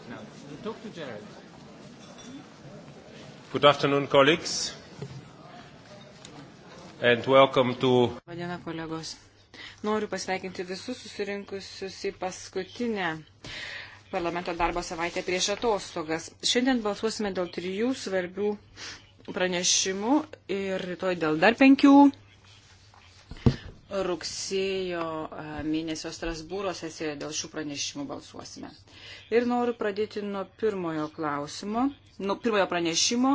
vote now. Talk to Jared. Good afternoon, colleagues. And welcome to... Vadina, kolegos. Noriu pasveikinti visus susirinkusius į paskutinę parlamento darbo savaitę prieš atostogas. Šiandien balsuosime dėl trijų svarbių pranešimų ir rytoj dėl dar penkių rugsėjo mėnesio Strasbūro sesijoje dėl šių pranešimų balsuosime. Ir noriu pradėti nuo pirmojo klausimo, nuo pirmojo pranešimo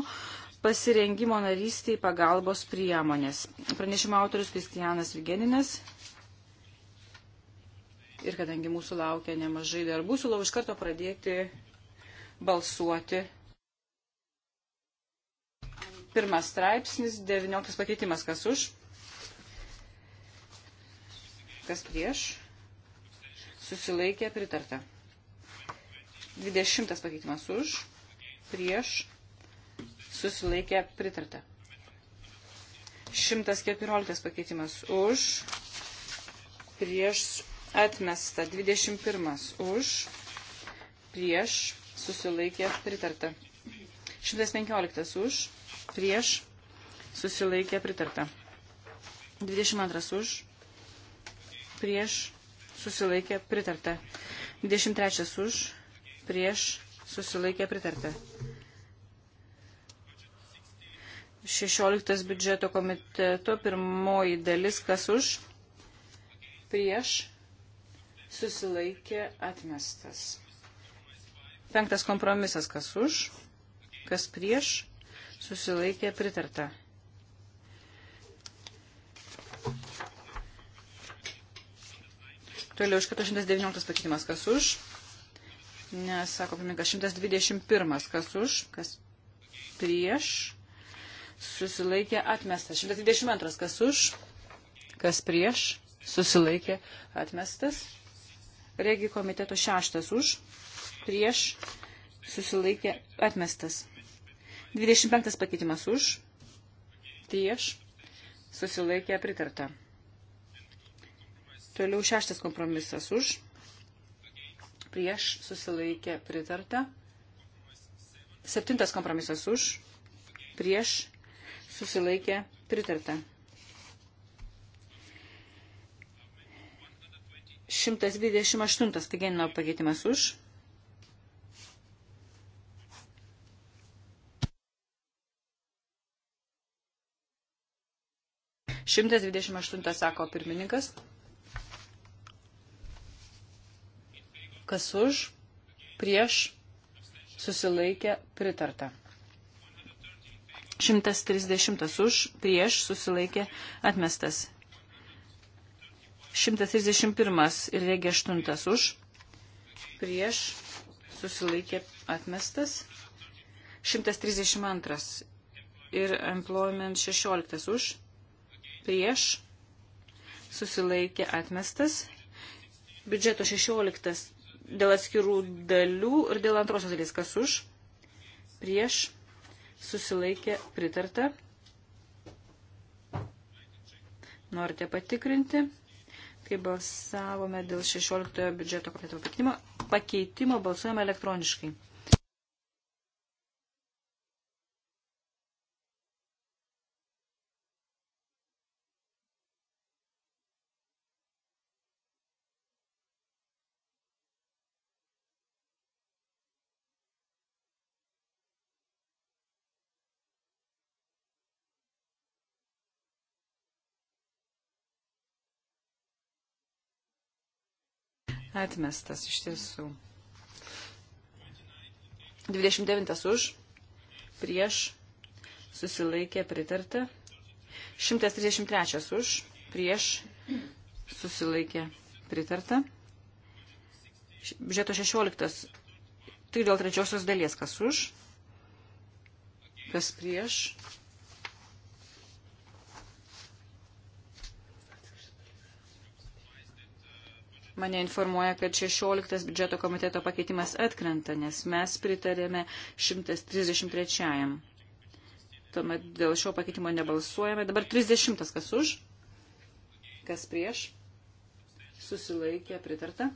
pasirengimo narystiai pagalbos priemonės. Pranešimo autorius Kristijanas Vigeninas. Ir kadangi mūsų laukia nemažai darbų, siūlau iš karto pradėti balsuoti. Pirmas straipsnis, 19 pakeitimas, kas už? Kas prieš? Susilaikė pritarta. 20 pakeitimas už. Prieš. Susilaikė pritarta. 114 pakeitimas už. Prieš. Atmesta. 21 už. Prieš. Susilaikė pritarta. 115 už. Prieš. Susilaikė pritarta. 22 už prieš susilaikė pritarta. 23 už, prieš susilaikė pritarta. 16 biudžeto komiteto pirmoji dalis, kas už, prieš susilaikė atmestas. Penktas kompromisas, kas už, kas prieš, susilaikė pritarta. Toliau iš 119 pakeitimas, kas už. Nes, sako pirmininkas, 121, kas už, kas prieš. Susilaikė atmestas. 122, kas už, kas prieš. Susilaikė atmestas. Regi komiteto šeštas už, prieš. Susilaikė atmestas. 25 pakeitimas už, prieš. Susilaikė pritarta. Toliau šeštas kompromisas už. Prieš susilaikė pritarta. Septintas kompromisas už. Prieš susilaikė pritarta. 128 pigenino pakeitimas už. Šimtas dvidešimt aštuntas sako pirmininkas. Kas už, prieš, susilaikė, pritarta. 130 už, prieš, susilaikė, atmestas. 131 ir regė 8 už, prieš, susilaikė, atmestas. 132 ir employment 16 už, prieš, susilaikė, atmestas. Biudžeto 16 dėl atskirų dalių ir dėl antrosios dalies. Kas už? Prieš susilaikė pritarta. Norite patikrinti, kai balsavome dėl 16 biudžeto komiteto pakeitimo, pakeitimo balsuojame elektroniškai. Atmestas iš tiesų. 29 už, prieš, susilaikė pritarta. 133 už, prieš, susilaikė pritarta. Biudžeto 16, tik dėl trečiosios dalies, kas už, kas prieš, Mane informuoja, kad 16 biudžeto komiteto pakeitimas atkrenta, nes mes pritarėme 133. Tuomet dėl šio pakeitimo nebalsuojame. Dabar 30. Kas už? Kas prieš? Susilaikė pritarta.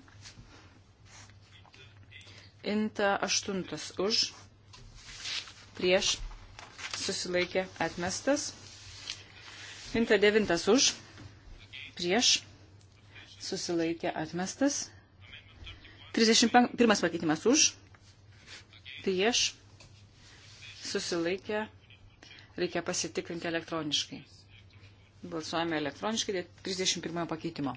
Inta 8. Už. Prieš. Susilaikė atmestas. Inta 9. Už. Prieš susilaikė atmestas. 31 pakeitimas už, prieš, susilaikė, reikia pasitikrinti elektroniškai. Balsuojame elektroniškai dėl 31 pakeitimo.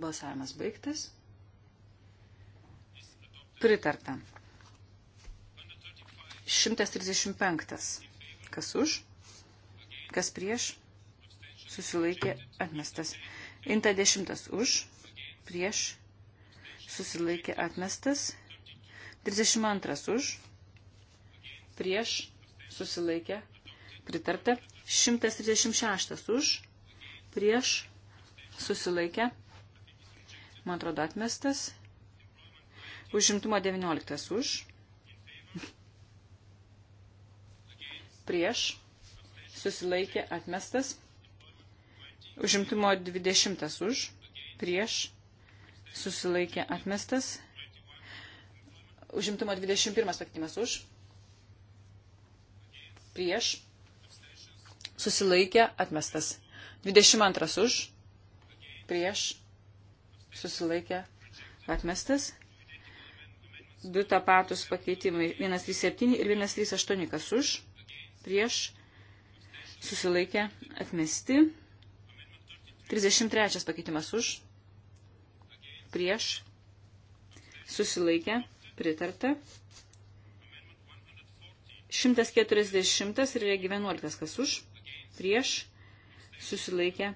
Balsavimas baigtas. Pritarta. 135. Kas už? Kas prieš? Susilaikė atmestas. Inta dešimtas už. Prieš. Susilaikė atmestas. 32 už. Prieš. Susilaikė. Pritarta. 136 už. Prieš. Susilaikė. Man atrodo atmestas. Užimtumo 19 už. Prieš susilaikė atmestas. Užimtumo 20 už, prieš, susilaikė atmestas. Užimtumo 21 pakeitimas už, prieš, susilaikė atmestas. 22 už, prieš, susilaikė atmestas du tapatus pakeitimai 137 ir 138 kas už, prieš susilaikė atmesti. 33 pakeitimas už, prieš, susilaikė pritarta. 140 ir regi 11 kas už, prieš, susilaikė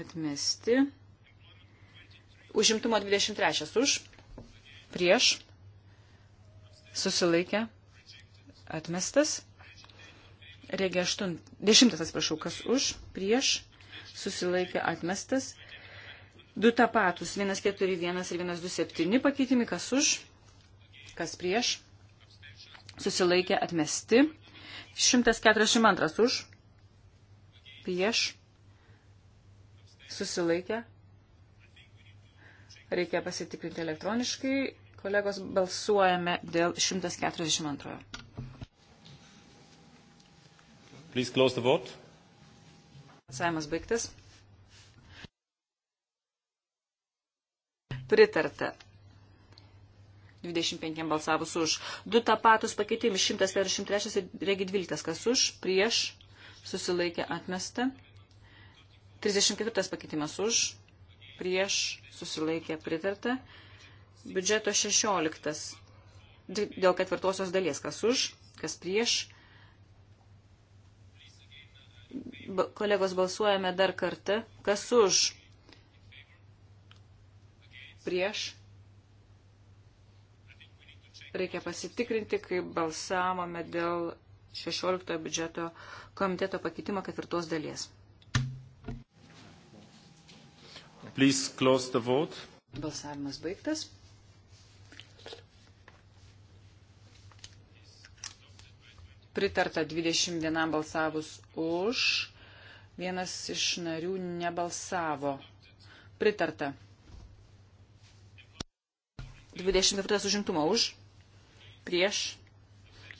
atmesti. Užimtumo 23 už, prieš, susilaikė atmestas. Regė 8, 10, atsiprašau, kas už, prieš, susilaikė atmestas. Du tapatus, 141 ir 127 pakeitimai, kas už, kas prieš, susilaikė atmesti. 142 už, prieš, susilaikė. Reikia pasitikrinti elektroniškai. Kolegos, balsuojame dėl 142. Please close the vote. Balsavimas baigtas. Pritarta. 25 balsavus už. Du tapatus pakeitimai 143 ir regi 12, kas už, prieš, susilaikė atmesta. 34 pakeitimas už, prieš, susilaikė pritarta. Biudžeto 16 dėl ketvirtosios dalies, kas už, kas prieš, Kolegos, balsuojame dar kartą. Kas už? Prieš? Reikia pasitikrinti, kaip balsavome dėl 16 biudžeto komiteto pakeitimo ketvirtos dalies. Please close the vote. Balsavimas baigtas. Pritarta 21 balsavus už, Vienas iš narių nebalsavo. Pritarta. 24 užimtumo už. Prieš.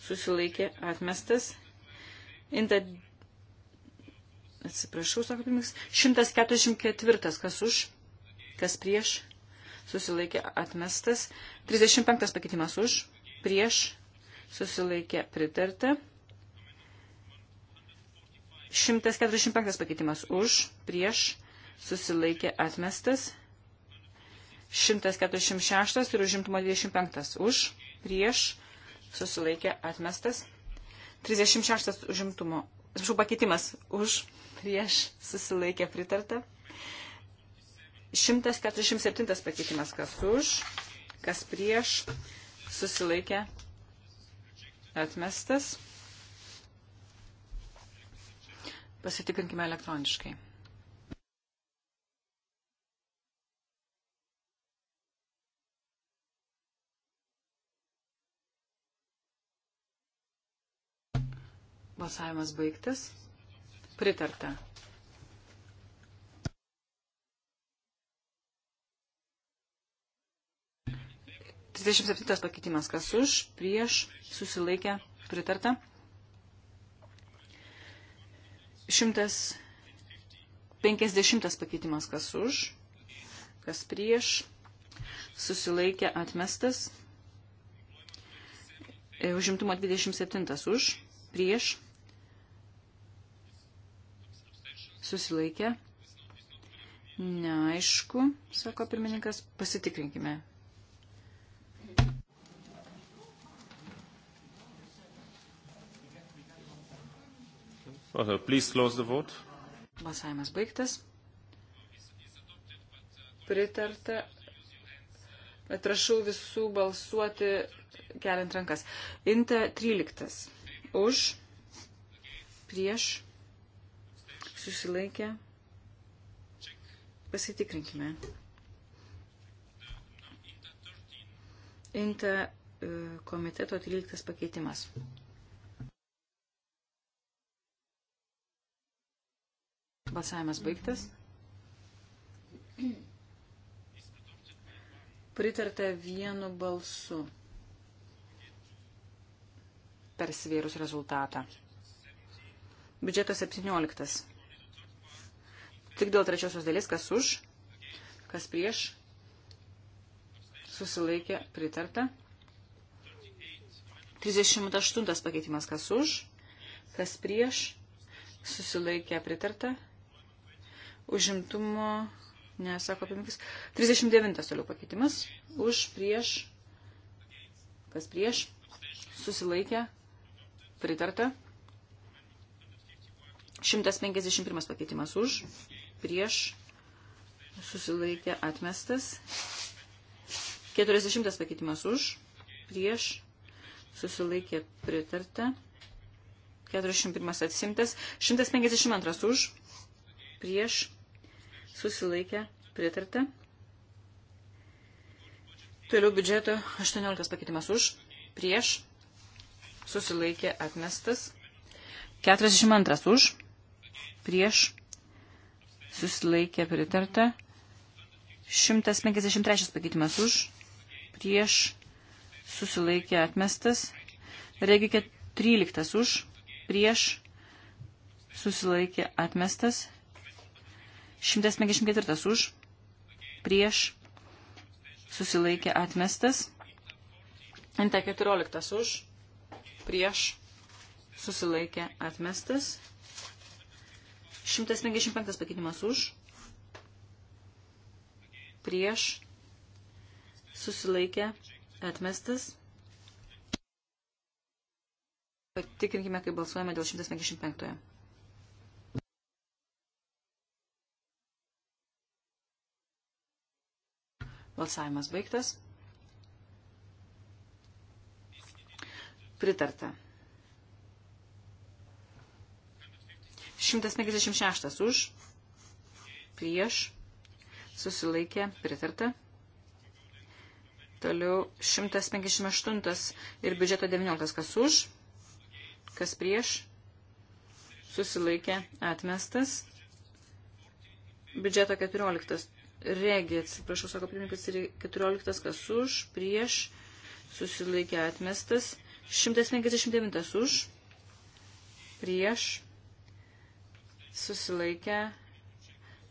Susilaikė atmestas. Inta. Atsiprašau, sako pirmininkas. 144. Kas už? Kas prieš? Susilaikė atmestas. 35 pakeitimas už. Prieš. Susilaikė pritarta. 145 pakeitimas už, prieš, susilaikė atmestas. 146 ir užimtumo 25 už, prieš, susilaikė atmestas. 36 užimtumo, atsiprašau, pakeitimas už, prieš, susilaikė pritarta. 147 pakeitimas kas už, kas prieš, susilaikė atmestas. Pasitikrinkime elektroniškai. Balsavimas baigtas. Pritarta. Trisdešimt septintas pakeitimas. Kas už, prieš, susilaikę, pritarta. 150 pakeitimas kas už, kas prieš, susilaikė atmestas. E, užimtumo 27 už, prieš, susilaikė. Neaišku, sako pirmininkas, pasitikrinkime Okay, please close the vote. Balsavimas baigtas. Pritarta. Prašau visų balsuoti keliant rankas. Inta 13. Už. Prieš. Susilaikė. Pasitikrinkime. Inta e, komiteto 13 pakeitimas. Balsavimas baigtas. Pritarta vienu balsu per svėrus rezultatą. Biudžetas 17. Tik dėl trečiosios dalies, kas už, kas prieš, susilaikė pritarta. 38 pakeitimas, kas už, kas prieš, susilaikė pritarta užimtumo, nesako pirmininkas, 39 toliau pakeitimas, už, prieš, kas prieš, susilaikė, pritarta, 151 pakeitimas už, prieš, susilaikė, atmestas, 40 pakeitimas už, prieš, susilaikė, pritarta, 41 atsimtas, 152 už, prieš, susilaikė, pritarta. Toliau biudžeto 18 pakeitimas už, prieš, susilaikė, atmestas. 42 už, prieš, susilaikė, pritarta. 153 pakeitimas už, prieš, susilaikė, atmestas. Regi 13 už, prieš, susilaikė, atmestas. 154 už, prieš, susilaikė atmestas. Inta 14 už, prieš, susilaikė atmestas. 155 pakeitimas už, prieš, susilaikė atmestas. Patikrinkime, kaip balsuojame dėl 155. -ojo. Balsavimas baigtas. Pritarta. 156 už, prieš, susilaikė, pritarta. Toliau 158 ir biudžeto 19, kas už, kas prieš, susilaikė, atmestas. Biudžeto 14 Regi, atsiprašau, sako pirmininkas, 14 kas už, prieš, susilaikė atmestas, 159 už, prieš, susilaikė,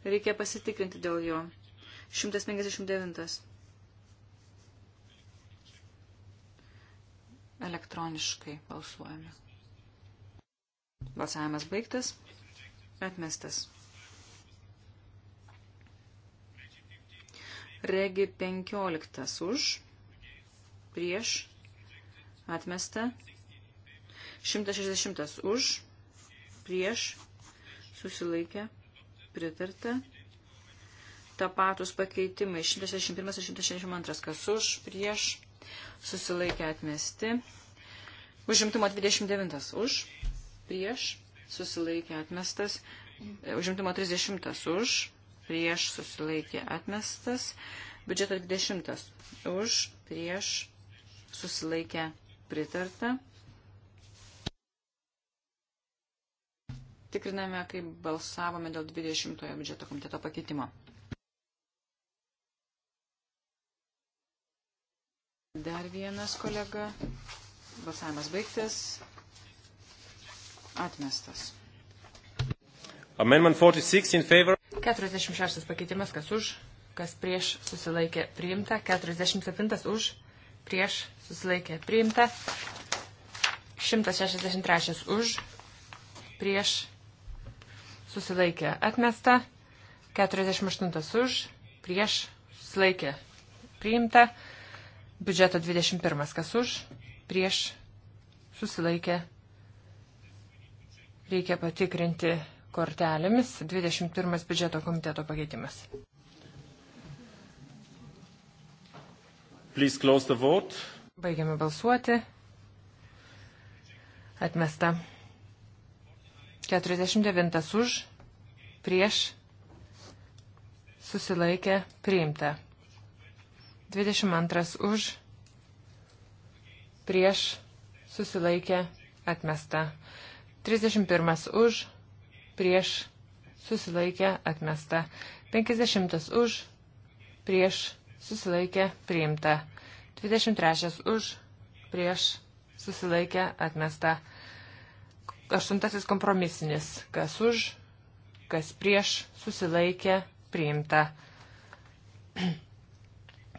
reikia pasitikrinti dėl jo, 159. Elektroniškai balsuojame. Balsavimas baigtas, atmestas. Regi 15 už, prieš, atmesta. 160 už, prieš, susilaikė, pritarta. Tapatus pakeitimai 161 ir 162, kas už, prieš, susilaikė atmesti. Užimtumo 29 už, prieš, susilaikė atmestas. Užimtumo 30 už, prieš susilaikė atmestas. Biudžetas 20 už prieš susilaikė pritarta. Tikriname, kaip balsavome dėl 20-ojo biudžeto komiteto pakeitimo. Dar vienas kolega. Balsavimas baigtas. Atmestas. Amendment 46 in favor. 46 pakeitimas, kas už, kas prieš susilaikė priimta. 47 už, prieš susilaikė priimta. 163 už, prieš susilaikė atmesta. 48 už, prieš susilaikė priimta. Biudžeto 21 kas už, prieš susilaikė. Reikia patikrinti kortelėmis. 21 biudžeto komiteto pakeitimas. Baigiame balsuoti. Atmesta. 49 už, prieš, susilaikė, priimta. 22 už, prieš, susilaikė, atmesta. 31 už, prieš susilaikę atmesta. 50 už, prieš susilaikę priimta. 23 už, prieš susilaikę atmesta. 8 kompromisinis, kas už, kas prieš susilaikę priimta.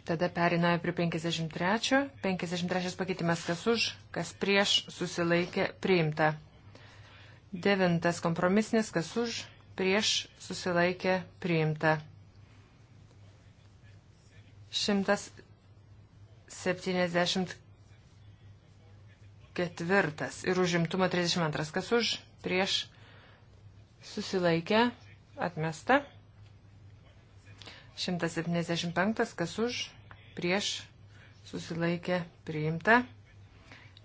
Tada periname prie 53. 53 pakeitimas, kas už, kas prieš susilaikė priimta. Devintas kompromisnis, kas už, prieš susilaikė priimta. 174 ir užimtumo 32, kas už, prieš susilaikė atmesta. 175, kas už, prieš susilaikė priimta.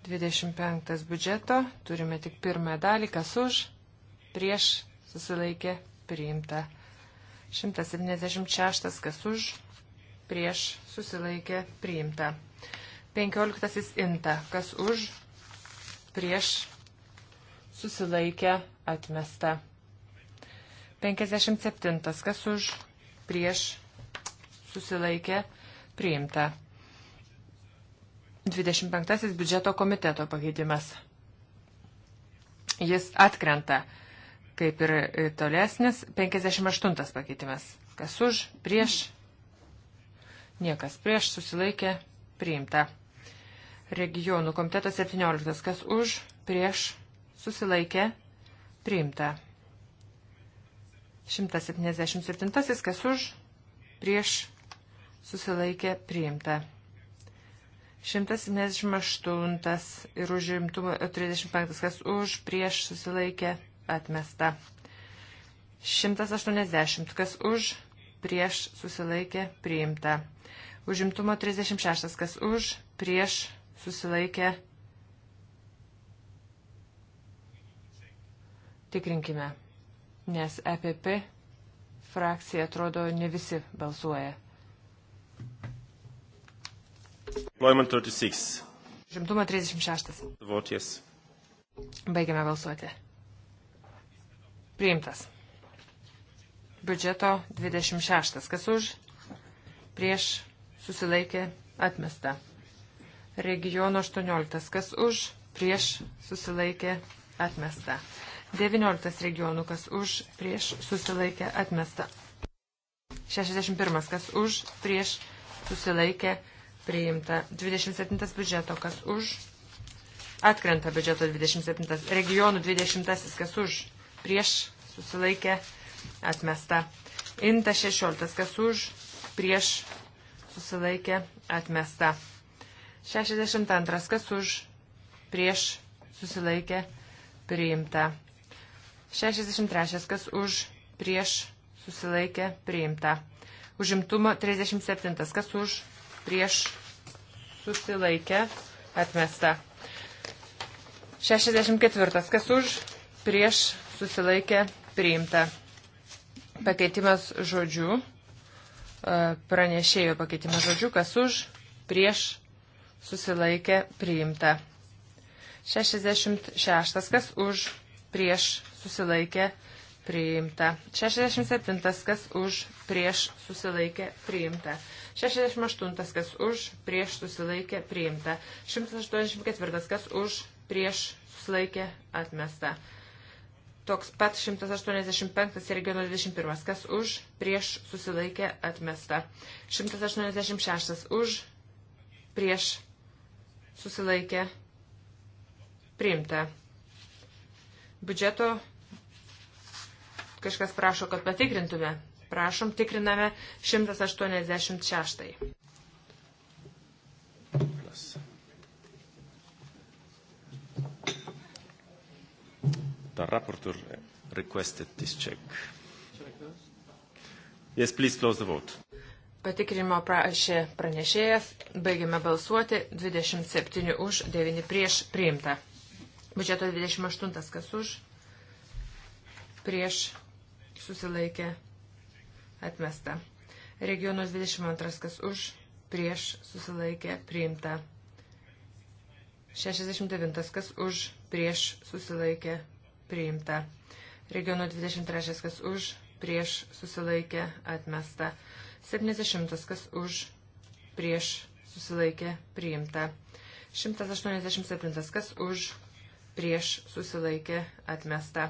25 biudžeto, turime tik pirmąją dalį, kas už, prieš, susilaikė, priimta. 176, kas už, prieš, susilaikė, priimta. 15 inta, kas už, prieš, susilaikė, atmesta. 57, kas už, prieš, susilaikė, priimta. 25 biudžeto komiteto pakeitimas. Jis atkrenta, kaip ir tolesnis 58 pakeitimas. Kas už, prieš, niekas prieš, susilaikė, priimta. Regionų komiteto 17. Kas už, prieš, susilaikė, priimta. 177. Kas už, prieš, susilaikė, priimta. 178 ir užimtumo 35, kas už, prieš susilaikė, atmesta. 180, kas už, prieš susilaikė, priimta. Užimtumo 36, kas už, prieš susilaikė. Tikrinkime, nes EPP frakcija atrodo ne visi balsuoja. Employment 36. Žimtumo 36. Vote yes. Baigiame balsuoti. Priimtas. Biudžeto 26. Kas už? Prieš susilaikė atmesta. Regiono 18. Kas už? Prieš susilaikė atmesta. 19 regionų, kas už, prieš, susilaikė, atmesta. 61, kas už, prieš, susilaikė, atmesta priimta. 27 biudžeto, kas už, atkrenta biudžeto 27, regionų 20, kas už, prieš, susilaikė, atmesta. Inta 16, kas už, prieš, susilaikė, atmesta. 62, kas už, prieš, susilaikė, priimta. 63, kas už, prieš, susilaikė, priimta. Užimtumo 37, kas už, prieš susilaikę atmesta. 64. Kas už prieš susilaikę priimta. Pakeitimas žodžių. E, pranešėjo pakeitimas žodžių. Kas už prieš susilaikę priimta. 66. Kas už prieš susilaikę priimta. 67. Kas už prieš susilaikę priimta. 68. Kas už, prieš susilaikė priimta. 184. Kas už, prieš susilaikė atmesta. Toks pat 185 regiono 21. Kas už, prieš susilaikė atmesta. 186. Už, prieš susilaikė priimta. Biudžeto kažkas prašo, kad patikrintume. Prašom, tikriname 186. The rapporteur requested this check. Yes, please close the vote. Patikrinimo prašė pranešėjas. Baigėme balsuoti. 27 už, 9 prieš priimta. Biudžeto 28 kas už, prieš susilaikė atmesta. Regionos 22, kas už, prieš, susilaikė, priimta. 69, kas už, prieš, susilaikė, priimta. Regiono 23, kas už, prieš, susilaikė, atmesta. 70, kas už, prieš, susilaikė, priimta. 187, kas už, prieš, susilaikė, atmesta.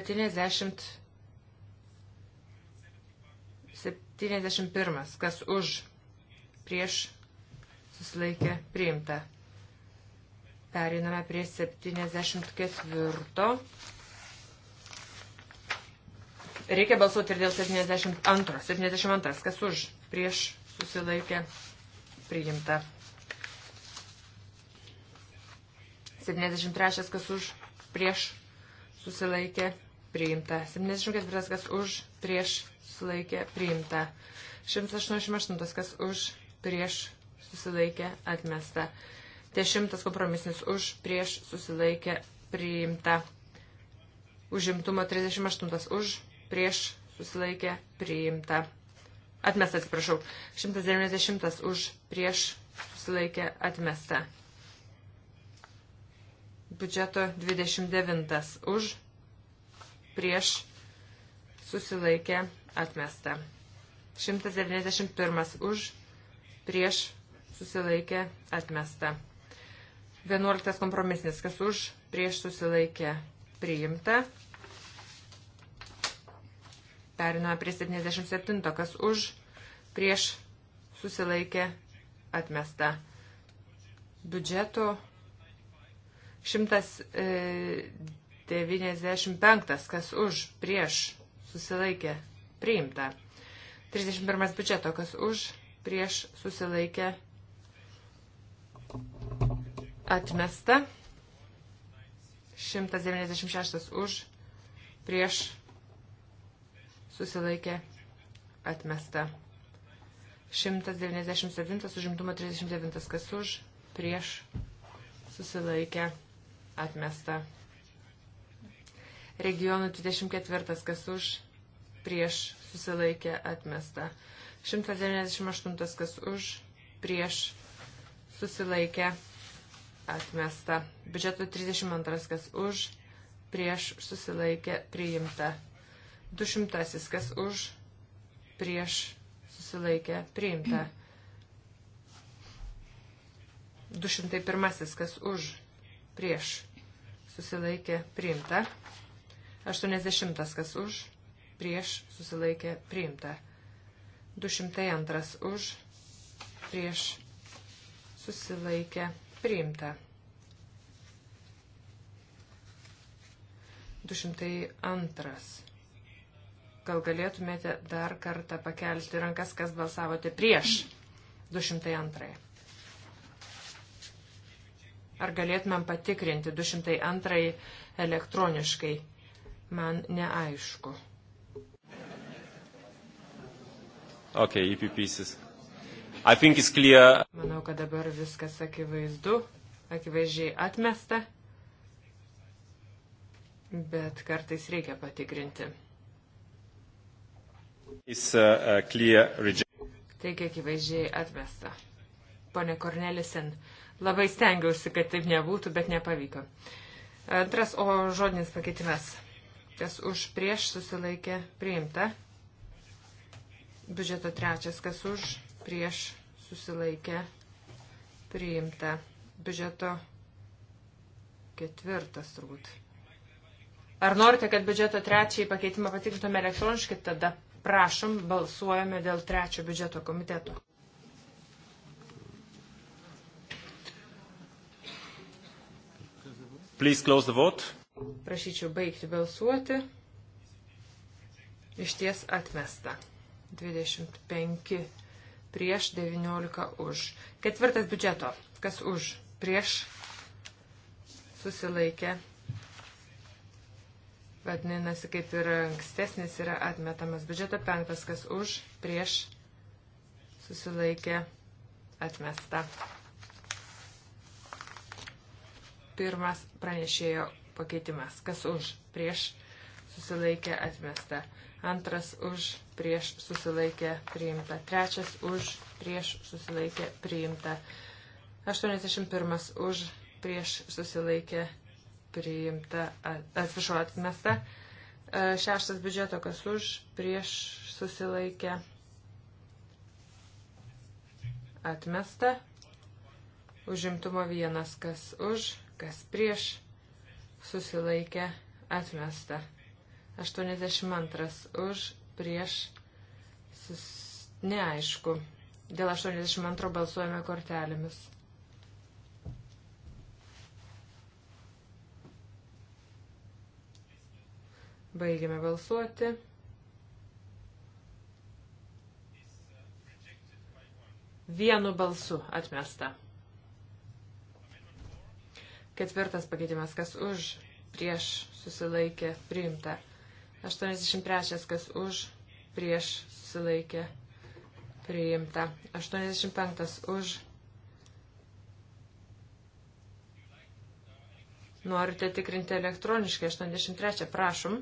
70. 71. Kas už prieš susilaikė priimta. Periname prie 74. Reikia balsuoti ir dėl 72. 72. Kas už? Prieš susilaikė. Priimta. 73. Kas už? Prieš susilaikė priimta. 74 kas už, prieš susilaikė priimta. 188 kas už, prieš susilaikė atmesta. 10 kompromisinis už, prieš susilaikė priimta. Užimtumo 38 už, prieš susilaikė priimta. Atmesta, atsiprašau. 190 už, prieš susilaikė atmesta biudžeto 29 už prieš susilaikė atmesta. 191 už prieš susilaikė atmesta. 11 kompromisinis, kas už prieš susilaikė priimta. Perinome prie 77, kas už prieš susilaikė atmesta. Biudžeto 195, e, kas už, prieš, susilaikė, priimta. 31 biudžeto, kas už, prieš, susilaikė, atmesta. 196 už, prieš, susilaikė, atmesta. 197 užimtumo 39 kas už, prieš, susilaikė, atmesta atmesta. Regionų 24, kas už, prieš, susilaikė, atmesta. 198, kas už, prieš, susilaikė, atmesta. Biudžeto 32, kas už, prieš, susilaikė, priimta. 200, kas už, prieš, susilaikė, priimta. 201, kas už, prieš susilaikė priimta. 80 kas už, prieš susilaikė priimta. 202 už, prieš susilaikė priimta. 202. Gal galėtumėte dar kartą pakelti rankas, kas balsavote prieš 202. Ar galėtumėm patikrinti 202 elektroniškai? Man neaišku. Okay, EP pieces. I think it's clear. Manau, kad dabar viskas akivaizdu, akivaizdžiai atmesta, bet kartais reikia patikrinti. It's, uh, uh, Taigi akivaizdžiai atmesta. Pone Kornelisen, Labai stengiausi, kad taip nebūtų, bet nepavyko. Antras, o žodinis pakeitimas. Kas už prieš susilaikė priimta. Biudžeto trečias, kas už prieš susilaikė priimta. Biudžeto ketvirtas turbūt. Ar norite, kad biudžeto trečiai pakeitimą patikrintume elektroniškai, tada prašom, balsuojame dėl trečio biudžeto komiteto. Please close the vote. Prašyčiau baigti balsuoti. Iš ties atmesta. 25 prieš 19 už. Ketvirtas biudžeto. Kas už? Prieš susilaikė. Vadinasi, kaip ir ankstesnis yra atmetamas biudžeto penktas, kas už, prieš susilaikė, atmesta. Pirmas pranešėjo pakeitimas. Kas už? Prieš susilaikė atmesta. Antras už prieš susilaikė priimta. Trečias už prieš susilaikė priimta. 81 už prieš susilaikė priimta. Atsiprašau, atmesta. Šeštas biudžeto kas už prieš susilaikė atmesta. Užimtumo vienas kas už kas prieš, susilaikė, atmesta. 82 už, prieš, sus... neaišku. Dėl 82 balsuojame kortelėmis. Baigiame balsuoti. Vienu balsu atmesta. Ketvirtas pakeitimas, kas už, prieš, susilaikė, priimta. 83, kas už, prieš, susilaikė, priimta. 85 už. Norite tikrinti elektroniškai 83, prašom.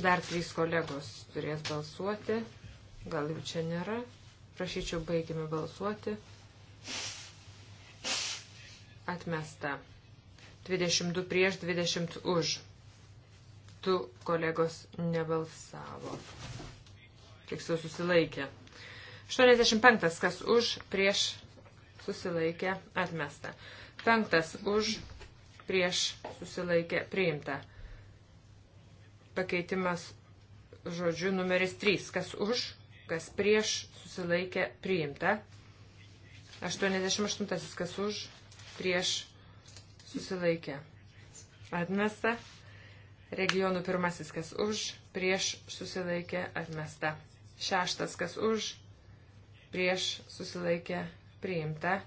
Dar trys kolegos turės balsuoti. Gal jų čia nėra. Prašyčiau, baigime balsuoti. Atmesta. 22 prieš 20 už. Tu kolegos nebalsavo. Tiksliau susilaikė. 85. Kas už prieš susilaikė atmesta. 5. Už prieš susilaikė priimta. Pakeitimas žodžiu numeris 3. Kas už, kas prieš susilaikė priimta. 88. Kas už, prieš susilaikė atmesta. Regionų pirmasis, kas už, prieš susilaikė atmesta. Šeštas, kas už, prieš susilaikė priimta.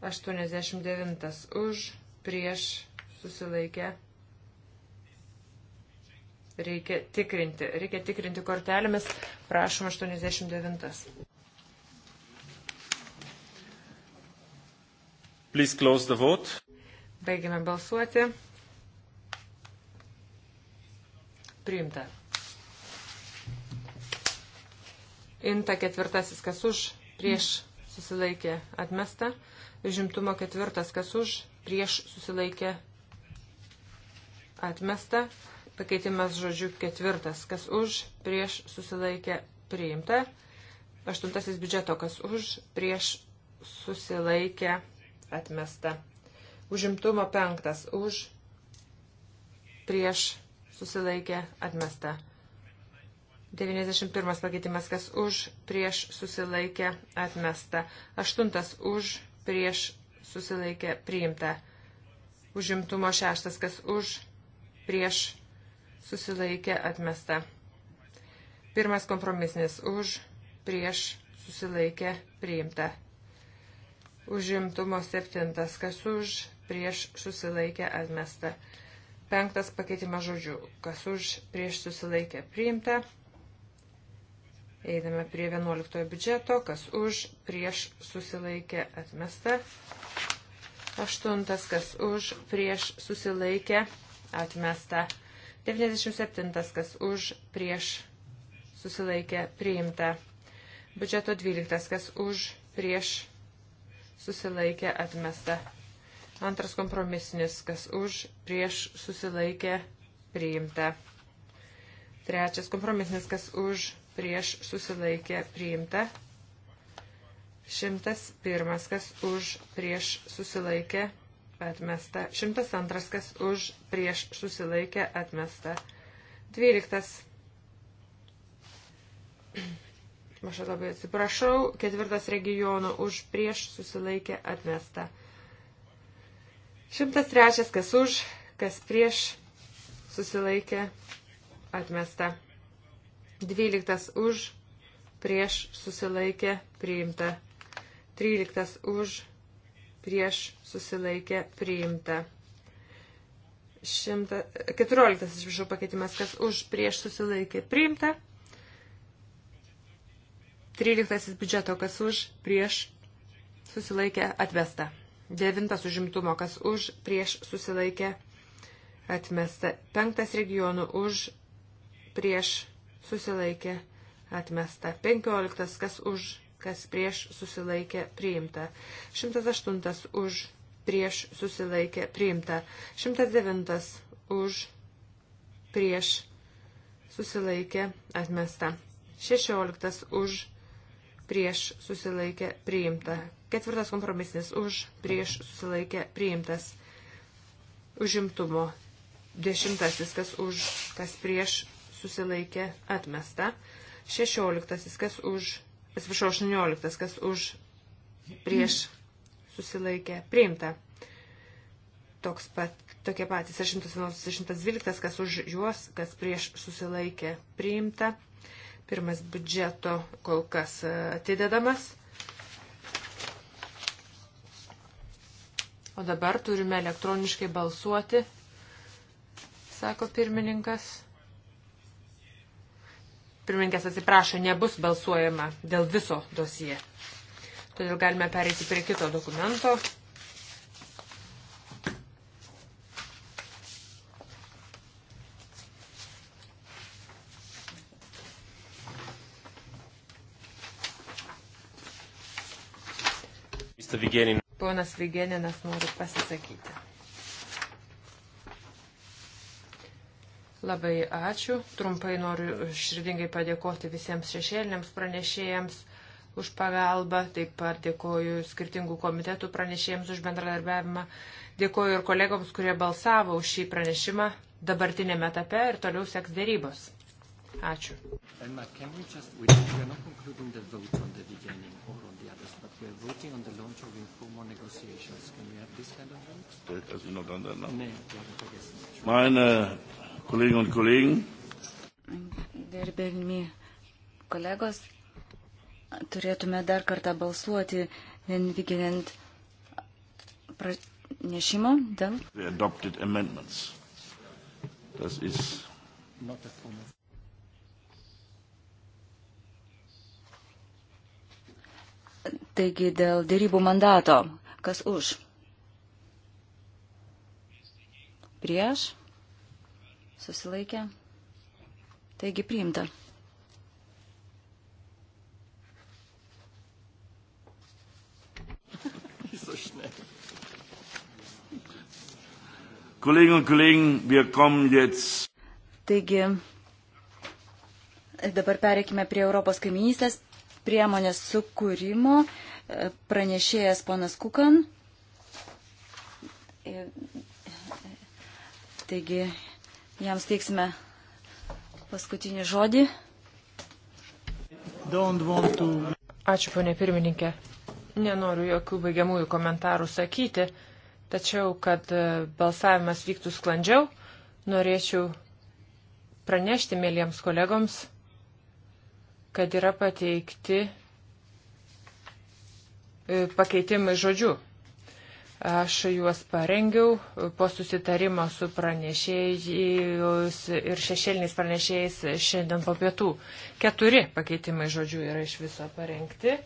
89 už, prieš susilaikė reikia tikrinti. Reikia tikrinti kortelėmis. Prašom 89. Please close the vote. Baigime balsuoti. Priimta. Inta ketvirtasis, kas už, prieš susilaikė atmesta. Žimtumo ketvirtas, kas už, prieš susilaikė atmesta pakeitimas žodžiu ketvirtas, kas už, prieš susilaikė priimta. Aštuntasis biudžeto, kas už, prieš susilaikė atmesta. Užimtumo penktas, už, prieš susilaikė atmesta. 91 pakeitimas, kas už, prieš susilaikė atmesta. Aštuntas už, prieš susilaikė priimta. Užimtumo šeštas, kas už, prieš susilaikė atmesta. Pirmas kompromisnis už, prieš, susilaikė priimta. Užimtumo septintas, kas už, prieš, susilaikė atmesta. Penktas pakeitimas žodžių, kas už, prieš, susilaikė priimta. Eidame prie 11 biudžeto, kas už, prieš, susilaikė atmesta. Aštuntas, kas už, prieš, susilaikė atmesta. 97. Kas už prieš susilaikė priimta. Biudžeto 12. Kas už prieš susilaikė atmesta. Antras kompromisinis. Kas už prieš susilaikė priimta. Trečias kompromisinis. Kas už prieš susilaikė priimta. Šimtas pirmas, kas už prieš susilaikė, atmesta. 102 kas už prieš susilaikę atmesta. 12. Aš labai atsiprašau. Ketvirtas regionų už prieš susilaikė atmesta. 103 kas už, kas prieš susilaikė atmesta. 12 už prieš susilaikė priimta. 13 už prieš susilaikė priimta. 114 atsiprašau pakeitimas, kas už prieš susilaikė priimta. 13 biudžeto, kas už prieš susilaikė atmesta. 9 užimtumo, kas už prieš susilaikė atmesta. 5 regionų už prieš susilaikė atmesta. 15 kas už kas prieš susilaikė priimta. 108 už prieš susilaikė priimta. 109 už prieš susilaikė atmesta. 16 už prieš susilaikė priimta. Ketvirtas kompromisinis už prieš susilaikė priimtas. Užimtumo. Dešimtasis, kas už, kas prieš susilaikė atmesta. Šešioliktasis, kas už atsiprašau, 18, kas už prieš susilaikė priimta. Toks pat, tokie patys 111, kas už juos, kas prieš susilaikė priimta. Pirmas biudžeto kol kas e, atidedamas. O dabar turime elektroniškai balsuoti, sako pirmininkas. Pirmininkės atsiprašo, nebus balsuojama dėl viso dosie. Todėl galime pereiti prie kito dokumento. Ponas Vigeninas nori pasisakyti. Labai ačiū. Trumpai noriu širdingai padėkoti visiems šešėliniams pranešėjams už pagalbą. Taip pat dėkoju skirtingų komitetų pranešėjams už bendradarbiavimą. Dėkoju ir kolegoms, kurie balsavo už šį pranešimą dabartinėme etape ir toliau seks dėrybos. Ačiū. Meine Kolleginnen und Kollegen. Gerbiami kolegos, turėtume dar kartą balsuoti nenviginant pranešimo dėl. The adopted amendments. Das ist. Taigi dėl dėrybų mandato. Kas už? Prieš? susilaikė, taigi priimta. Kolleginnen und Kollegen, wir kommen jetzt. Taigi, dabar pereikime prie Europos kaiminystės priemonės sukūrimo. Pranešėjas ponas Kukan. Taigi, Jams teiksime paskutinį žodį. To... Ačiū, ponė pirmininkė. Nenoriu jokių baigiamųjų komentarų sakyti, tačiau, kad e, balsavimas vyktų sklandžiau, norėčiau pranešti mėlyjams kolegoms, kad yra pateikti e, pakeitimai žodžiu Aš juos parengiau po susitarimo su pranešėjais ir šešėliniais pranešėjais šiandien po pietų. Keturi pakeitimai žodžių yra iš viso parengti.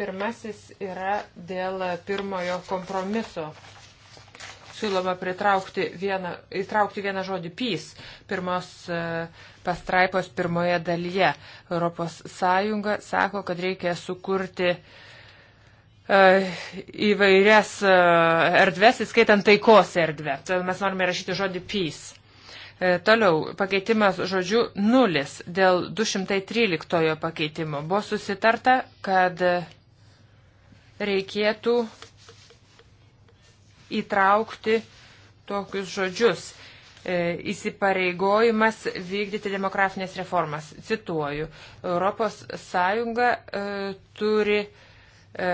Pirmasis yra dėl pirmojo kompromiso. Siūloma pritraukti vieną, įtraukti vieną žodį PIS pirmos e, pastraipos pirmoje dalyje. Europos Sąjunga sako, kad reikia sukurti uh, E, įvairias e, erdves, įskaitant taikos erdvę. Todėl mes norime rašyti žodį peace. E, toliau pakeitimas žodžiu nulis dėl 213 pakeitimo. Buvo susitarta, kad reikėtų įtraukti tokius žodžius. Įsipareigojimas vykdyti demografinės reformas. Cituoju, Europos Sąjunga e, turi e, E,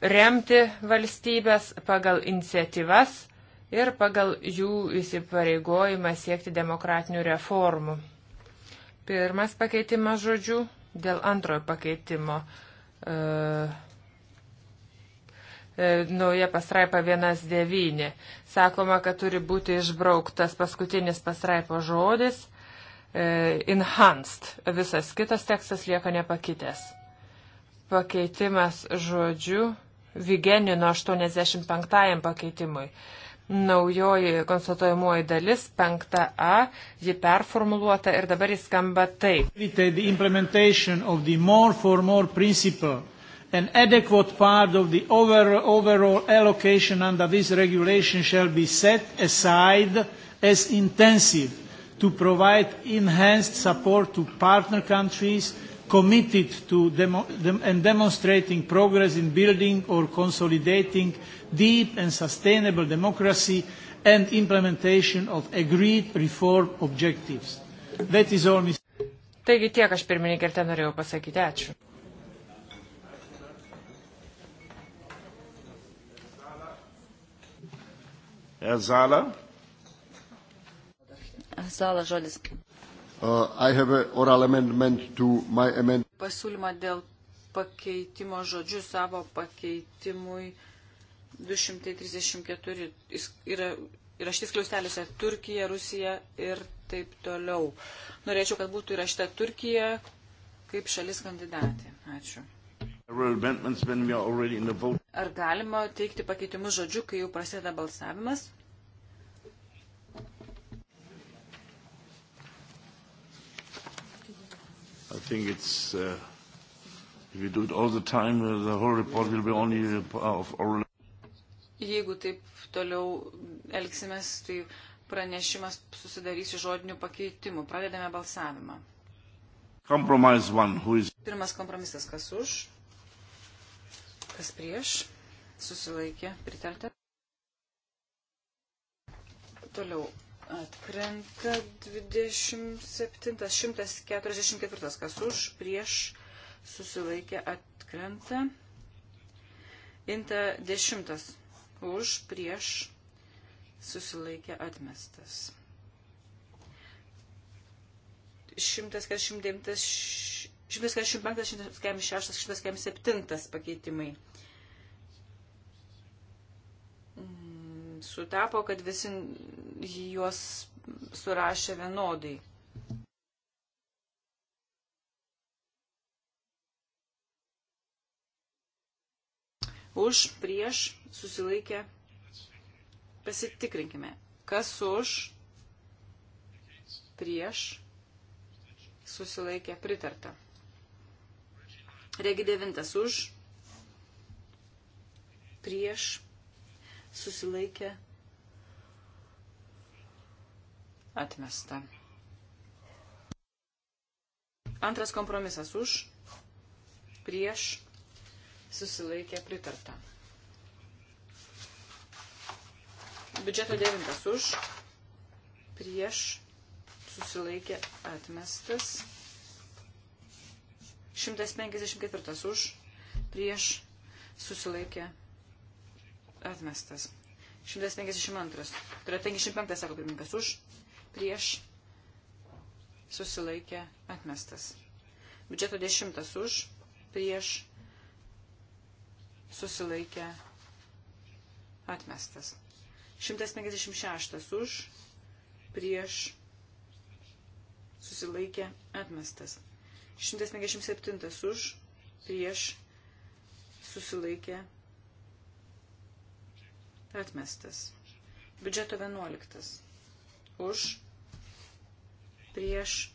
remti valstybės pagal iniciatyvas ir pagal jų įsipareigojimą siekti demokratinių reformų. Pirmas pakeitimas žodžių dėl antrojo pakeitimo. E, e nauja pastraipa 1.9. Sakoma, kad turi būti išbrauktas paskutinis pastraipo žodis. E, enhanced. Visas kitas tekstas lieka nepakitęs pakeitimas žodžiu Vigenino 85 pakeitimui. Naujoji konstatuojamoji dalis 5a, ji performuluota ir dabar jis skamba taip. More for more principle an adequate part of the over, overall allocation under this regulation shall be set aside as intensive to provide enhanced support to partner countries committed to demo dem and demonstrating progress in building or consolidating deep and sustainable democracy and implementation of agreed reform objectives. That is all, Mr. Taigi tiek aš pirmininkė ir ten norėjau pasakyti ačiū. Herr Sala. Sala žodis. Uh, Pasiūlymą dėl pakeitimo žodžių savo pakeitimui 234 yra įrašytis kliausteliuose Turkija, Rusija ir taip toliau. Norėčiau, kad būtų įrašyta Turkija kaip šalis kandidatė. Ačiū. Ar galima teikti pakeitimus žodžiu, kai jau prasideda balsavimas? I think it's, uh, if you do it all the time, uh, the whole report will be only uh, of oral. Jeigu taip toliau elgsimės, tai pranešimas susidarys iš žodinių pakeitimų. Pradedame balsavimą. One, is... Pirmas kompromisas, kas už, kas prieš, susilaikė, pritartė. Toliau Atkrenta 27, 144, kas už, prieš, susilaikė, atkrenta. Inta 10, už, prieš, susilaikė, atmestas. 149, 145, 146, 147 pakeitimai sutapo, kad visi juos surašė vienodai. Už, prieš, susilaikė. Pasitikrinkime, kas už, prieš, susilaikė, pritarta. Regi devintas už, prieš, susilaikė, atmesta. Antras kompromisas už, prieš, susilaikė, pritarta. Biudžeto devintas už, prieš, susilaikė, atmestas. 154 už, prieš, susilaikė, atmestas. 152. Tai yra 55, sako pirmininkas, už, prieš, susilaikė, atmestas. Biudžeto 10 už, prieš, susilaikė, atmestas. 156 už, prieš, susilaikė, atmestas. 157 už, prieš, susilaikė, atmestas Atmestas. Biudžeto 11. Už. Prieš.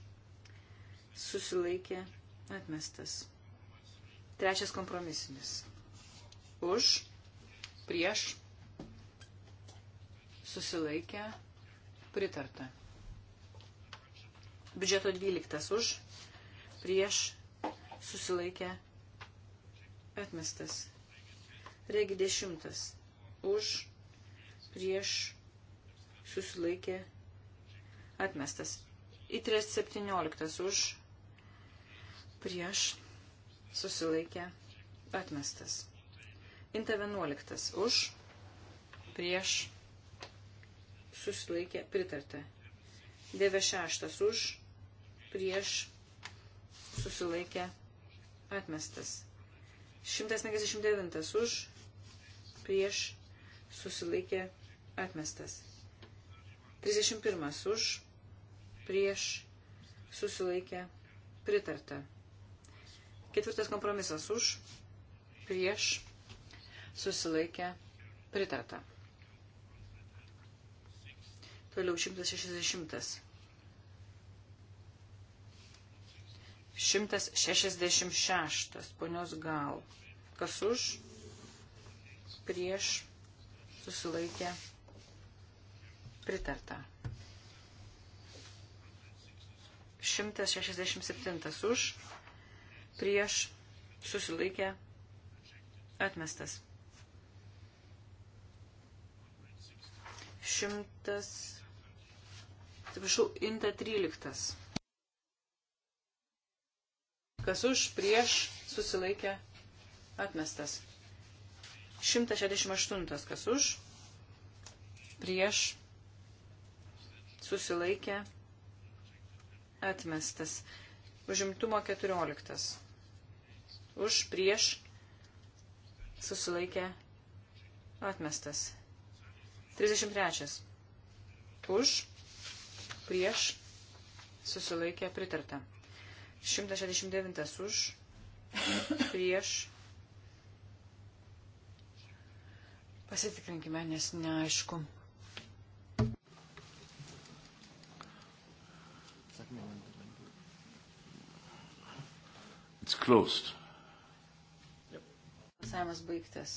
Susilaikė. Atmestas. Trečias kompromisinis. Už. Prieš. Susilaikė. Pritarta. Biudžeto 12. Už. Prieš. Susilaikė. Atmestas. Regi 10 už, prieš, susilaikė, atmestas. Įtrės 17 už, prieš, susilaikė, atmestas. Inta 11 už, prieš, susilaikė, pritarta. 96 už, prieš, susilaikė, atmestas. 159 už, prieš, susilaikė atmestas. 31 už, prieš, susilaikė, pritarta. Ketvirtas kompromisas už, prieš, susilaikė, pritarta. Toliau 160. 166. Ponios gal. Kas už? Prieš susilaikė pritarta. 167 už, prieš susilaikė atmestas. 100, atsiprašau, inta 13. Kas už, prieš susilaikė atmestas. 168 kas už, prieš, susilaikė, atmestas. Užimtumo 14. Už, prieš, susilaikė, atmestas. 33. Už, prieš, susilaikė, pritarta. 169 už, prieš, Pasitikrinkime, nes neaišku. It's closed. Balsavimas yep. baigtas.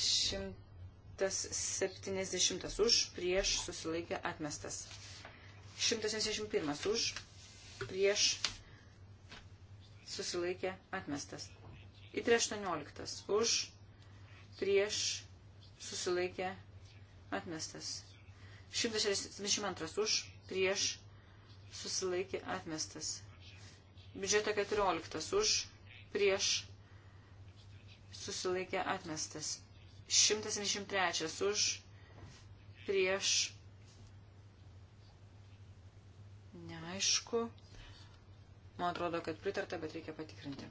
Šimtas septyniasdešimtas už, prieš susilaikė atmestas. Šimtas septyniasdešimt pirmas už, prieš susilaikė atmestas. Į 318 už, prieš, susilaikė atmestas. 172 už, prieš, susilaikė atmestas. Biudžeto 14 už, prieš, susilaikė atmestas. 173 už, prieš, neaišku. Man atrodo, kad pritarta, bet reikia patikrinti.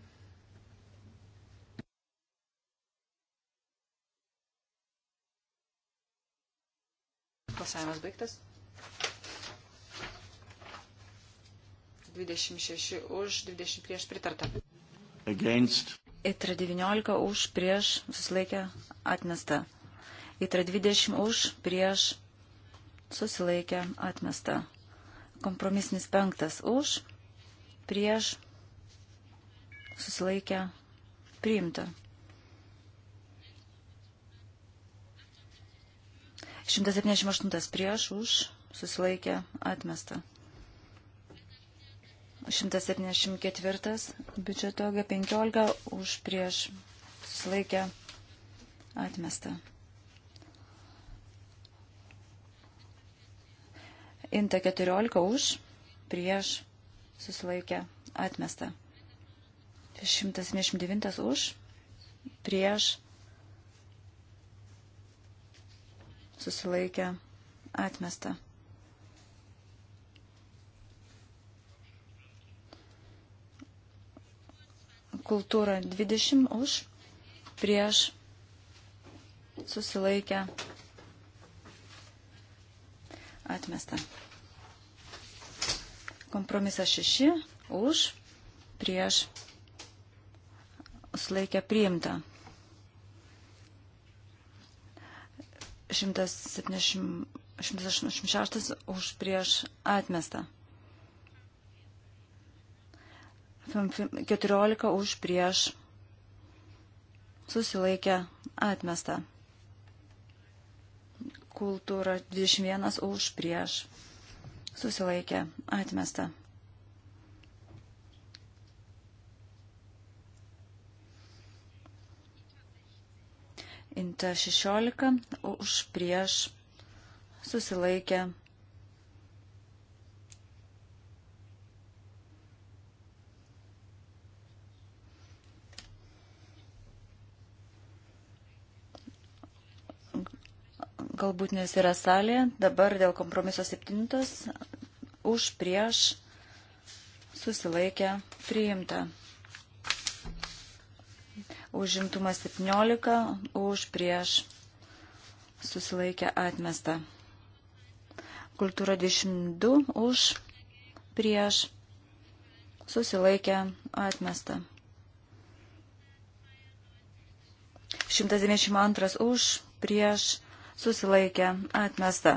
Balsavimas baigtas. 26 už, 20 prieš pritarta. Against. Itra 19 už, prieš, susilaikė, atmesta. Itra 20 už, prieš, susilaikė, atmesta. Kompromisnis penktas už, prieš, susilaikę, priimta. 178 prieš, už, susilaikę, atmesta. 174 biudžeto G15 už prieš susilaikę atmestą. Inta 14 už prieš susilaikė atmesta. 179 už, prieš, susilaikė atmesta. Kultūra 20 už, prieš, susilaikė atmesta. Kompromisas 6 už prieš sulaikę priimta. 176 už prieš atmestą. 14 už prieš susilaikę atmestą. Kultūra 21 už prieš susilaikė, atmesta. Inta 16 už prieš susilaikė, atmesta Galbūt nes yra salė. Dabar dėl kompromiso septintas. Už prieš susilaikę priimta. Užimtumas 17, už prieš susilaikę atmestą. Kultūra 22, už prieš susilaikę atmestą. 192 už prieš susilaikė, atmesta.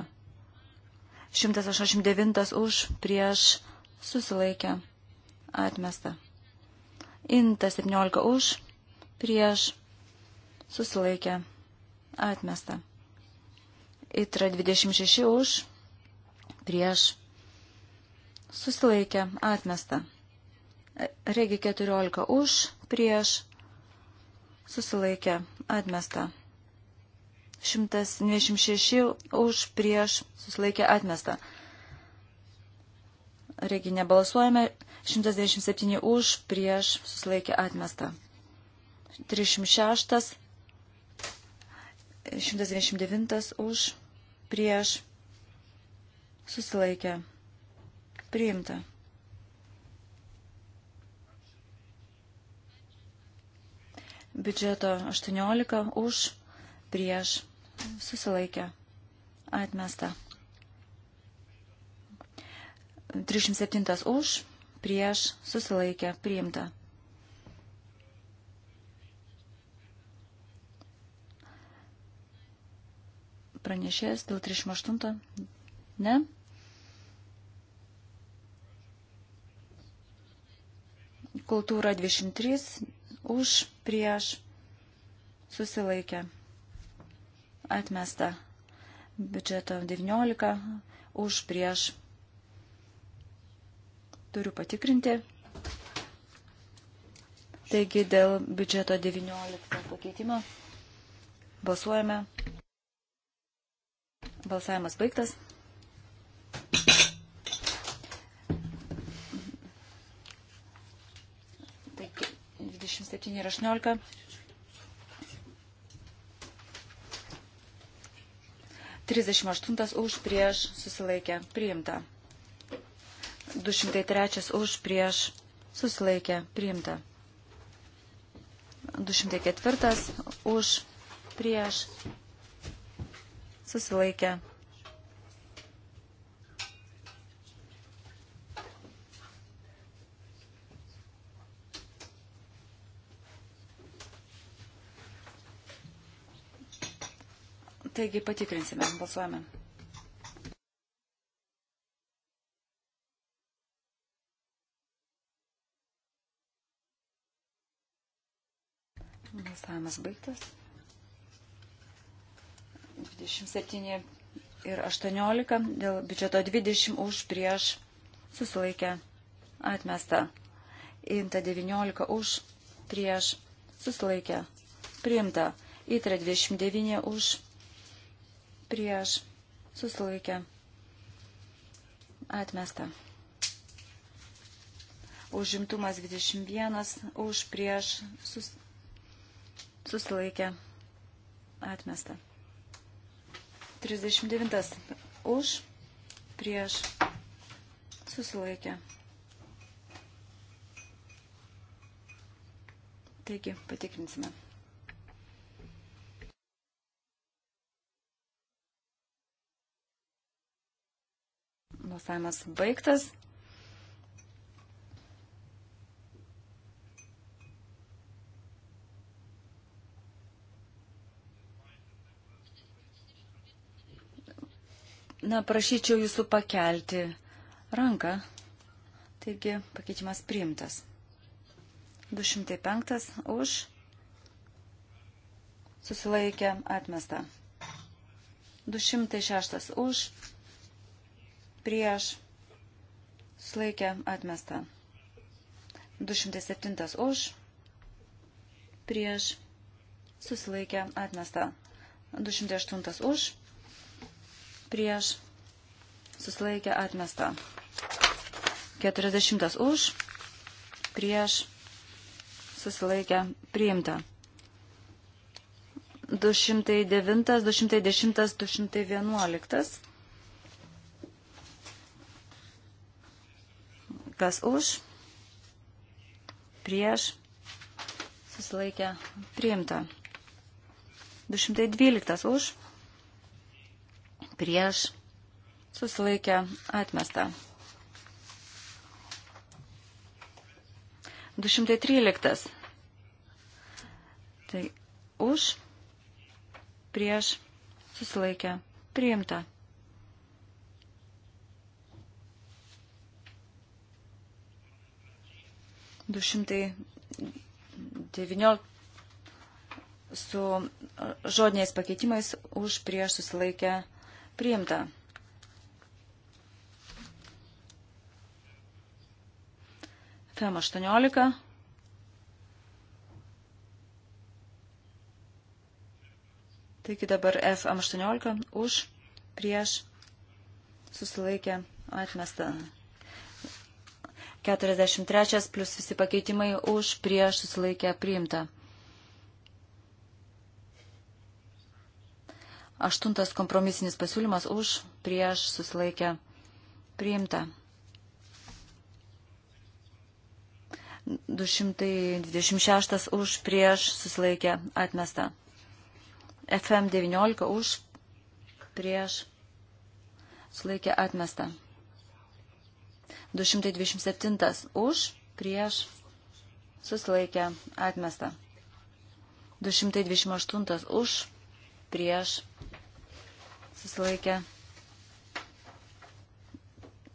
189 už, prieš, susilaikė, atmesta. Inta 17 už, prieš, susilaikė, atmesta. Itra 26 už, prieš, susilaikė, atmesta. Regi 14 už, prieš, susilaikė, atmesta. 126 už prieš susilaikė atmesta. Regi nebalsuojame. 127 už prieš susilaikė atmesta. 306. 129 už prieš susilaikė. Priimta. Biudžeto 18 už prieš Susilaikė. Atmesta. 307 už, prieš, susilaikė, priimta. Pranešės dėl 38. Ne? Kultūra 23 už, prieš, susilaikė, priimta atmesta. Biudžeto 19 už prieš. Turiu patikrinti. Taigi dėl biudžeto 19 pakeitimo balsuojame. Balsavimas baigtas. Taigi 27 ir 18 38 už prieš susilaikė priimta. 203 už prieš susilaikė priimta. 204 už prieš susilaikė priimta Taigi patikrinsime, balsuojame. Balsavimas baigtas. 27 ir 18 dėl biudžeto 20 už prieš susilaikę atmesta. Inta 19 už prieš susilaikę priimta. Itra 29 už prieš susilaikę atmesta. Užimtumas 21 už prieš sus, susilaikę atmesta. 39 už prieš susilaikę. Taigi, patikrinsime. Balsavimas baigtas. Na, prašyčiau jūsų pakelti ranką. Taigi, pakeitimas priimtas. 205 už. Susilaikė atmesta. 206 už prieš sulaikę atmestą. 207 už prieš susilaikę atmestą. 208 už prieš susilaikę atmestą. 40 už prieš susilaikę priimtą. 209, 210, 211 Kas už? Prieš. Susilaikė. Priimta. 212 už. Prieš. Susilaikė. Atmesta. 213. Tai už, prieš, susilaikę, priimta. 219 su žodiniais pakeitimais už prieš susilaikę priimta. FM 18. Taigi dabar FM 18 už prieš susilaikę atmestą. 43 plus visi pakeitimai už prieš susilaikę priimta. Aštuntas kompromisinis pasiūlymas už prieš susilaikę priimta. 226 už prieš susilaikę atmesta. FM 19 už prieš susilaikę atmesta. 227 už, prieš, susilaikė, atmesta. 228 už, prieš, susilaikė,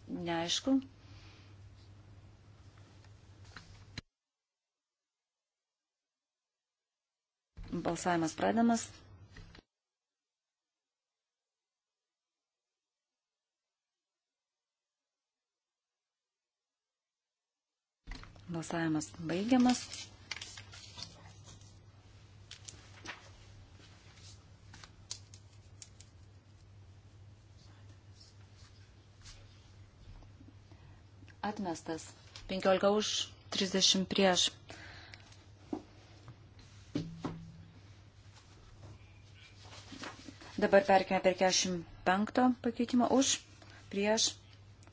neaišku. Balsavimas pradamas. Balsavimas baigiamas. Atmestas. 15 už, 30 prieš. Dabar perkime per 45 pakeitimą už, prieš,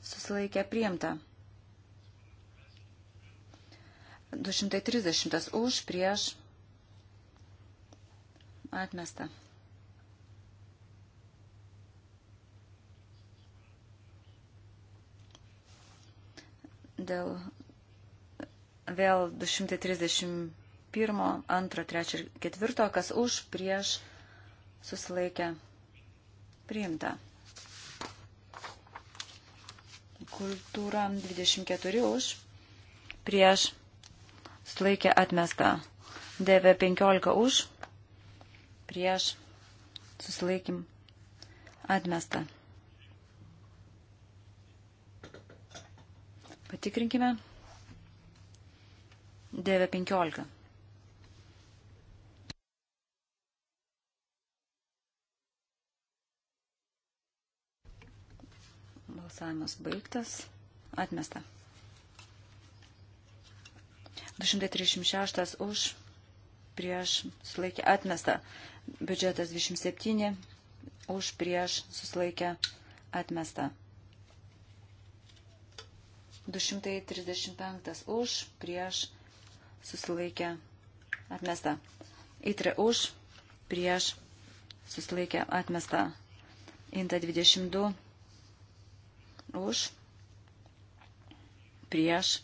susilaikę priimtą. 230 už prieš atmestą. Dėl vėl 231, 2, 3 ir 4, kas už prieš susilaikę priimta. Kultūra 24 už prieš sulaikė atmesta. DV15 už, prieš, susilaikim, atmesta. Patikrinkime. DV15. Balsavimas baigtas. Atmesta. 236 už, prieš susilaikė atmesta. Biudžetas 27 už, prieš susilaikė atmesta. 235 už, prieš susilaikė atmesta. Įtre už, prieš susilaikė atmesta. Inta 22 už, prieš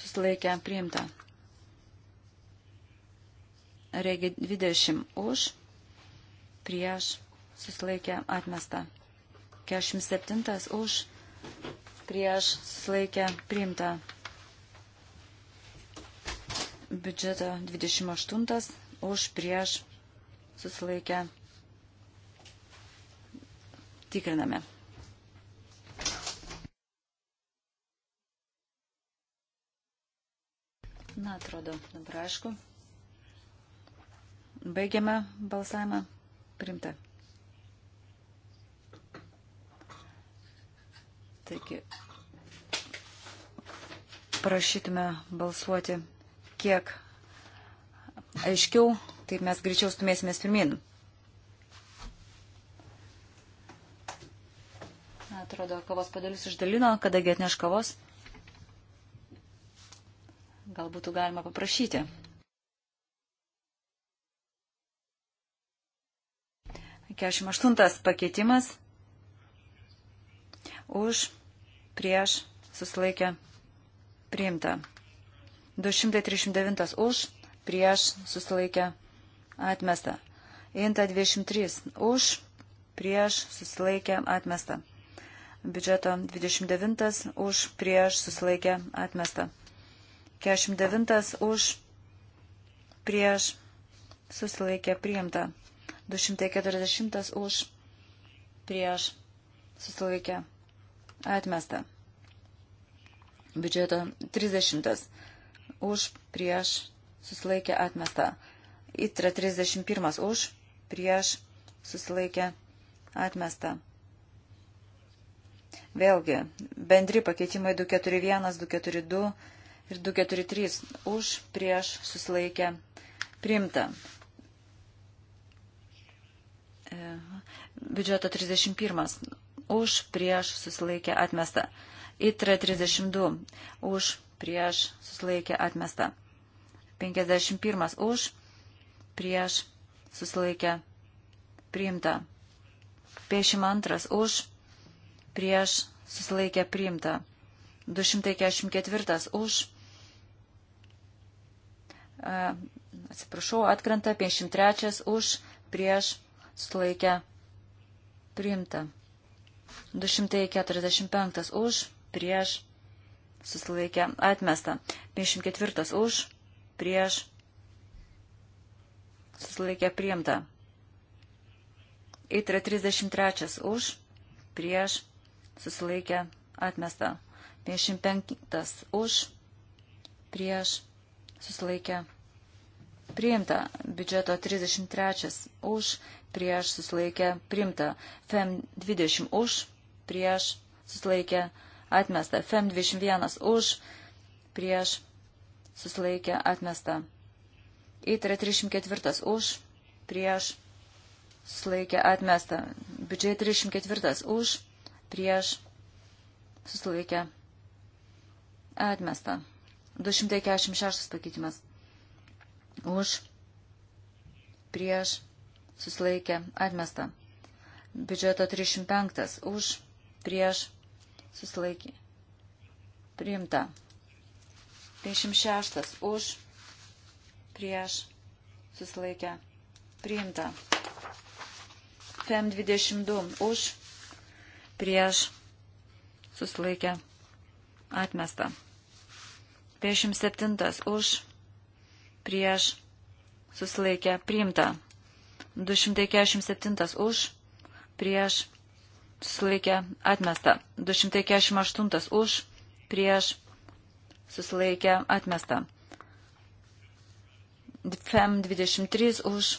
susilaikę priimta. Regi 20 už, prieš susilaikę atmesta. 47 už, prieš susilaikę priimta. Biudžeto 28 už, prieš susilaikę tikriname. Na, atrodo, dabar aišku. Baigiame balsavimą. Primta. Taigi, prašytume balsuoti kiek aiškiau, taip mes greičiau stumėsimės pirmin. Atrodo, kavos padėlius išdalino, kadangi atneš kavos gal būtų galima paprašyti. Kešim aštuntas pakeitimas už prieš susilaikę priimta. 239 už prieš susilaikę atmesta. Inta 23 už prieš susilaikę atmesta biudžeto 29 už prieš susilaikę atmestą. 49 už prieš susilaikė priimta. 240 už prieš susilaikė atmesta. Biudžeto 30 už prieš susilaikė atmesta. Itra 31 už prieš susilaikė atmesta. Vėlgi, bendri pakeitimai 241, 242 ir 243 už prieš susilaikę priimta. E, biudžeto 31 už prieš susilaikę atmesta. ITRA 32 už prieš susilaikę atmesta. 51 už prieš susilaikę priimta. 52 už prieš susilaikę priimta. 244 už atsiprašau, atkrenta 53 už prieš sulaikę priimta. 245 už prieš susilaikę atmesta. 54 už prieš susilaikę priimta. Itra 33 už prieš susilaikę atmesta. 55 už prieš susilaikė priimta. Biudžeto 33 už, prieš susilaikė priimta. FEM 20 už, prieš susilaikė atmesta. FEM 21 už, prieš susilaikė atmesta. Įtarė 34 už, prieš susilaikė atmesta. Biudžet 34 už, prieš susilaikė atmesta. 246 pakeitimas. Už, prieš, susilaikė, atmesta. Biudžeto 305. Už, prieš, susilaikė. Priimta. 56. Už, prieš, susilaikė. Priimta. FEM 22. Už, prieš, susilaikė. Atmesta. 57 už, prieš, susilaikė, priimta. 247 už, prieš, susilaikė, atmesta. 248 už, prieš, susilaikė, atmesta. FEM 23 už,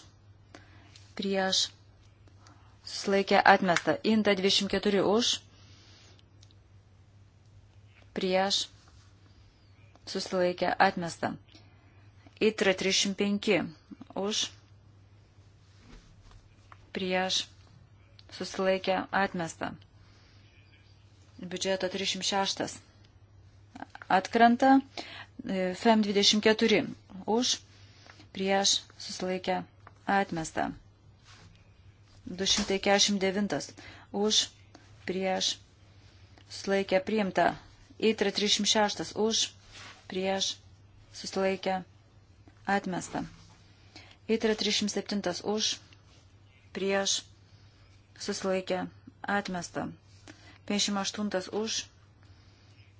prieš, susilaikė, atmesta. INTA 24 už, prieš, susilaikė, atmesta susilaikė atmesta. Itra 305 už, prieš, susilaikė atmesta. Biudžeto 306 atkrenta, FEM 24 už, prieš, susilaikė atmesta. 249 už, prieš, susilaikė priimta. Itra 306 už, prieš, susilaikė, atmesta. Įtra 307 už, prieš, susilaikė, atmesta. 58 už,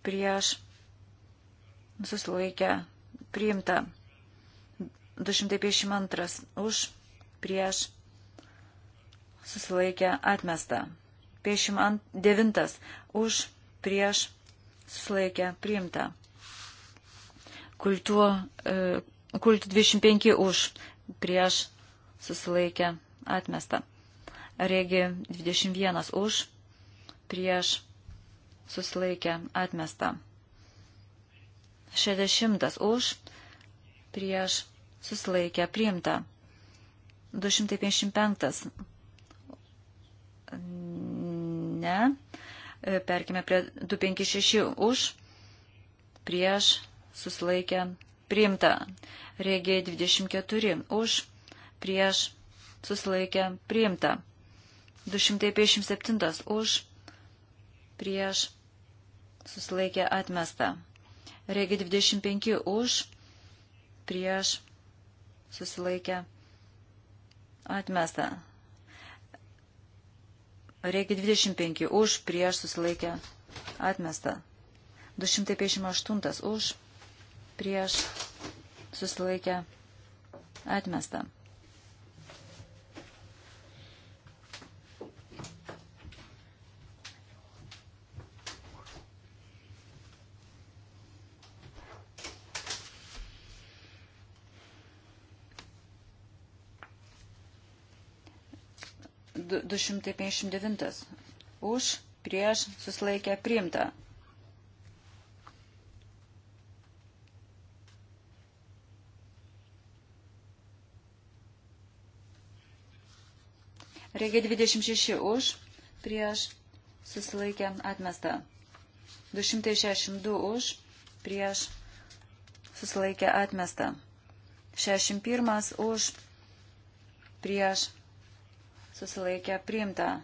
prieš, susilaikė, priimta. 252 už, prieš, susilaikė, atmesta. 59 už, prieš, susilaikė, priimta. Kultų, kultų 25 už prieš susilaikę atmestą. Regi 21 už prieš susilaikę atmestą. 60 už prieš susilaikę priimtą. 255. Ne. E, perkime prie 256 už prieš susilaikė priimta. Rėgiai 24 už, prieš susilaikė priimta. 257 už, prieš susilaikė atmesta. Rėgiai 25 už, prieš susilaikė atmesta. Reikia 25 už, prieš susilaikę atmestą. 258 už, prieš susilaikę atmestą. Du šimtai penkiasdešimt devintas. Už prieš susilaikę priimtą. Reikia 26 už, prieš susilaikė atmesta. 262 už, prieš susilaikė atmesta. 61 už, prieš susilaikė priimta.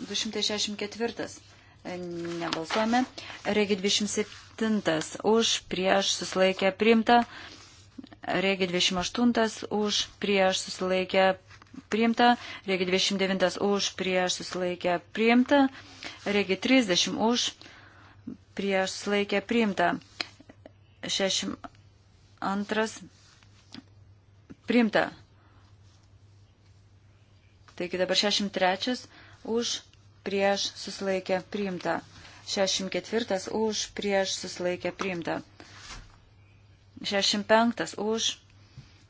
264 nebalsuojame. Regi 27 už, prieš susilaikė priimta. Regi 28 už, prieš susilaikė priimta, regi 29 už, prieš susilaikė priimta, regi 30 už, prieš susilaikė priimta, 62 priimta. Taigi dabar 63 už, prieš susilaikė priimta, 64 už, prieš susilaikė priimta, 65 už,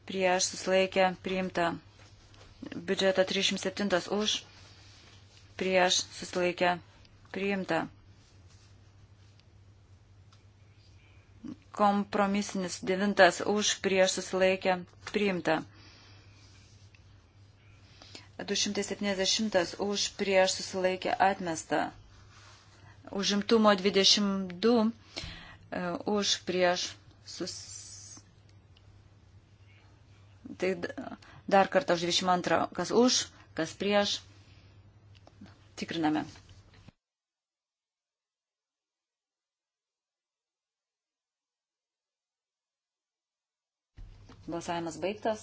prieš susilaikė priimta. Biudžeto 37 už, prieš susilaikę priimta. Kompromisinis 9 už, prieš susilaikę priimta. 270 už, prieš susilaikę atmesta. Užimtumo 22 e, už, prieš susilaikę. Tai Dar kartą už 22, kas už, kas prieš. Tikriname. Balsavimas baigtas.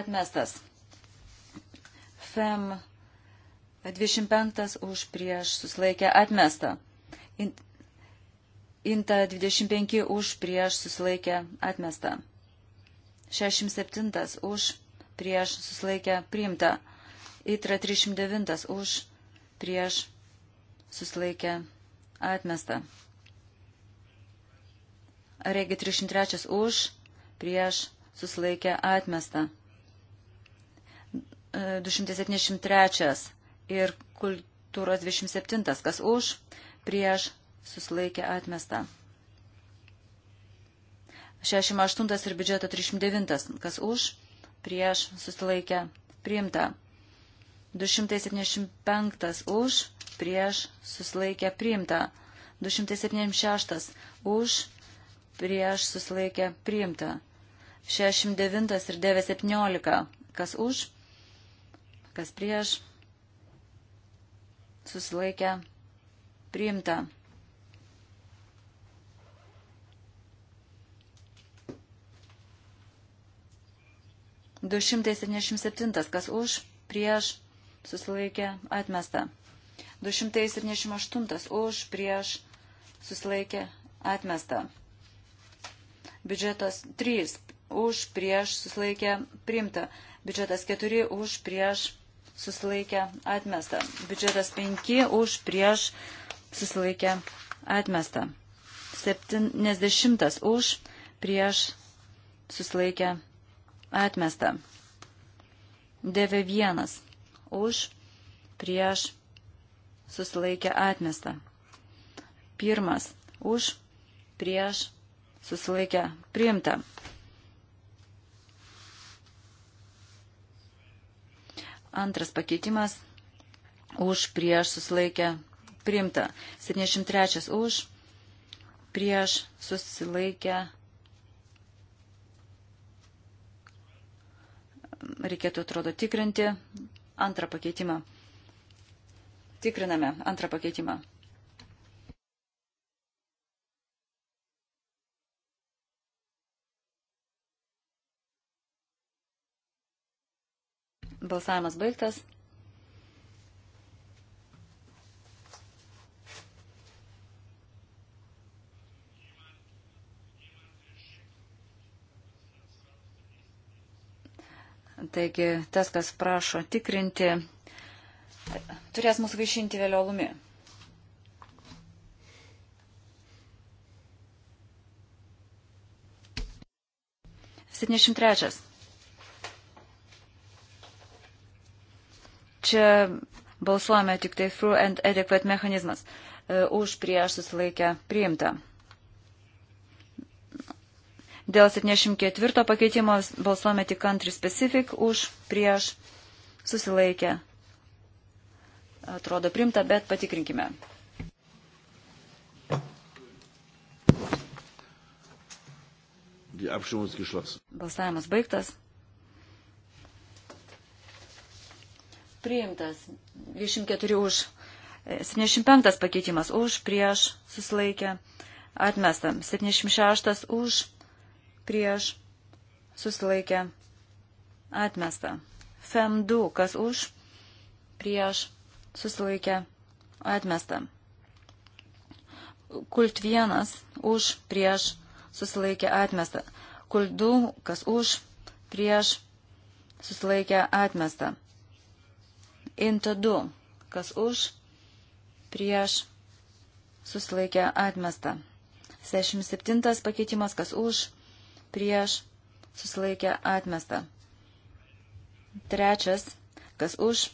Atmestas. FEM 25 už prieš susilaikę atmestą. Inta 25 už prieš susilaikę atmestą. 67 už prieš susilaikę priimtą. Itra 309 už prieš susilaikę atmestą. Regi 303 už prieš susilaikę atmestą. 273 ir kultūros 27, kas už, prieš susilaikė atmesta. 68 ir biudžeto 309, kas už, prieš, susilaikė, priimta. 275 už, prieš, susilaikė, priimta. 276 už, prieš, susilaikė, priimta. 69 ir 917, kas už, kas prieš, susilaikė, priimta. 277. Kas už, prieš, susilaikė, atmesta. 278. Už, prieš, susilaikė, atmesta. Biudžetas 3. Už, prieš, susilaikė, primta. Biudžetas 4. Už, prieš, susilaikė, atmesta. Biudžetas 5. Už, prieš, susilaikė, atmesta. 70. Už, prieš, susilaikė, atmesta Atmesta. DV1 už, prieš, susilaikė atmesta. Pirmas už, prieš, susilaikė priimta. Antras pakeitimas už, prieš, susilaikė priimta. 73 už, prieš, susilaikė priimta reikėtų, atrodo, tikrinti antrą pakeitimą. Tikriname antrą pakeitimą. Balsavimas baigtas. Taigi tas, kas prašo tikrinti, turės mus vaišinti vėliolumi. Septyniasdešimt trečias. Čia balsuojame tik tai through and adequate mechanizmas. E, už prieš susilaikę priimta. Dėl 74 pakeitimo balsuojame tik country specific už, prieš, susilaikę. Atrodo primta, bet patikrinkime. Balsavimas baigtas. Priimtas 24 už 75 e, pakeitimas už, prieš, susilaikę, atmestam. 76 už, prieš, susilaikė, atmesta. Fem 2, kas už, prieš, susilaikė, atmesta. Kult 1, už, prieš, susilaikė, atmesta. Kult 2, kas už, prieš, susilaikė, atmesta. Inta 2, kas už, prieš, susilaikė, atmesta. 67 pakeitimas, kas už, prieš, susilaikė atmesta. Trečias, kas už,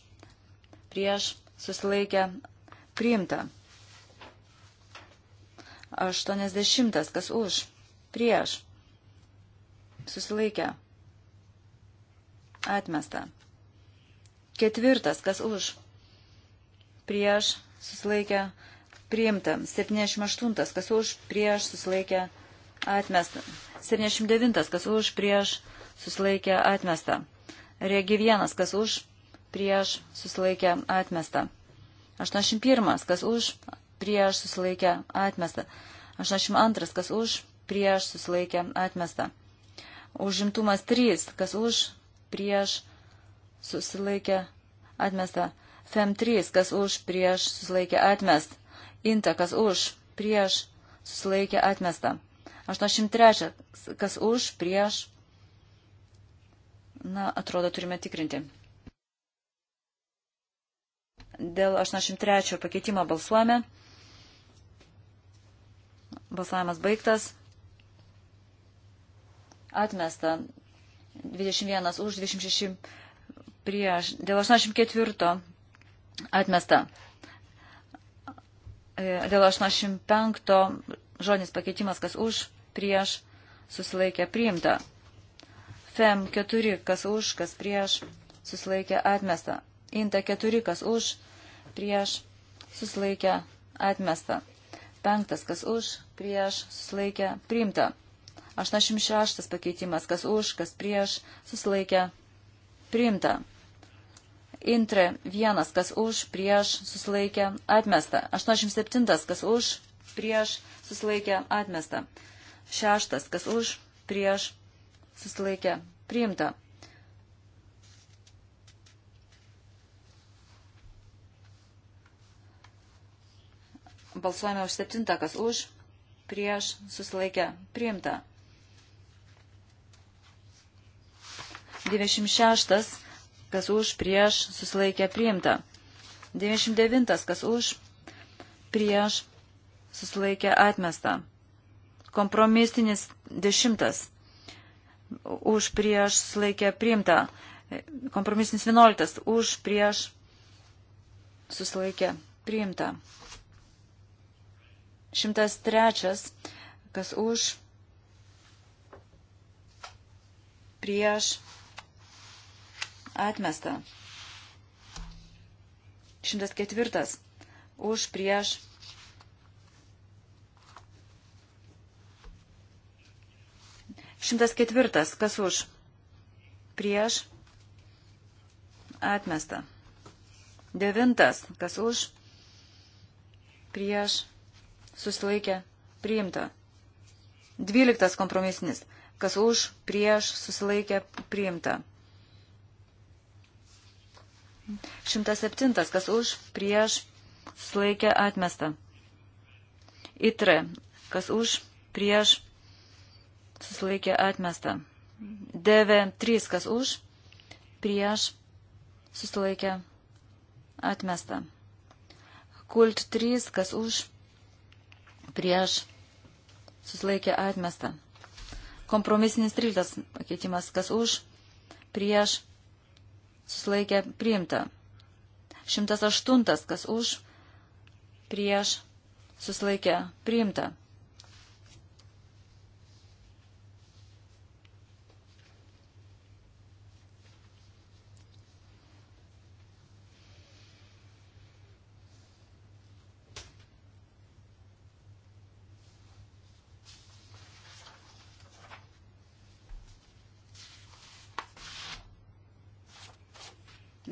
prieš, susilaikė priimta. Aštuonesdešimtas, kas už, prieš, susilaikė atmesta. Ketvirtas, kas už, prieš, susilaikė priimta. 78, kas už, prieš, susilaikė atmesta. 79, kas už, prieš, susilaikė, atmesta. Regi 1, kas už, prieš, susilaikė, atmesta. 81, kas už, prieš, susilaikė, atmesta. 82, kas už, prieš, susilaikė, atmesta. Užimtumas 3, kas už, prieš, susilaikė, atmesta. FEM 3, kas už, prieš, susilaikė, atmesta. INTA, kas už, prieš, susilaikė, atmesta. 83. Kas už, prieš. Na, atrodo, turime tikrinti. Dėl 83 pakeitimo balsuojame. Balsavimas baigtas. Atmesta. 21 už, 26 prieš. Dėl 84 atmesta. E, dėl 85 žodinis pakeitimas, kas už, prieš, susilaikė priimta. Fem 4, kas už, kas prieš, susilaikė atmesta. Inta 4, kas už, prieš, susilaikė atmesta. Penktas, kas už, prieš, susilaikė priimta. 86 pakeitimas, kas už, kas prieš, susilaikė priimta. Intre vienas, kas už, prieš, susilaikė, atmesta. 87, kas už, prieš, susilaikė, atmesta. Šeštas, kas už, prieš, susilaikė, priimta. Balsuojame už septintą, kas už, prieš, susilaikė, priimta. 96, kas už, prieš, susilaikė, priimta. 99, kas už, prieš, susilaikė, atmesta. Kompromisinis dešimtas už prieš sulaikę priimta. Kompromisinis vienuoliktas už prieš susilaikę priimta. Šimtas trečias, kas už prieš atmestą. Šimtas ketvirtas už prieš 104. Kas už? Prieš. Atmesta. 9. Kas už? Prieš. Susilaikė. Priimta. 12. Kompromisinis. Kas už? Prieš. Susilaikė. Priimta. 107. Kas už? Prieš. Susilaikė. Atmesta. Itre. Kas už? Prieš susilaikė atmesta. 9.3 kas už, prieš, susilaikė atmesta. Kult 3 kas už, prieš, susilaikė atmesta. Kompromisinis 13 pakeitimas kas už, prieš, susilaikė priimta. 108 kas už, prieš, susilaikė priimta.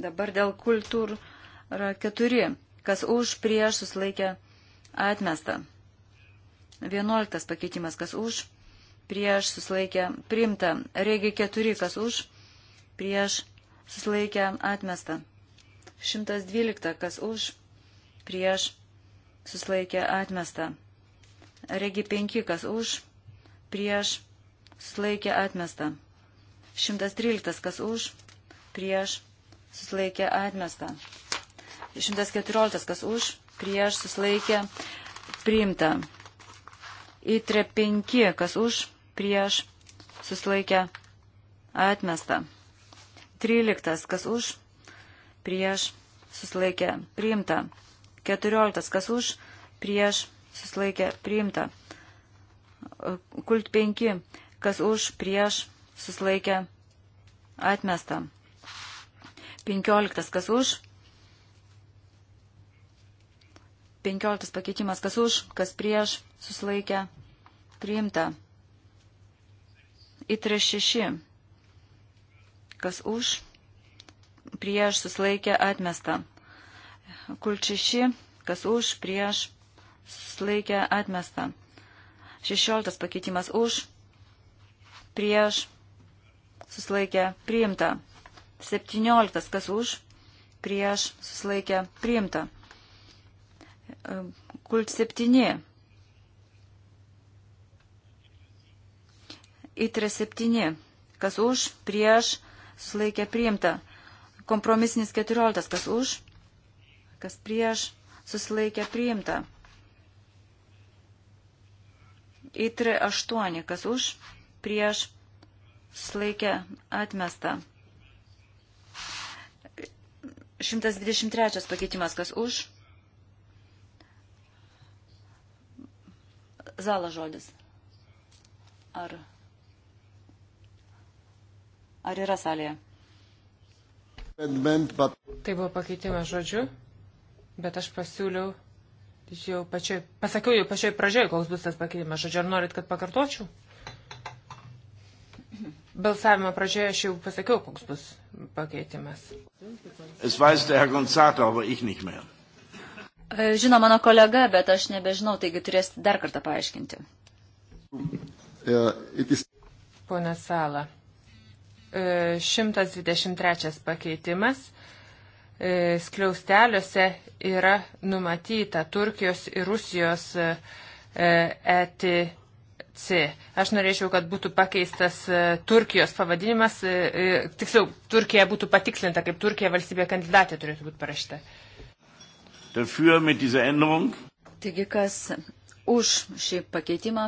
Dabar dėl kultūr 4. Kas už, prieš, susilaikė, atmesta. 11 pakeitimas. Kas už, prieš, susilaikė, primta. Regi 4. Kas už, prieš, susilaikė, atmesta. 112. Kas už, prieš, susilaikė, atmesta. Regi 5. Kas už, prieš, susilaikė, atmesta. 113. Kas už, prieš, susilaikė atmesta. 114 kas už, prieš susilaikė priimta. Įtre 5 kas už, prieš susilaikė atmesta. 13 kas už, prieš susilaikė priimta. 14 kas už, prieš susilaikė priimta. Kult 5 kas už, prieš susilaikė atmesta. 15 kas už. 15 pakeitimas kas už, kas prieš, susilaikė, priimta. Įtre 6. Kas už, prieš, susilaikė, atmesta. Kult 6. Kas už, prieš, susilaikė, atmesta. 16 pakeitimas už, prieš, susilaikė, priimta. 17. Kas už? Prieš susilaikę priimta. Kult 7. Itre 7. Kas už? Prieš susilaikę priimta. Kompromisinis 14. Kas už? Kas prieš susilaikę priimta. Itre 8. Kas už? Prieš susilaikę atmesta. 123 pakeitimas, kas už? Zala žodis. Ar, ar yra salėje? Tai buvo pakeitimas žodžiu, bet aš pasiūliau jau pačioj, pasakiau jau pačioj pradžioj, koks bus tas pakeitimas žodžiu. Ar norit, kad pakartočiau? Balsavimo pradžioje aš jau pasakiau, koks bus pakeitimas. E, žino mano kolega, bet aš nebežinau, taigi turės dar kartą paaiškinti. Pone Sala, 123 e, pakeitimas e, skliausteliuose yra numatyta Turkijos ir Rusijos ETI C. Aš norėčiau, kad būtų pakeistas e, Turkijos pavadinimas, e, e, tiksliau, Turkija būtų patikslinta, kaip Turkija valstybė kandidatė turėtų būti parašyta. Dafür mit dieser Änderung. Taigi, kas už šį pakeitimą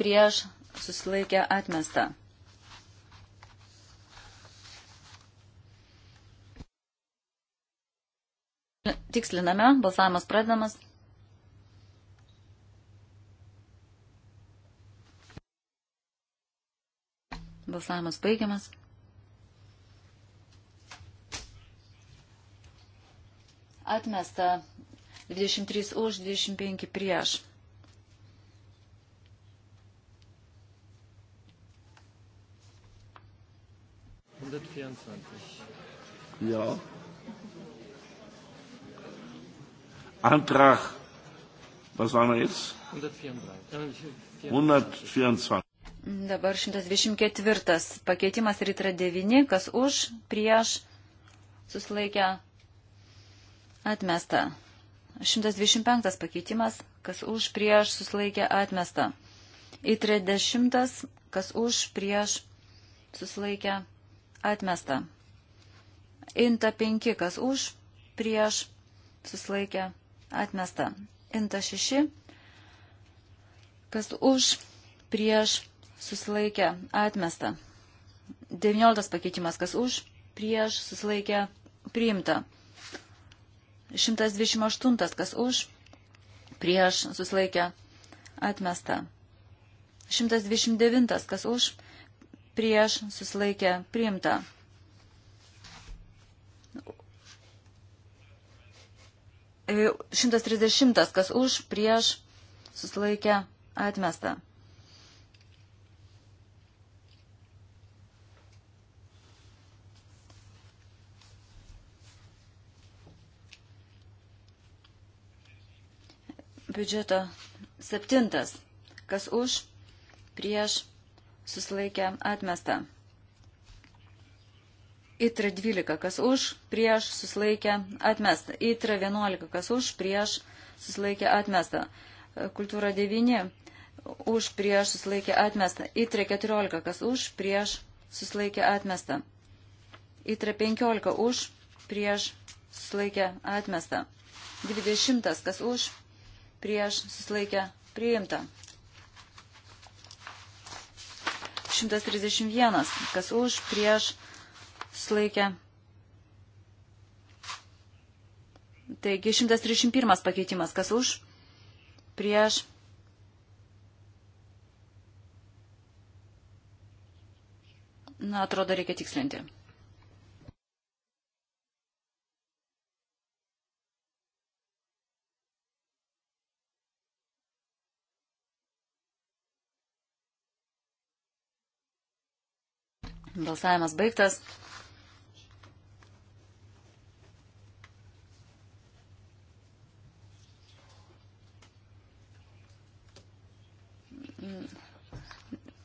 prieš susilaikę atmestą. Tiksliname, balsavimas pradedamas. Balsavimas baigiamas. Atmesta 23 už, 25 prieš. Ja. Antrag, was waren wir jetzt? 124. 124. Dabar 124 pakeitimas rytra 9, kas už, prieš, susilaikę, atmesta. 125 pakeitimas, kas už, prieš, susilaikę, atmesta. Į 30, kas už, prieš, susilaikę, atmesta. Inta 5, kas už, prieš, susilaikę, atmesta. Inta 6, kas už, prieš, susilaikę susilaikė, atmesta. 19 pakeitimas, kas už, prieš, susilaikė, priimta. 128, kas už, prieš, susilaikė, atmesta. 129, kas už, prieš, susilaikė, priimta. Šimtas trisdešimtas, kas už, prieš, susilaikė, atmesta. biudžeto septintas. Kas už, prieš, susilaikė, atmesta. Itra 12, kas už, prieš, susilaikė, atmesta. Itra 11, kas už, prieš, susilaikė, atmesta. Kultūra 9, už, prieš, susilaikė, atmesta. Itra 14, kas už, prieš, susilaikė, atmesta. Itra 15, už, prieš, susilaikė, atmesta. 20, kas už, prieš susilaikę priimta. 131, kas už prieš susilaikę. Taigi 131 pakeitimas, kas už prieš. Na, atrodo, reikia tikslinti. Balsavimas baigtas.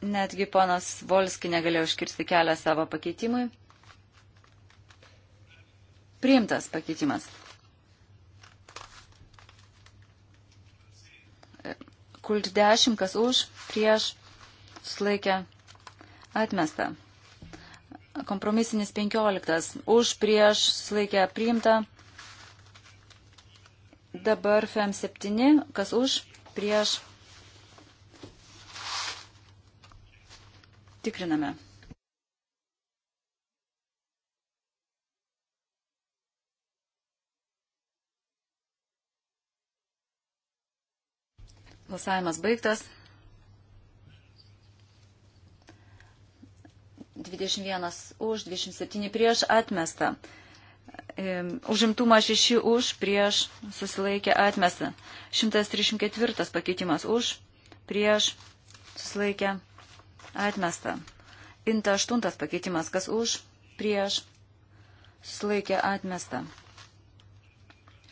Netgi ponas Volski negalėjo iškirsti kelią savo pakeitimui. Priimtas pakeitimas. Kult 10, kas už, prieš, sulaikė, atmesta. Kompromisinis 15. Už prieš sulaikę priimta. Dabar FEM 7. Kas už prieš. Tikriname. Balsavimas baigtas. 21 už, 27 prieš atmestą. Užimtumas 6 už, prieš susilaikė atmestą. 134 pakeitimas už, prieš susilaikė atmestą. Inta 8 pakeitimas, kas už, prieš susilaikė atmestą.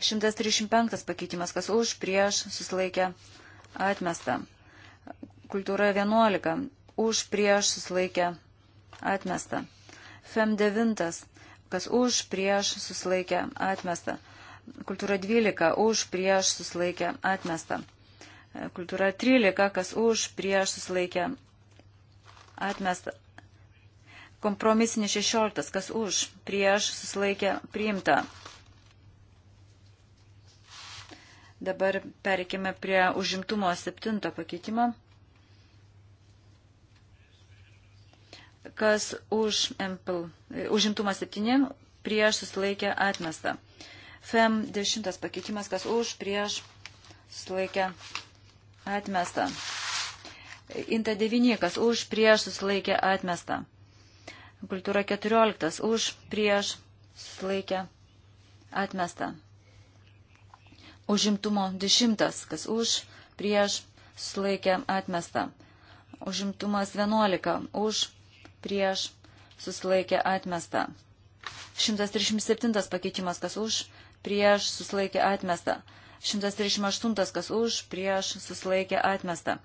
135 pakeitimas, kas už, prieš susilaikė atmestą. Kultūra 11, už, prieš susilaikė atmestą atmesta. Fem 9, kas už, prieš, susilaikė, atmesta. Kultūra 12, už, prieš, susilaikė, atmesta. E, kultūra 13, kas už, prieš, susilaikė, atmesta. Kompromisinis 16, kas už, prieš, susilaikė, priimta. Dabar perikime prie užimtumo 7 pakeitimą. kas už MPL, užimtumą 7, prieš susilaikė atmesta. FEM 10 pakeitimas, kas už, prieš susilaikė atmesta. Inta 9, kas už, prieš susilaikė atmesta. Kultūra 14, už, prieš susilaikė atmesta. Užimtumo 10, kas už, prieš susilaikė atmesta. Užimtumas 11, už, prieš susilaikė atmesta. 137 pakeitimas kas už, prieš susilaikė atmesta. 138 kas už, prieš susilaikė atmesta.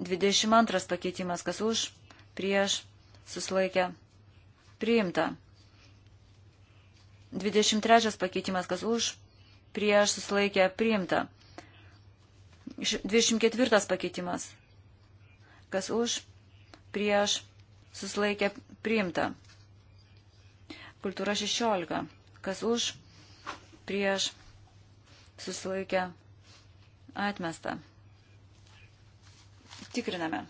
22 pakeitimas kas už, prieš susilaikė priimta. 23 pakeitimas kas už, prieš susilaikė priimta. 24 pakeitimas kas už, prieš susilaikė priimta. Kultūra 16. Kas už, prieš, susilaikė atmesta. Tikriname.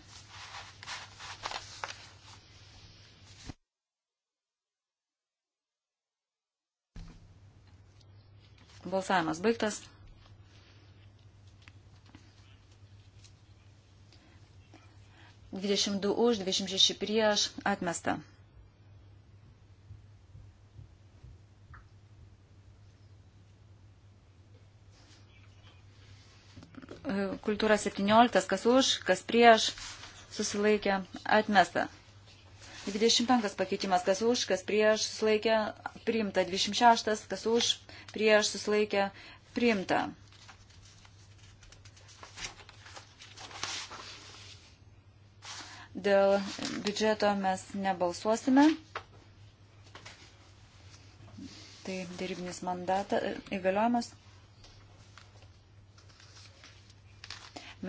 Balsavimas baigtas. 22 už, 26 prieš, atmesta. Kultūra 17, kas už, kas prieš, susilaikė, atmesta. 25 pakeitimas, kas už, kas prieš, susilaikė, priimta. 26, kas už, prieš, susilaikė, priimta. Dėl biudžeto mes nebalsuosime. Tai dėrybinis mandatas, įgaliojimas.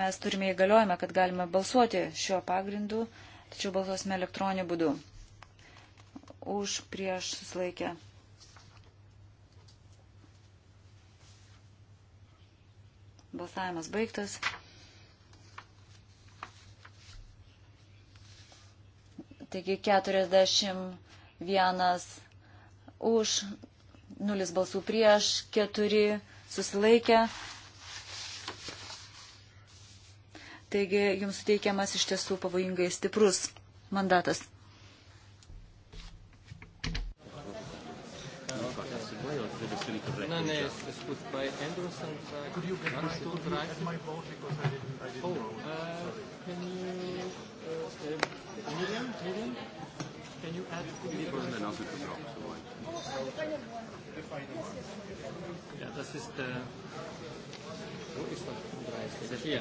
Mes turime įgaliojimą, kad galime balsuoti šiuo pagrindu, tačiau balsuosime elektroniniu būdu. Už prieš susilaikę. Balsavimas baigtas. Taigi 41 už, 0 balsų prieš, 4 susilaikę. Taigi jums suteikiamas iš tiesų pavojingai stiprus mandatas. need to record. No, no, it's, it's put by Anderson. By could you get Anderson my, could you get my vote because I didn't, I didn't oh, know. Uh, Sorry. Can you, uh, uh, Miriam, Miriam, can you add? It was an answer to drop, so I. The final one. Yeah, das ist der. Wo ist das? Ist das hier?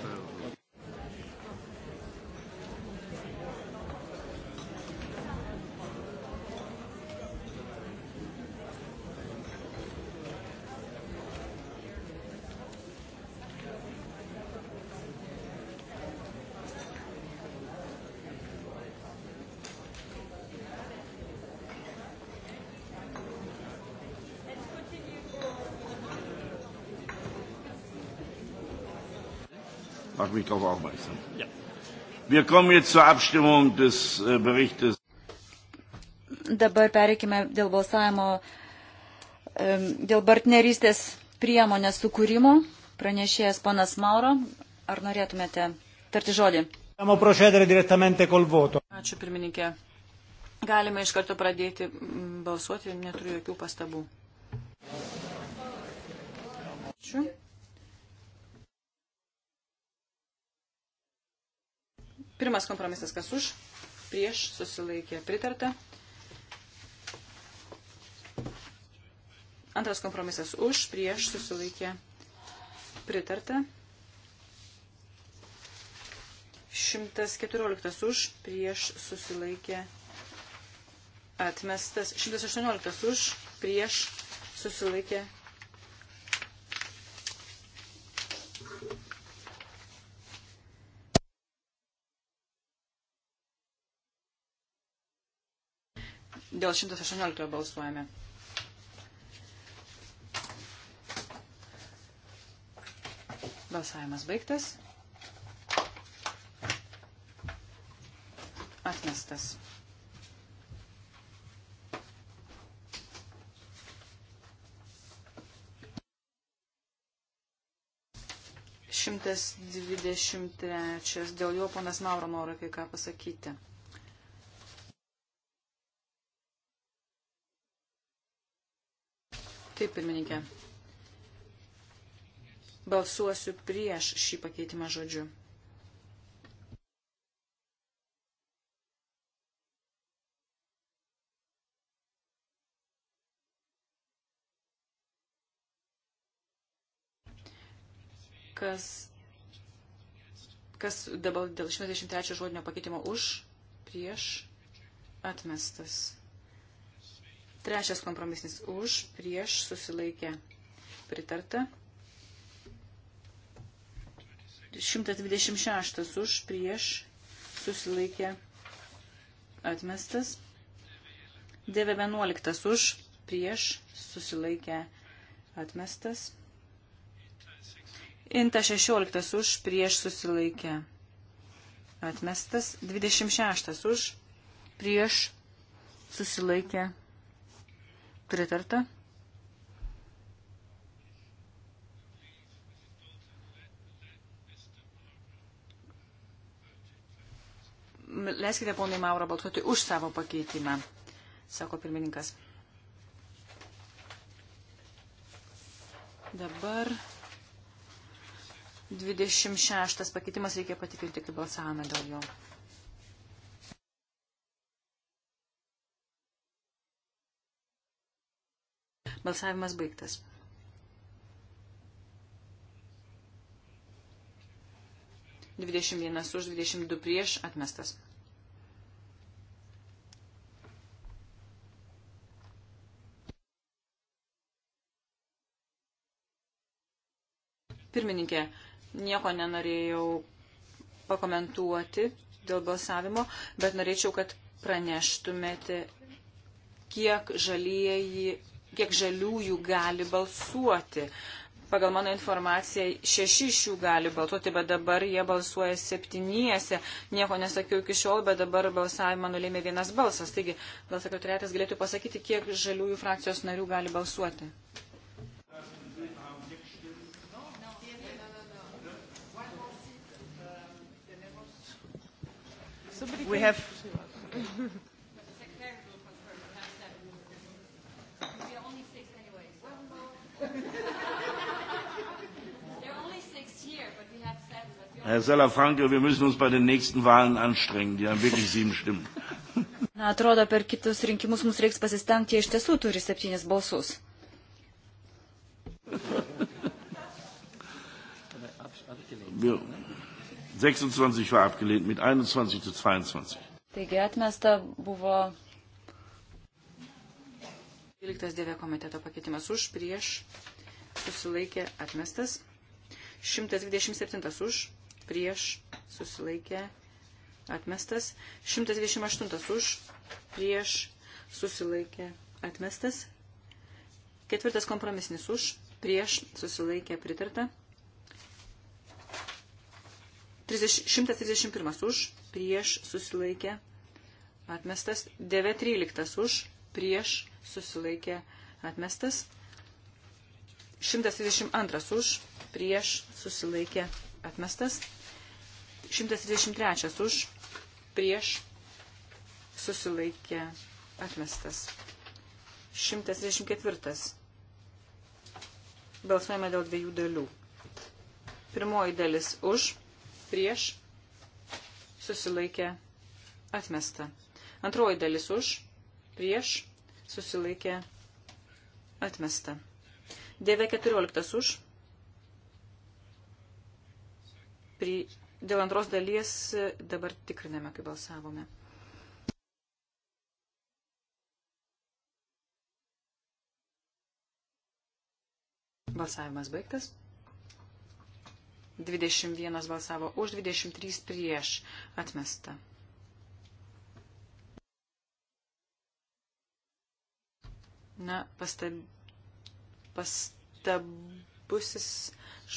Mach mich darauf aufmerksam. Ja. Wir kommen jetzt zur Abstimmung des äh, Berichtes. Dabar pereikime dėl balsavimo, dėl partnerystės priemonės sukūrimo. Pranešėjas ponas Mauro, ar norėtumėte tarti žodį? Ačiū pirmininkė. Galime iš karto pradėti balsuoti, neturiu jokių pastabų. Ačiū. Pirmas kompromisas kas už, prieš susilaikė pritarta. Antras kompromisas už, prieš susilaikė pritarta. 114 už, prieš susilaikė atmestas. 118 už, prieš susilaikė pritarta Dėl 118 balsuojame. Balsavimas baigtas. Atmestas. Šimtas dvidešimt trečias. Dėl jo ponas Mauro nori kai ką pasakyti. Taip, pirmininkė. Balsuosiu prieš šį pakeitimą žodžiu. Kas, kas dabar dėl 63 žodinio pakeitimo už, prieš, atmestas. Trečias kompromisnis už, prieš, susilaikė, pritarta. 126 už, prieš, susilaikė, atmestas. 911 už, prieš, susilaikė, atmestas. Inta 16 už, prieš susilaikė. Atmestas 26 už, prieš susilaikė. Pritarta. Leiskite ponai Mauro balsuoti už savo pakeitimą, sako pirmininkas. Dabar 26 pakeitimas reikia patikrinti, kaip balsavome dėl jo. Balsavimas baigtas. Dvidešimt vienas už, dvidešimt du prieš atmestas. Pirmininkė, nieko nenorėjau pakomentuoti dėl balsavimo, bet norėčiau, kad praneštumėte, kiek žalieji kiek žaliųjų gali balsuoti. Pagal mano informaciją, šeši iš jų gali balsuoti, bet dabar jie balsuoja septyniese. Nieko nesakiau iki šiol, bet dabar balsavimą nulėmė vienas balsas. Taigi, gal sekretariatas galėtų pasakyti, kiek žaliųjų frakcijos narių gali balsuoti. We have Herr Salafranke, wir müssen uns bei den nächsten Wahlen anstrengen. Die haben wirklich sieben Stimmen. Na, atrodo, per kitus rinkimus mums reiks pasistengti, jie iš tiesų turi septynis balsus. Wir 26 war abgelehnt mit 21 zu 22. Taigi atmesta buvo 12 dėvė komiteto pakeitimas už, prieš, susilaikė atmestas, 127 už, prieš, susilaikė, atmestas. 128 už, prieš, susilaikė, atmestas. Ketvirtas kompromisinis už, prieš, susilaikė, pritarta. 30, 131 už, prieš, susilaikė, atmestas. 913 už, prieš, susilaikė, atmestas. 132 už, prieš, susilaikė, atmestas. 123 už, prieš, susilaikė, atmestas. 124. Balsuojame dėl dviejų dalių. Pirmoji dalis už, prieš, susilaikė, atmesta. Antroji dalis už, prieš, susilaikė, atmesta. 9.14 už, pri, Dėl antros dalies dabar tikriname, kaip balsavome. Balsavimas baigtas. 21 balsavo už, 23 prieš atmesta. Na, pastab... pastabusis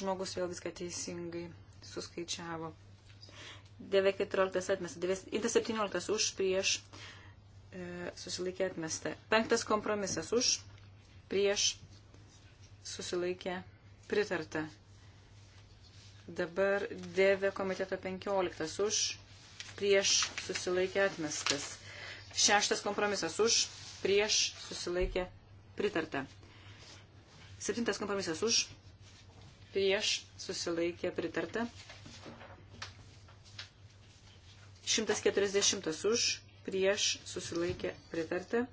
žmogus vėl viską teisingai suskaičiavo. 9.14 atmesta, 9.17 už prieš e, susilaikė atmesta. Penktas kompromisas už prieš susilaikė pritarta. Dabar 9 komiteto 15 už prieš susilaikė atmestas. Šeštas kompromisas už prieš susilaikė pritarta. Septintas kompromisas už prieš susilaikė pritarta. 140 už, prieš susilaikė pritarta.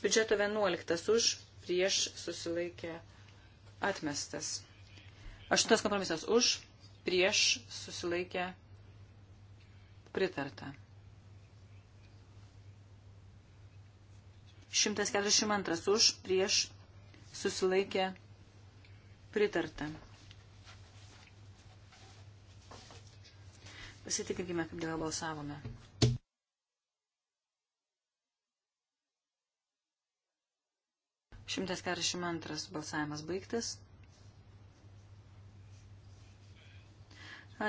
Biudžeto 11 už, prieš susilaikė atmestas. Aštuntas kompromisas už, prieš susilaikė pritarta. 142 už, prieš susilaikė pritarta. Pasitikrinkime, kaip dėl balsavome. Šimtas keturiasdešimt antras balsavimas baigtas.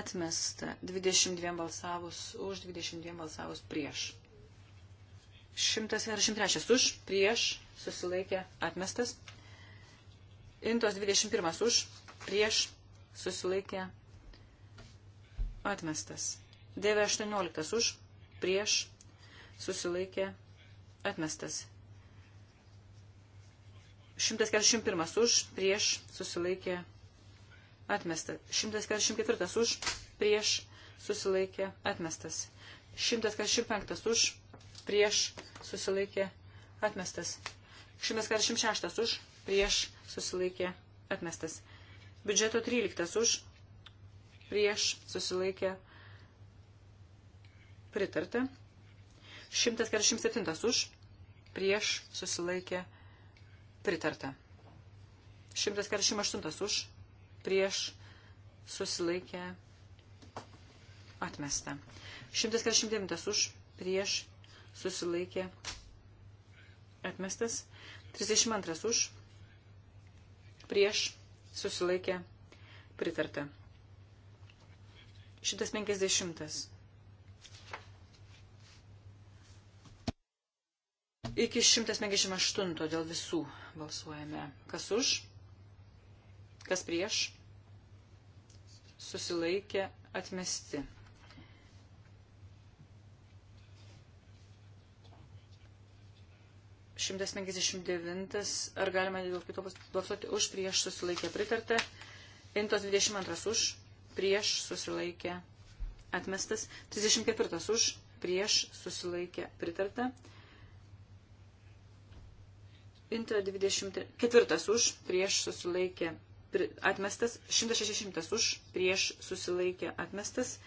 Atmesta 22 balsavus už, 22 balsavus prieš. 143 už, prieš, susilaikė, atmestas. Intos 21 už, prieš, susilaikė, atmestas. 9.18 už, prieš, susilaikė, atmestas. 141 už, prieš, susilaikė, atmestas. 144 už, prieš, susilaikė, atmestas. 145 už, prieš, susilaikė, atmestas. 146 už, prieš, susilaikė, atmestas. Biudžeto 13 už, prieš susilaikė pritarta. 147 už, prieš susilaikė pritarta. 148 už, prieš susilaikė atmesta. 149 už, prieš susilaikė atmestas. 32 už, prieš susilaikė pritarta. 150. Iki 158 dėl visų balsuojame. Kas už? Kas prieš? Susilaikė atmesti. Šimtas penkisdešimt devintas. Ar galima dėl kito balsuoti už prieš susilaikę pritartę? Intos dvidešimt antras už prieš susilaikė atmestas, 34 už, prieš susilaikė pritarta, Intra 24 už, prieš susilaikė atmestas, 160 už, prieš susilaikė atmestas,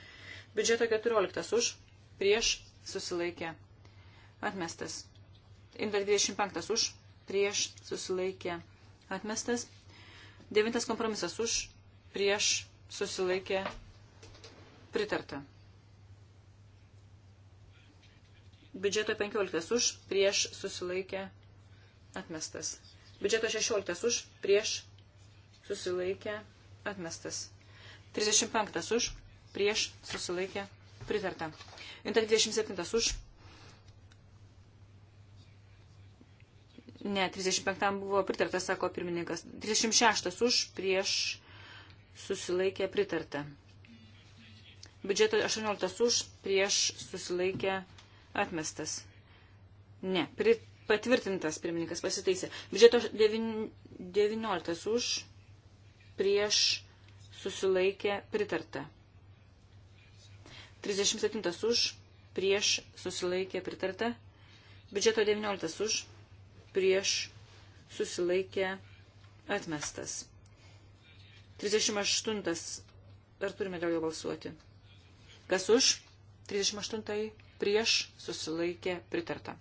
biudžeto 14 už, prieš susilaikė atmestas, Intra 25 už, prieš susilaikė atmestas, 9 kompromisas už, prieš susilaikė pritarta. Biudžeto 15 už, prieš susilaikė atmestas. Biudžeto 16 už, prieš susilaikė atmestas. 35 už, prieš susilaikė pritarta. 127 už. Ne, 35 buvo pritartas, sako pirmininkas. 36 už, prieš susilaikė pritarta. Biudžeto 18 už, prieš susilaikė atmestas. Ne, pri, patvirtintas pirmininkas pasitaisė. Biudžeto 9, 19 už, prieš susilaikė pritarta. 37 už, prieš susilaikė pritarta. Biudžeto 19 už, prieš susilaikė atmestas. 38. Ar turime dėl jo balsuoti? Kas už? 38. Prieš susilaikė pritarta.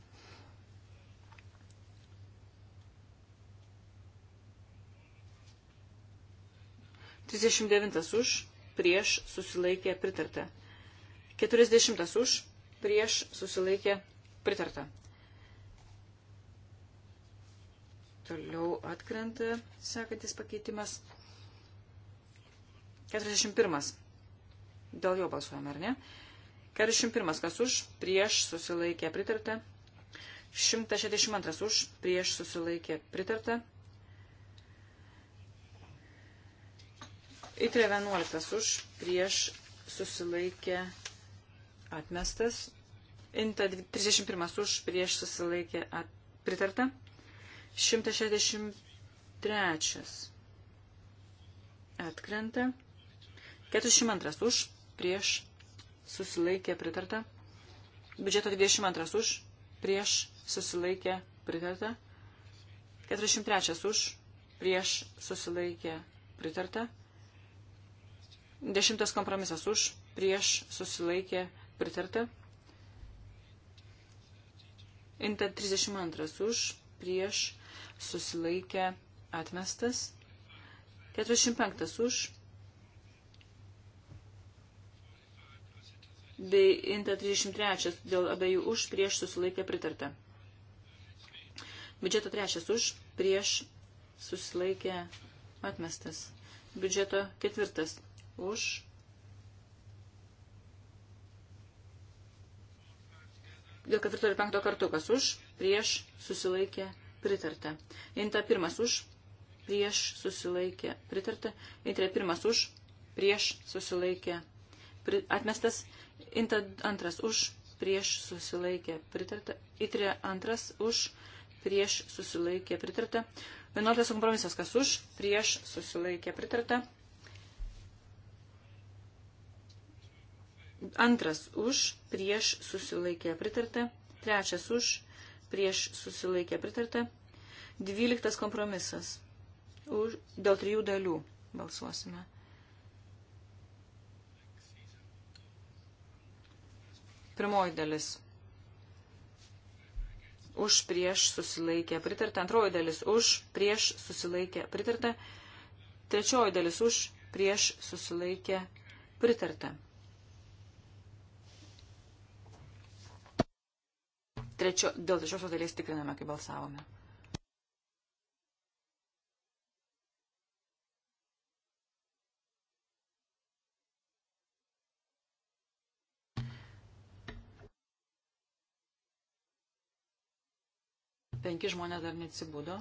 Trisdešimt devintas už, prieš susilaikė pritarta. Keturisdešimtas už, prieš susilaikė pritarta. Toliau atkrenta sekantis pakeitimas. 41. Dėl jo balsuojame, ar ne? 41. Kas už, prieš susilaikė pritarta. 162 už, prieš susilaikė pritarta. Itre 11 už, prieš susilaikė atmestas. Inta 31 už, prieš susilaikė at, pritarta. 163 atkrenta. 42 už, prieš, susilaikė, pritarta. Biudžeto 22 už, prieš, susilaikė, pritarta. 43 už, prieš, susilaikė, pritarta. 10 kompromisas už, prieš, susilaikė, pritarta. Inta 32 už, prieš, susilaikė, atmestas. 45 už, bei Inta 33 dėl abiejų už prieš susilaikė pritarta. Biudžeto 3 už prieš susilaikė atmestas. Biudžeto 4 už Dėl ketvirto ir penkto kartu, kas už, prieš, susilaikė, pritarta. Inta pirmas už, prieš, susilaikė, pritarta. Inta pirmas už, prieš, susilaikė, pri, atmestas. Inta antras už, prieš susilaikė pritarta. Itrė antras už, prieš susilaikė pritarta. Vienuoliktas kompromisas, kas už, prieš susilaikė pritarta. Antras už, prieš susilaikė pritarta. Trečias už, prieš susilaikė pritarta. Dvyliktas kompromisas. Už, dėl trijų dalių balsuosime. Pirmoji dalis. Už prieš susilaikė pritarta. Antroji dalis. Už prieš susilaikė pritarta. Trečioji dalis. Už prieš susilaikė pritarta. Trečio, dėl trečiosios dalies tikriname, kai balsavome. Penki žmonės dar neatsibudo.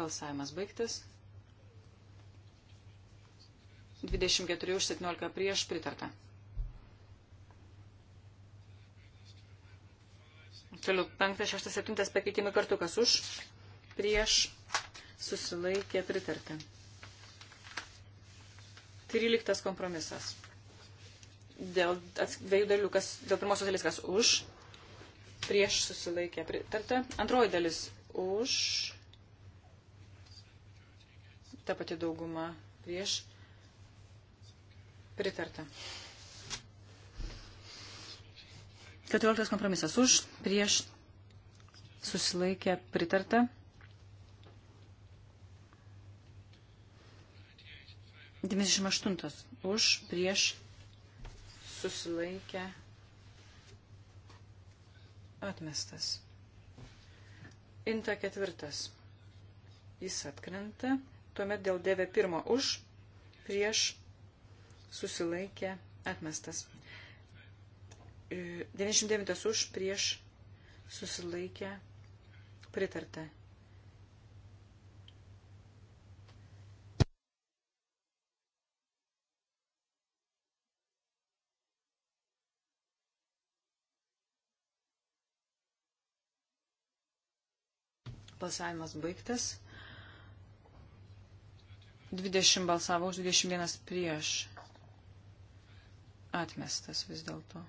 Balsavimas baigtas. 24 už 17 prieš pritarta. Toliau 5, 6, 7 pakeitimai kartu, kas už, prieš, susilaikė pritarta. 13 kompromisas. Dėl dviejų dalių, kas, dėl pirmosios dalies, kas už, prieš susilaikė pritarta. Antroji dalis už, ta pati dauguma prieš pritarta. 14 kompromisas už, prieš susilaikė pritarta. 98 už, prieš susilaikė pritarta Atmestas. Inta ketvirtas. Jis atkrenta. Tuomet dėl dėvė pirmo už, prieš, susilaikė, atmestas. 99 e, už, prieš, susilaikė, pritarta. Balsavimas baigtas. 20 balsavo už, 21 prieš. Atmestas vis dėlto.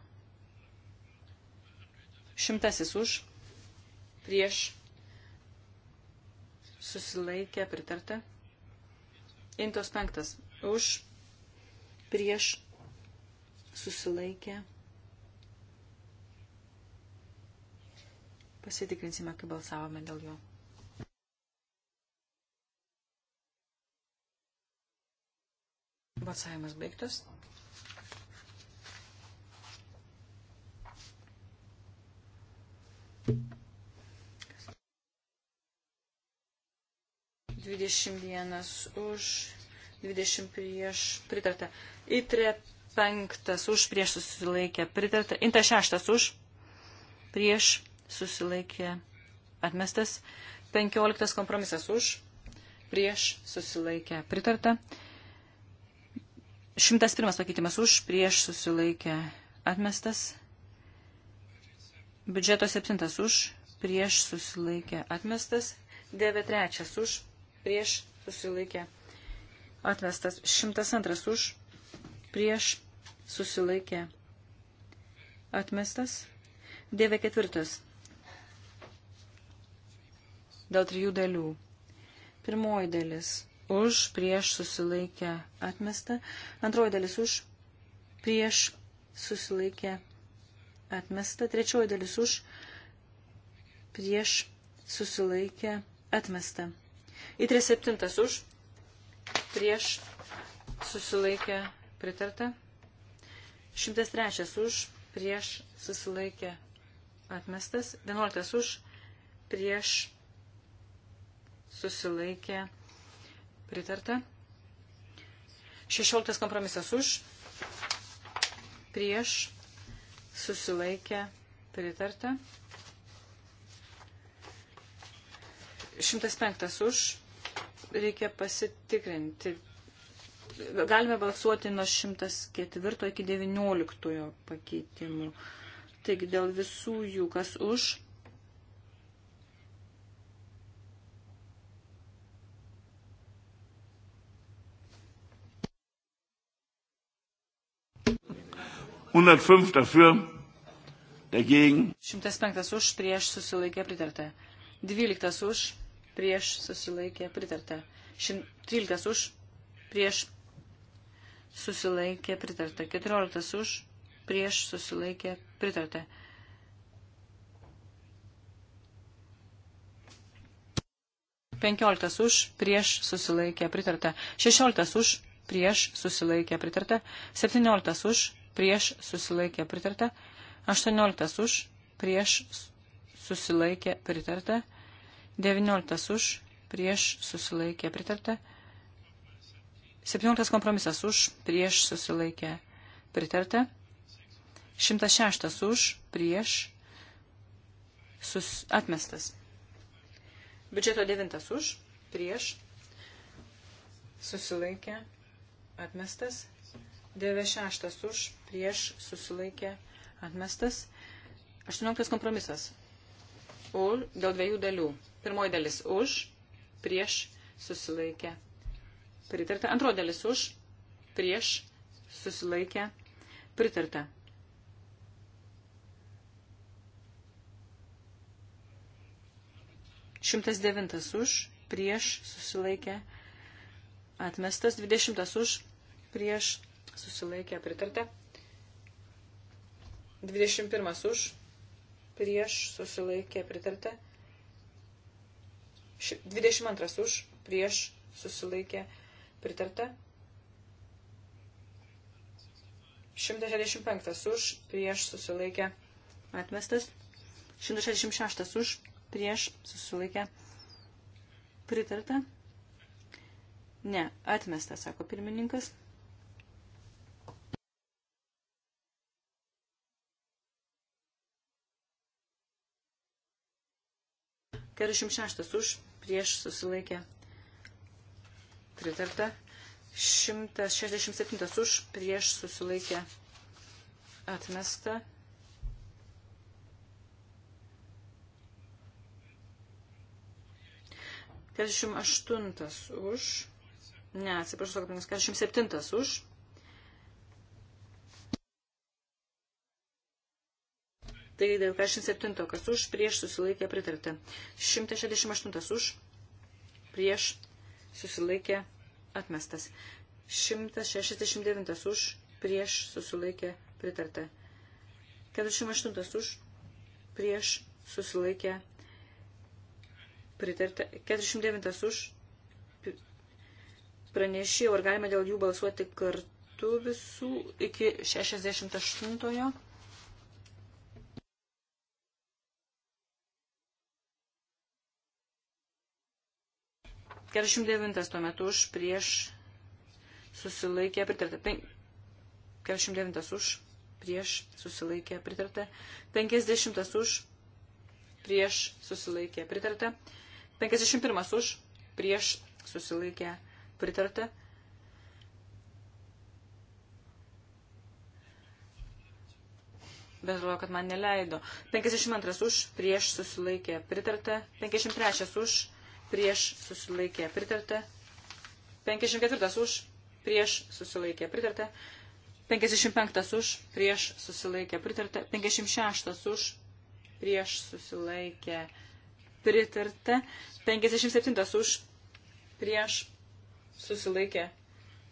Šimtasis už, prieš, susilaikė, pritarta. Intos penktas už, prieš, susilaikė. Pasitikrinsime, kaip balsavome dėl jo. Balsavimas baigtas. Dvidešimt vienas už, dvidešimt prieš pritarta. Įtrė penktas už, prieš susilaikė pritarta. Inta šeštas už, prieš susilaikė atmestas. Penkioliktas kompromisas už, prieš susilaikė pritarta. Šimtas pirmas pakeitimas už, prieš susilaikę atmestas. Biudžeto septintas už, prieš susilaikę atmestas. Dėvė trečias už, prieš susilaikę atmestas. Šimtas antras už, prieš susilaikę atmestas. Dėvė ketvirtas. Dėl trijų dalių. Pirmoji dalis už, prieš susilaikę atmestą. Antroji dalis už, prieš susilaikę atmestą. Trečioji dalis už, prieš susilaikę atmestą. Į 37 už, prieš susilaikę pritarta. 103 už, prieš susilaikę atmestas. 11 už, prieš susilaikę atmestą susilaikė Pritarta. 16 kompromisas už, prieš, susilaikę, pritarta. 105 už, reikia pasitikrinti. Galime balsuoti nuo 104 iki 19 pakeitimų. Taigi dėl visų jų, kas už, 105 dafür, dagegen. 105 už, prieš susilaikė pritarta. 12 už, prieš susilaikė pritarta. 13 už, prieš susilaikė pritarta. 14 už, prieš susilaikė pritarta. Penkioliktas už, prieš susilaikė pritarta. Šešioliktas už, prieš susilaikė pritarta. Septynioliktas už, prieš susilaikė pritarta, 18 už, prieš susilaikė pritarta, 19 už, prieš susilaikė pritarta, 17 kompromisas už, prieš susilaikė pritarta, 106 už, prieš sus, atmestas. Biudžeto 9 už, prieš susilaikė atmestas, 96 už, prieš, susilaikė, atmestas. 18 kompromisas. U, dėl dviejų dalių. Pirmoji dalis už, prieš, susilaikė, pritarta. Antroji dalis už, prieš, susilaikė, pritarta. Šimtas devintas už, prieš susilaikė, atmestas dvidešimtas už, prieš susilaikė pritarta. 21 už, prieš susilaikė pritarta. 22 už, prieš susilaikė pritarta. 165 už, prieš susilaikė atmestas. 166 už, prieš susilaikė pritarta. Ne, atmestas, sako pirmininkas. 46 už, prieš susilaikė pritarta. 167 už, prieš susilaikė atmesta. Keturiasdešimt aštuntas už, ne, atsiprašau, kad 47 už, Tai 97, kas už, prieš susilaikė pritarta. 168 už, prieš susilaikė atmestas. 169 už, prieš susilaikė pritarta. 48 už, prieš susilaikė pritarta. 49 už, pranešėjau, ar galime dėl jų balsuoti kartu visų iki 68. -ojo. 49 tuo metu už prieš susilaikė pritarta. 49 už prieš susilaikė pritarta. 50 už prieš susilaikė pritarta. 51 už prieš susilaikė pritarta. bet atrodo, kad man neleido. 52 už, prieš susilaikė pritarta, 53 už, prieš susilaikė pritarta. 54 už, prieš susilaikė pritarta. 55 už, prieš susilaikė pritarta. 56 už, prieš susilaikė pritarta. 57 už, prieš susilaikė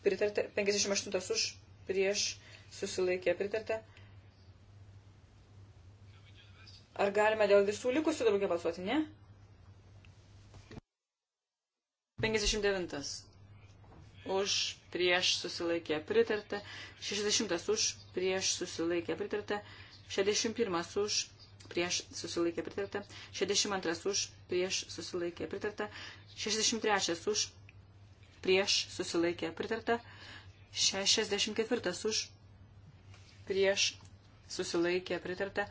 pritarta. 58 už, prieš susilaikė pritarta. Ar galime dėl visų likusių dabar balsuoti? Ne? 59. Už prieš susilaikė pritarta. 60. Už prieš susilaikė pritarta. 61. Už prieš susilaikė pritarta. 62. Už prieš susilaikė pritarta. 63. Už prieš susilaikė pritarta. 64. Už prieš susilaikė pritarta.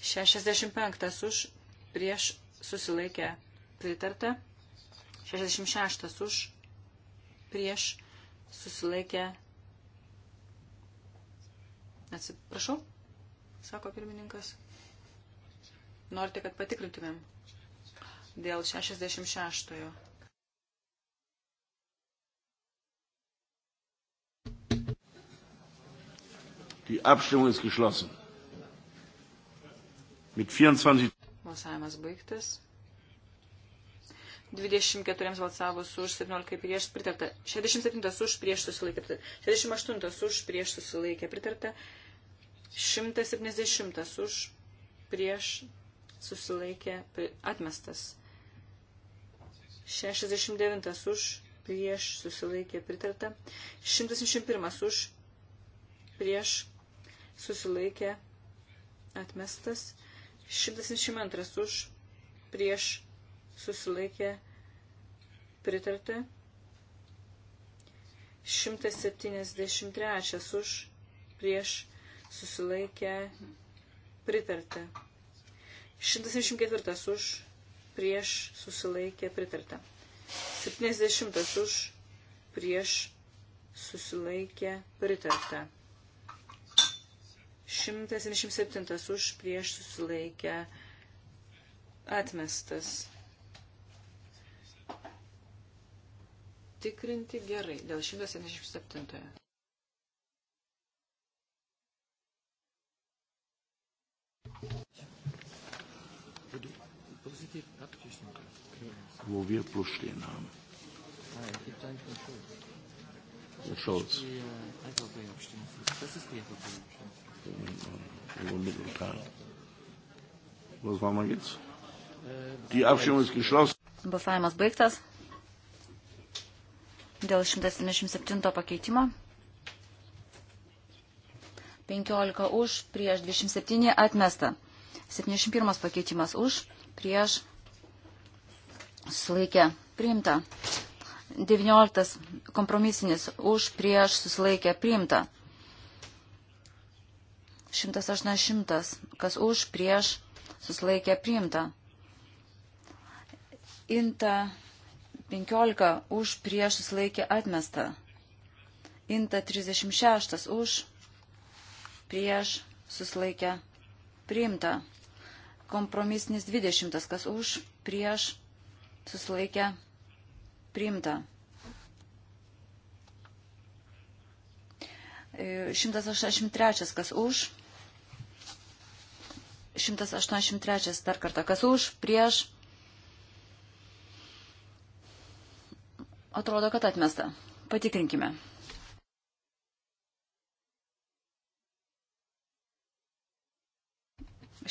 65. Už prieš susilaikė pritarta. 66 už, prieš, susilaikė. Atsiprašau, sako pirmininkas. Norite, kad patikrintumėm dėl 66-ojo. Die Abstimmung ist geschlossen. Mit 24. Balsavimas baigtas. 24 balsavus už, 17 prieš pritarta. 67 už prieš susilaikė pritarta. 68 už prieš susilaikė pritarta. 170 už prieš susilaikė atmestas. 69 už prieš susilaikė pritarta. 171 už prieš susilaikė atmestas. 172 už prieš susilaikė pritarta. 173 už prieš susilaikę pritarta. 174 už prieš susilaikę pritarta. 70 už prieš susilaikę pritarta. 177 už prieš susilaikę atmestas. patikrinti gerai dėl 177. Wo wir plus stehen haben. Und Scholz. Das ist die EVP-Abstimmung. Mittelteil. Was war man jetzt? Die Abstimmung ist geschlossen. Balsavimas baigtas dėl 177 pakeitimo. 15 už, prieš 27 atmesta. 71 pakeitimas už, prieš susilaikė priimta. 19 kompromisinis už, prieš susilaikė priimta. 180, kas už, prieš susilaikė priimta. Inta 15 už prieš susilaikė atmesta. Inta 36 už prieš susilaikė priimta. Kompromisnis 20 kas už prieš susilaikė priimta. 183 e, kas už. 183 dar kartą kas už prieš Atrodo, kad atmesta. Patikrinkime.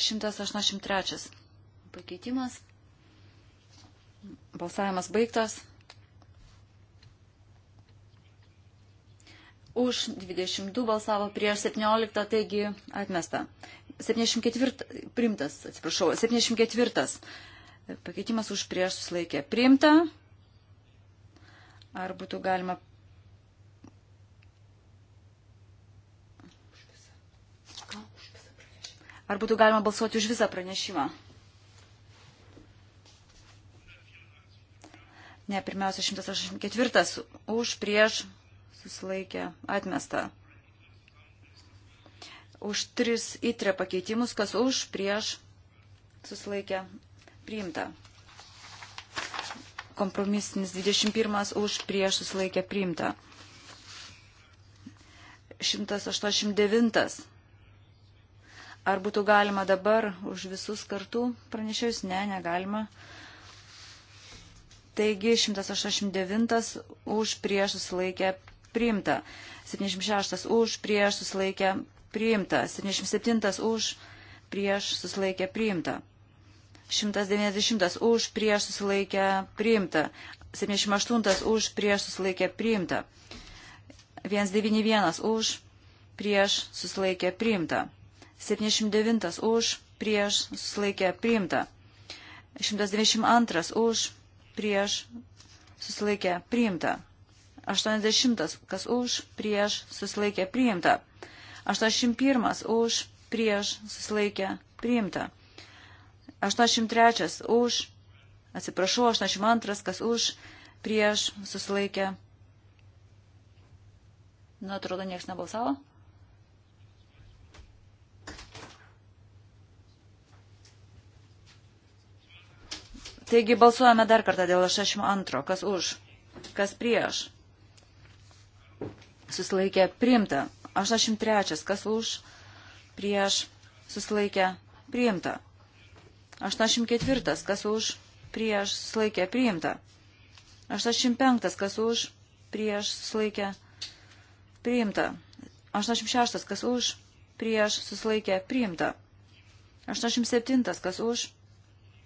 Šimtas aštuoniasdešimt trečias pakeitimas. Balsavimas baigtas. Už 22 balsavo prieš 17, taigi atmesta. 74 primtas, atsiprašau, 74 pakeitimas už prieš susilaikė. Primta. Ar būtų galima. Ar būtų galima balsuoti už visą pranešimą? Ne, pirmiausia, 184 už prieš susilaikė atmestą. Už tris įtrė pakeitimus, kas už prieš susilaikė priimta kompromisinis 21 už prieš susilaikė priimta. 189. Ar būtų galima dabar už visus kartų pranešėjus? Ne, negalima. Taigi 189 už prieš susilaikė priimta. 76 už prieš susilaikė priimta. 77 už prieš susilaikė priimta. 190 už prieš susilaikę priimta. 78 už prieš susilaikę priimta. 191 už prieš susilaikę priimta. 79 už prieš susilaikę priimta. 192 už prieš susilaikę priimta. 80 kas už prieš susilaikę priimta. 81 už prieš susilaikę priimta. 83 už, atsiprašau, 82 kas už, prieš susilaikė. Nu, atrodo, niekas nebalsavo. Taigi balsuojame dar kartą dėl 62. Kas už? Kas prieš? Susilaikė priimta. 83. Kas už? Prieš? Susilaikė priimta. 84. Kas už prieš slaikę priimta. 85. Kas už prieš slaikę priimta. 86. Kas už prieš suslaikę priimta. 87. Kas už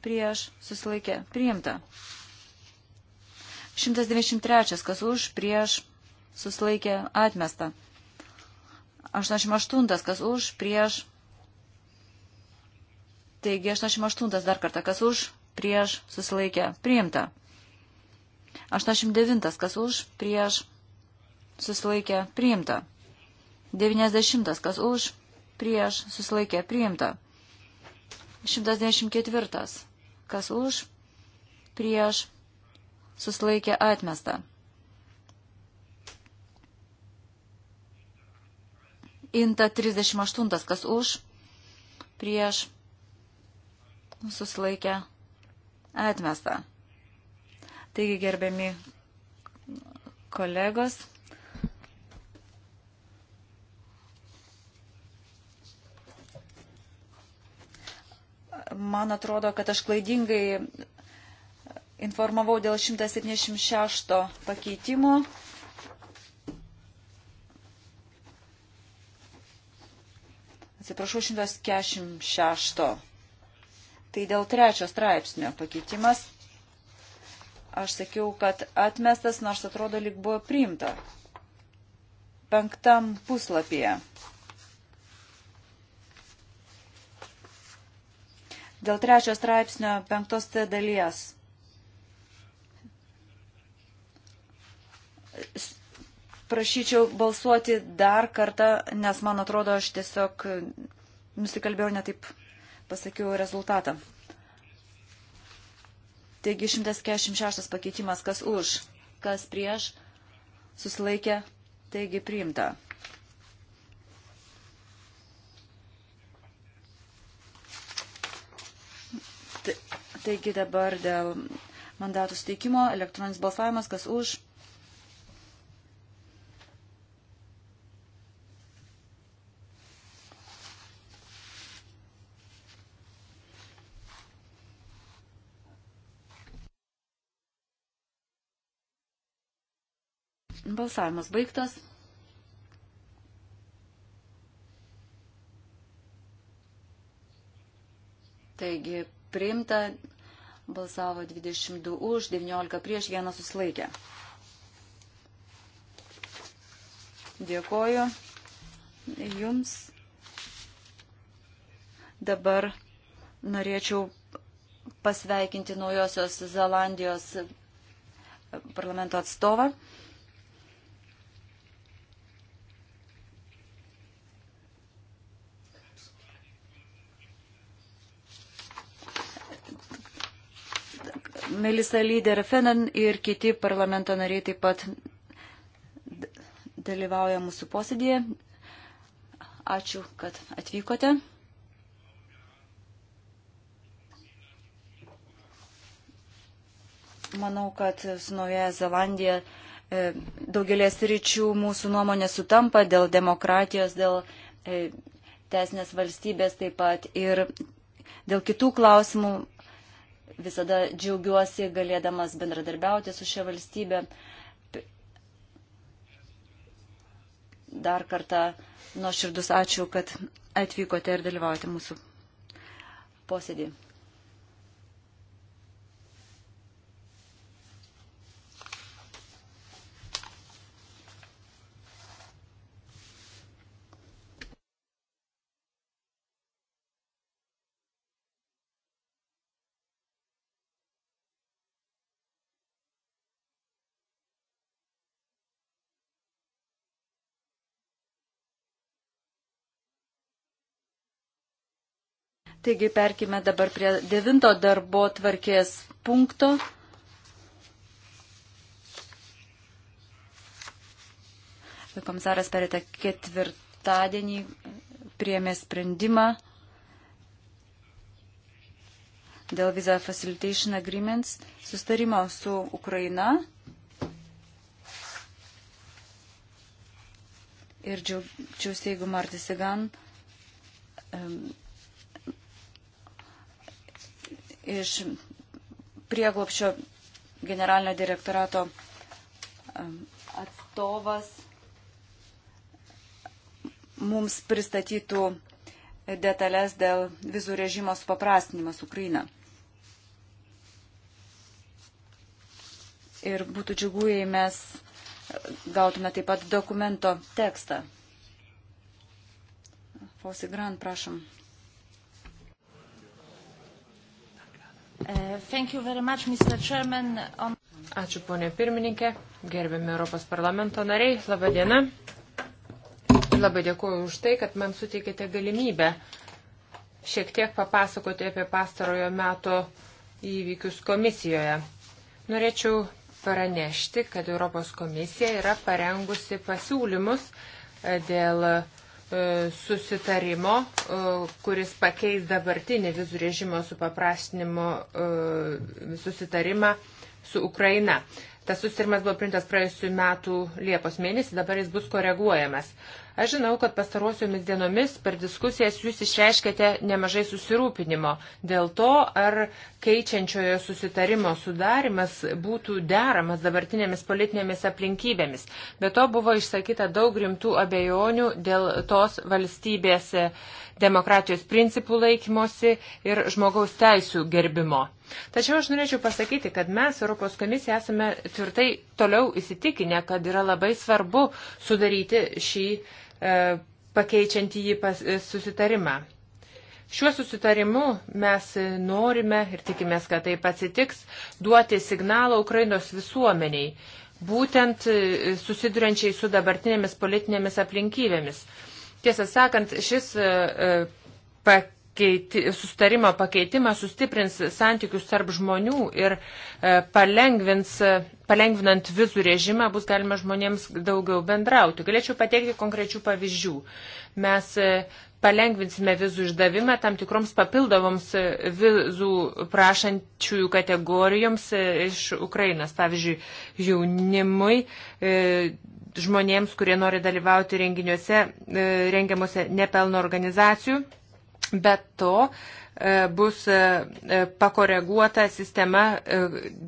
prieš susilaikė priimta. 193, kas už, prieš susilaikė atmesta. 88, kas už, prieš Taigi 88 dar kartą, kas už, prieš, susilaikė, priimta. 89 kas už, prieš, susilaikė, priimta. 90 kas už, prieš, susilaikė, priimta. 194 kas už, prieš, susilaikė, atmesta. Inta 38 kas už, prieš, susilaikę, atmesta. Taigi, gerbiami kolegos, man atrodo, kad aš klaidingai informavau dėl 176 pakeitimo. Atsiprašau, 146. Tai dėl trečio straipsnio pakeitimas. Aš sakiau, kad atmestas, nors atrodo, lyg buvo priimta. Penktam puslapyje. Dėl trečio straipsnio penktos C dalies. Prašyčiau balsuoti dar kartą, nes man atrodo, aš tiesiog nusikalbėjau netaip pasakiau rezultatą. Taigi 146 pakeitimas, kas už, kas prieš, susilaikė, taigi priimta. Taigi dabar dėl mandatų steikimo elektroninis balsavimas, kas už, Balsavimas baigtas. Taigi priimta, balsavo 22 už, 19 prieš, vieną susilaikė. Dėkoju Jums. Dabar norėčiau pasveikinti naujosios Zelandijos parlamento atstovą. Melisa Lyder Fenan ir kiti parlamento nariai taip pat dalyvauja mūsų posėdėje. Ačiū, kad atvykote. Manau, kad su Naujaja Zelandija e, daugelės ryčių mūsų nuomonė sutampa dėl demokratijos, dėl e, teisinės valstybės taip pat ir dėl kitų klausimų Visada džiaugiuosi galėdamas bendradarbiauti su šia valstybė. Dar kartą nuoširdus ačiū, kad atvykote ir dalyvaujate mūsų posėdį. Taigi perkime dabar prie devinto darbo tvarkės punkto. Komisaras perėta ketvirtadienį priėmė sprendimą dėl Visa Facilitation Agreements sustarimo su Ukraina. Ir džiaugiuosi, jeigu Martis Igan um, iš prieglopščio generalinio direktorato atstovas mums pristatytų detalės dėl vizų režimo supaprastinimas Ukraina. Ir būtų džiugu, jei mes gautume taip pat dokumento tekstą. Fosigran, prašom. Uh, much, On... Ačiū ponė pirmininkė, gerbiami Europos parlamento nariai, laba diena. Labai dėkuoju už tai, kad man suteikėte galimybę šiek tiek papasakoti apie pastarojo meto įvykius komisijoje. Norėčiau pranešti, kad Europos komisija yra parengusi pasiūlymus eh, dėl E, susitarimo, e, kuris pakeis dabartinį vizų režimo supaprastinimo e, susitarimą su Ukraina. Tas susitarimas buvo printas praėjusiu metu Liepos mėnesį, dabar jis bus koreguojamas. Aš žinau, kad pastarosiomis dienomis per diskusijas jūs išreiškėte nemažai susirūpinimo dėl to, ar keičiančiojo susitarimo sudarimas būtų deramas dabartinėmis politinėmis aplinkybėmis. Be to buvo išsakyta daug rimtų abejonių dėl tos valstybės demokratijos principų laikymosi ir žmogaus teisų gerbimo. Tačiau aš norėčiau pasakyti, kad mes Europos komisija esame tvirtai toliau įsitikinę, kad yra labai svarbu sudaryti šį E, pakeičiant jį pas, e, susitarimą. Šiuo susitarimu mes norime ir tikimės, kad taip atsitiks, duoti signalą Ukrainos visuomeniai, būtent e, susiduriančiai su dabartinėmis politinėmis aplinkybėmis. Tiesą sakant, šis pakeičimas pakeiti, sustarimo pakeitimą sustiprins santykius tarp žmonių ir e, palengvins, e, palengvinant vizų režimą bus galima žmonėms daugiau bendrauti. Galėčiau pateikti konkrečių pavyzdžių. Mes e, palengvinsime vizų išdavimą tam tikroms papildomoms vizų prašančiųjų kategorijoms iš Ukrainas, pavyzdžiui, jaunimui, žmonėms, kurie nori dalyvauti renginiuose rengiamuose nepelno organizacijų Bet to e, bus e, e, pakoreguota sistema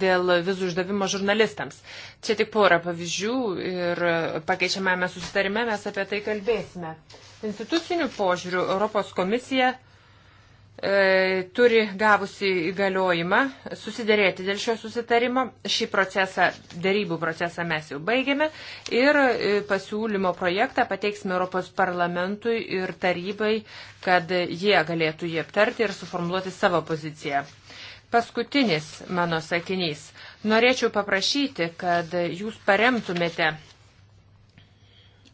dėl vizų uždavimo žurnalistams. Čia tik pora pavyzdžių ir pakeičiamame susitarime mes apie tai kalbėsime. Institucinių požiūrių Europos komisija E, turi gavusi įgaliojimą susidėrėti dėl šio susitarimo. Šį procesą, dėrybų procesą mes jau baigėme ir e, pasiūlymo projektą pateiksime Europos parlamentui ir tarybai, kad jie galėtų jį aptarti ir suformuoluoti savo poziciją. Paskutinis mano sakinys. Norėčiau paprašyti, kad jūs paremtumėte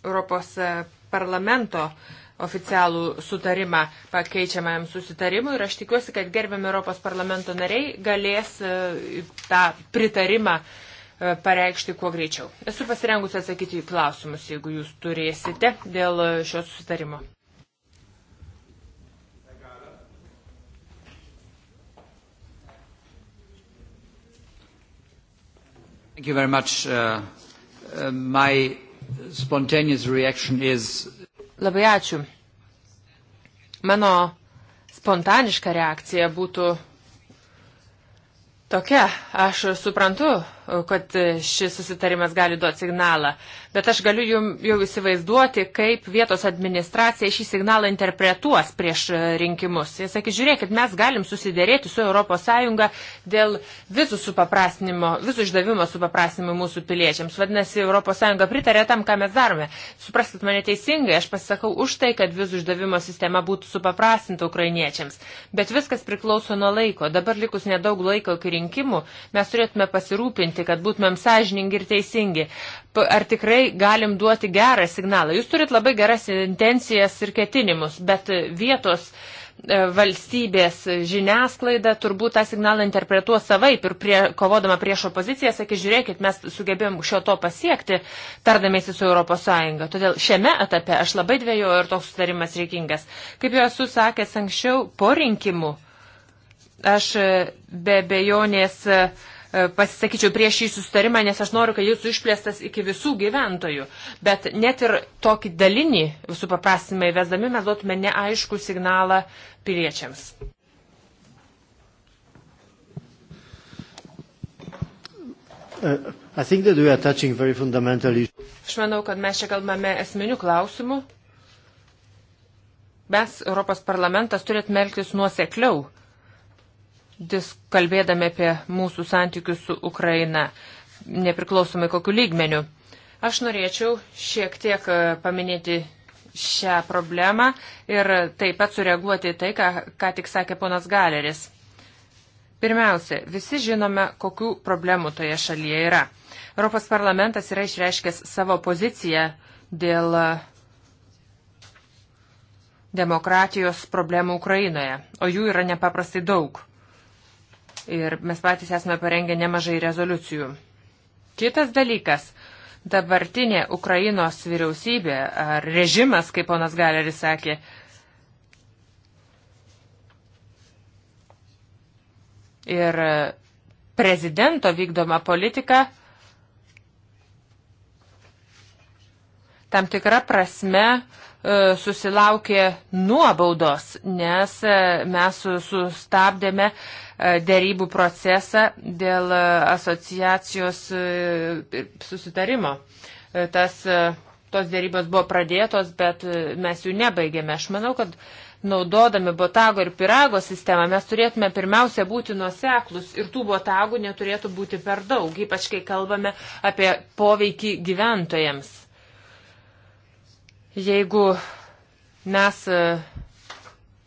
Europos e, parlamento uh, oficialų sutarimą pakeičiamajam susitarimui ir aš tikiuosi, kad gerbiami Europos parlamento nariai galės e, tą pritarimą e, pareikšti kuo greičiau. Esu pasirengusi atsakyti į klausimus, jeigu jūs turėsite dėl šio susitarimo. Thank you very much. Uh, uh, my spontaneous reaction is Labai ačiū. Mano spontaniška reakcija būtų tokia. Aš suprantu kad šis susitarimas gali duoti signalą, bet aš galiu jum jau įsivaizduoti, kaip vietos administracija šį signalą interpretuos prieš e, rinkimus. Jis sakys, žiūrėkit, mes galim susidėrėti su ES dėl visų supaprastinimo, visų išdavimo supaprastinimo mūsų piliečiams. Vadinasi, ES pritarė tam, ką mes darome. Supraskite mane teisingai, aš pasisakau už tai, kad visų išdavimo sistema būtų supaprastinta ukrainiečiams. Bet viskas priklauso nuo laiko. Dabar likus nedaug laiko iki rinkimų, mes turėtume pasirūpinti padaryti, kad būtumėm sąžiningi ir teisingi? Ar tikrai galim duoti gerą signalą? Jūs turit labai geras intencijas ir ketinimus, bet vietos e, valstybės žiniasklaida turbūt tą signalą interpretuos savaip ir prie, kovodama prieš opoziciją sakė, žiūrėkit, mes sugebėjom šio to pasiekti, tardamėsi su ES. Todėl šiame etape aš labai dvėjoju ir toks sutarimas reikingas. Kaip jau esu sakęs anksčiau, po rinkimų aš e, be bejonės. Uh, e, E, pasisakyčiau prieš šį sustarimą, nes aš noriu, kad jis išplėstas iki visų gyventojų. Bet net ir tokį dalinį supaprastinimą įvesdami mes duotume neaiškų signalą piliečiams. Uh, aš manau, kad mes čia kalbame esminių klausimų. Mes, Europos parlamentas, turėtume elgtis nuosekliau kalbėdami apie mūsų santykius su Ukraina, nepriklausomai kokiu lygmeniu. Aš norėčiau šiek tiek e, paminėti šią problemą ir taip pat sureaguoti tai, ką, ką tik sakė ponas Galeris. Pirmiausia, visi žinome, kokių problemų toje šalyje yra. Europos parlamentas yra išreiškęs savo poziciją dėl e, demokratijos problemų Ukrainoje, o jų yra nepaprastai daug ir mes patys esame parengę nemažai rezoliucijų. Kitas dalykas - dabartinė Ukrainos vyriausybė ar režimas, kaip ponas Galeris sakė, ir prezidento vykdoma politika tam tikra prasme e, susilaukė nuobaudos, nes e, mes sustabdėme e, dėrybų procesą dėl asociacijos susitarimo. Tas, tos dėrybos buvo pradėtos, bet mes jų nebaigėme. Aš manau, kad naudodami botago ir pirago sistemą mes turėtume pirmiausia būti nuoseklus ir tų botagų neturėtų būti per daug, ypač kai kalbame apie poveikį gyventojams Jeigu mes e,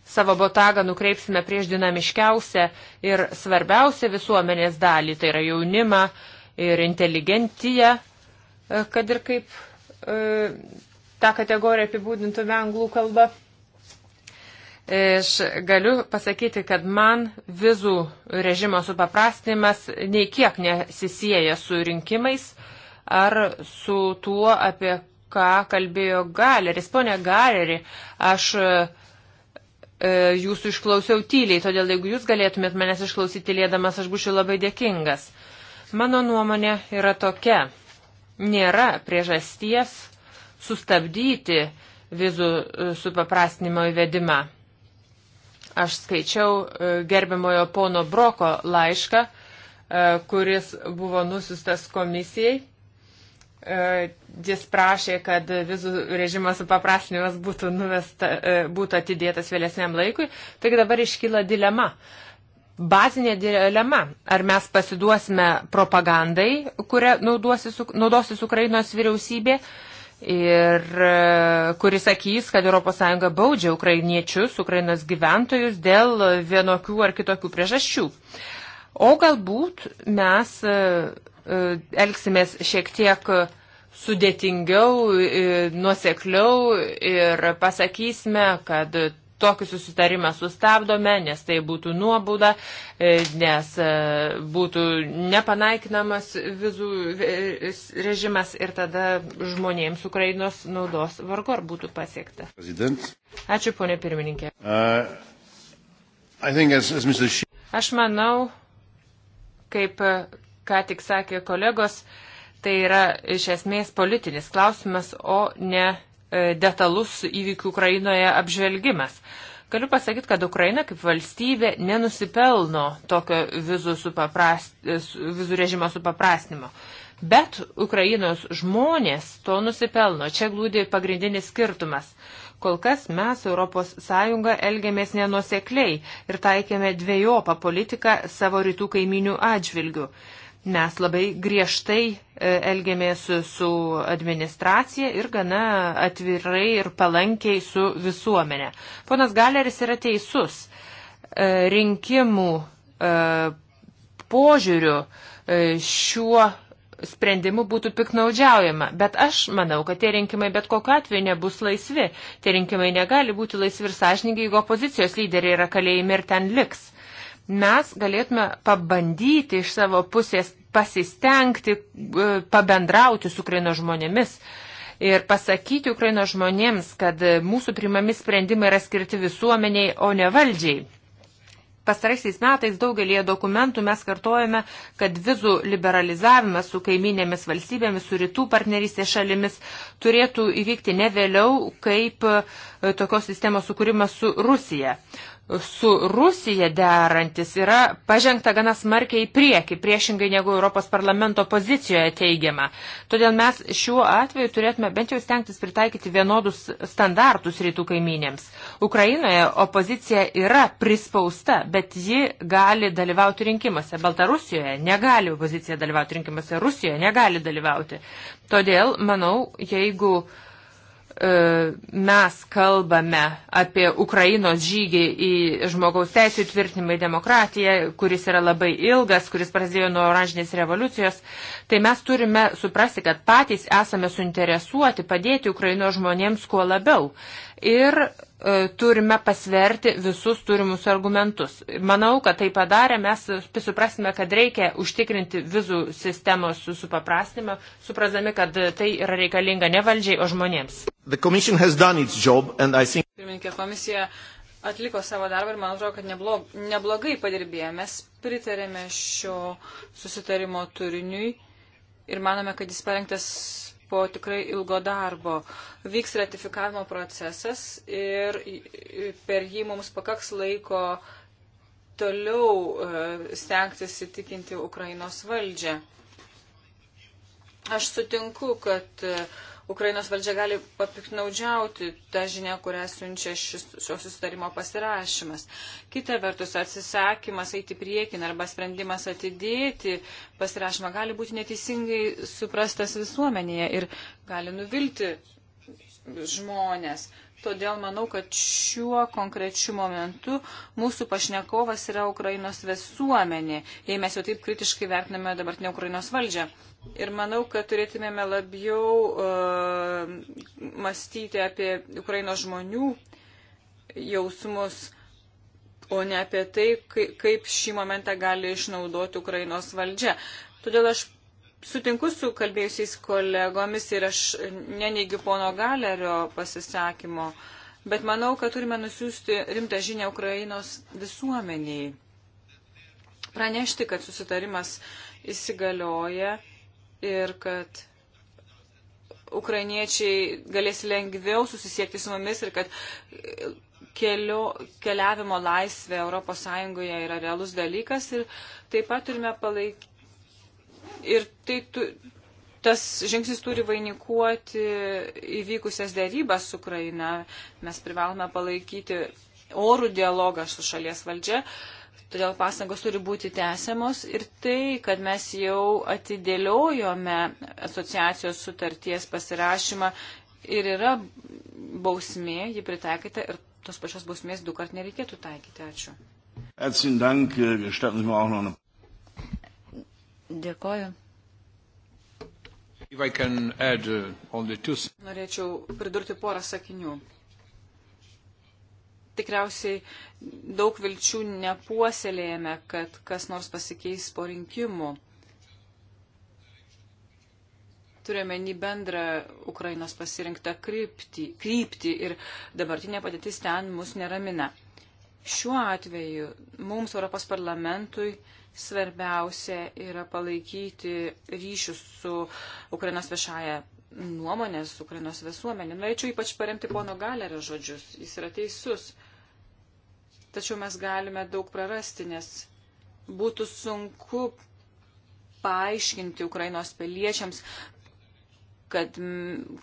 savo botagą nukreipsime prieš dinamiškiausią ir svarbiausią visuomenės dalį, tai yra jaunimą ir inteligentiją, e, kad ir kaip e, tą kategoriją apibūdintume anglų kalbą. E, aš galiu pasakyti, kad man vizų režimo supaprastinimas nei kiek nesisėja su rinkimais ar su tuo, apie ką kalbėjo Galeris. Pone Galeri, aš e, e, jūsų išklausiau tyliai, todėl jeigu jūs galėtumėt manęs išklausyti tylėdamas, aš būčiau labai dėkingas. Mano nuomonė yra tokia. Nėra priežasties sustabdyti vizų e, supaprastinimo įvedimą. Aš skaičiau gerbiamojo pono Broko laišką, kuris buvo nusistas komisijai E, jis prašė, kad vizų režimo supaprastinimas būtų, nuvesta, e, būtų atidėtas vėlesniam laikui. Taigi dabar iškyla dilema. Bazinė dilema. Ar mes pasiduosime propagandai, kurią naudosis, naudosis Ukrainos vyriausybė ir e, kuris sakys, kad ES baudžia ukrainiečius, Ukrainos gyventojus dėl vienokių ar kitokių priežasčių. O galbūt mes E, elgsimės šiek tiek sudėtingiau, e, nuosekliau ir pasakysime, kad tokį susitarimą sustabdome, nes tai būtų nuobauda, e, nes būtų nepanaikinamas vizų režimas ir tada žmonėms Ukrainos naudos vargu ar būtų pasiekta. President. Ačiū, ponė pirmininkė. Uh, as, as Aš manau, kaip ką tik sakė kolegos, tai yra iš esmės politinis klausimas, o ne e, detalus įvykių Ukrainoje apžvelgimas. Galiu pasakyti, kad Ukraina kaip valstybė nenusipelno tokio vizų, supaprast, e, vizų režimo supaprastinimo. Bet Ukrainos žmonės to nusipelno. Čia glūdi pagrindinis skirtumas. Kol kas mes ES elgėmės nenusekliai ir taikėme dviejopą politiką savo rytų kaiminių atžvilgių. Mes labai griežtai e, elgėmės su administracija ir gana atvirai ir palankiai su visuomenė. Ponas Galeris yra teisus. E, rinkimų e, požiūriu šiuo sprendimu būtų piknaudžiaujama. Bet aš manau, kad tie rinkimai bet kokiu atveju nebus laisvi. Tie rinkimai negali būti laisvi ir sąžininkai, jeigu opozicijos lyderiai yra kalėjimi ir ten liks mes galėtume pabandyti iš savo pusės pasistengti, e, pabendrauti su Ukraino žmonėmis ir pasakyti Ukraino žmonėms, kad mūsų primami sprendimai yra skirti visuomeniai, o ne valdžiai. Pastaraisiais metais daugelį dokumentų mes kartojame, kad vizų liberalizavimas su kaiminėmis valstybėmis, su rytų partnerystės šalimis turėtų įvykti ne vėliau, kaip e, tokios sistemos sukūrimas su Rusija su Rusija derantis yra pažengta gana smarkiai į priekį, priešingai negu Europos parlamento pozicijoje teigiama. Todėl mes šiuo atveju turėtume bent jau stengtis pritaikyti vienodus standartus rytų kaiminėms. Ukrainoje opozicija yra prispausta, bet ji gali dalyvauti rinkimuose. Baltarusijoje negali opozicija dalyvauti rinkimuose, Rusijoje negali dalyvauti. Todėl, manau, jeigu uh, E, mes kalbame apie Ukrainos žygį į žmogaus teisų įtvirtinimą į demokratiją, kuris yra labai ilgas, kuris prasidėjo nuo oranžinės revoliucijos, tai mes turime suprasti, kad patys esame suinteresuoti padėti Ukrainos žmonėms kuo labiau. Ir E, turime pasverti visus turimus argumentus. Manau, kad tai padarę mes suprasime, kad reikia užtikrinti vizų sistemos supaprastimą, suprasdami, kad tai yra reikalinga ne valdžiai, o žmonėms. Job, think... Pirmininkė komisija atliko savo darbą ir man atrodo, kad neblog, neblogai padirbėjome. Mes pritarėme šio susitarimo turiniui ir manome, kad jis parengtas po tikrai ilgo darbo. Vyks ratifikavimo procesas ir per jį mums pakaks laiko toliau e, stengtis įtikinti Ukrainos valdžią. Aš sutinku, kad uh, Ukrainos valdžia gali papiknaudžiauti tą žinią, kurią siunčia šis, šio susitarimo pasirašymas. Kita vertus, atsisakymas eiti priekin arba sprendimas atidėti pasirašymą gali būti neteisingai suprastas visuomenėje ir gali nuvilti žmonės. Todėl manau, kad šiuo konkrečiu momentu mūsų pašnekovas yra Ukrainos visuomenė, jei mes jau taip kritiškai vertiname dabartinę Ukrainos valdžią. Ir manau, kad turėtumėme labiau uh, mąstyti apie Ukrainos žmonių jausmus, o ne apie tai, kaip šį momentą gali išnaudoti Ukrainos valdžia. Todėl aš sutinku su kalbėjusiais kolegomis ir aš neneigiu pono Galerio pasisakymo, bet manau, kad turime nusiųsti rimtą žinę Ukrainos visuomeniai. Pranešti, kad susitarimas įsigalioja ir kad ukrainiečiai galės lengviau susisiekti su mumis ir kad kelio, keliavimo laisvė ES yra realus dalykas ir taip pat turime palaikyti. Ir tai tu, tas žingsnis turi vainikuoti įvykusias dėrybas su Ukraina. Mes privalome palaikyti orų dialogą su šalies valdžia. Uh, Todėl pastangos turi būti tęsiamos ir tai, kad mes jau atidėliojome asociacijos sutarties pasirašymą ir yra bausmė, ji pritaikyta ir tos pačios bausmės du kart nereikėtų taikyti. Ačiū. Dėkoju. Add, uh, Norėčiau pridurti porą sakinių tikriausiai daug vilčių nepuoselėjame, kad kas nors pasikeis po rinkimų. Turime į bendrą Ukrainos pasirinktą kryptį, kryptį ir dabartinė padėtis ten mus neramina. Šiuo atveju mums Europos parlamentui svarbiausia yra palaikyti ryšius su Ukrainos viešaja nuomonės Ukrainos visuomenė. Norėčiau ypač paremti pono Galerio žodžius. Jis yra teisus. Tačiau mes galime daug prarasti, nes būtų sunku paaiškinti Ukrainos piliečiams, kad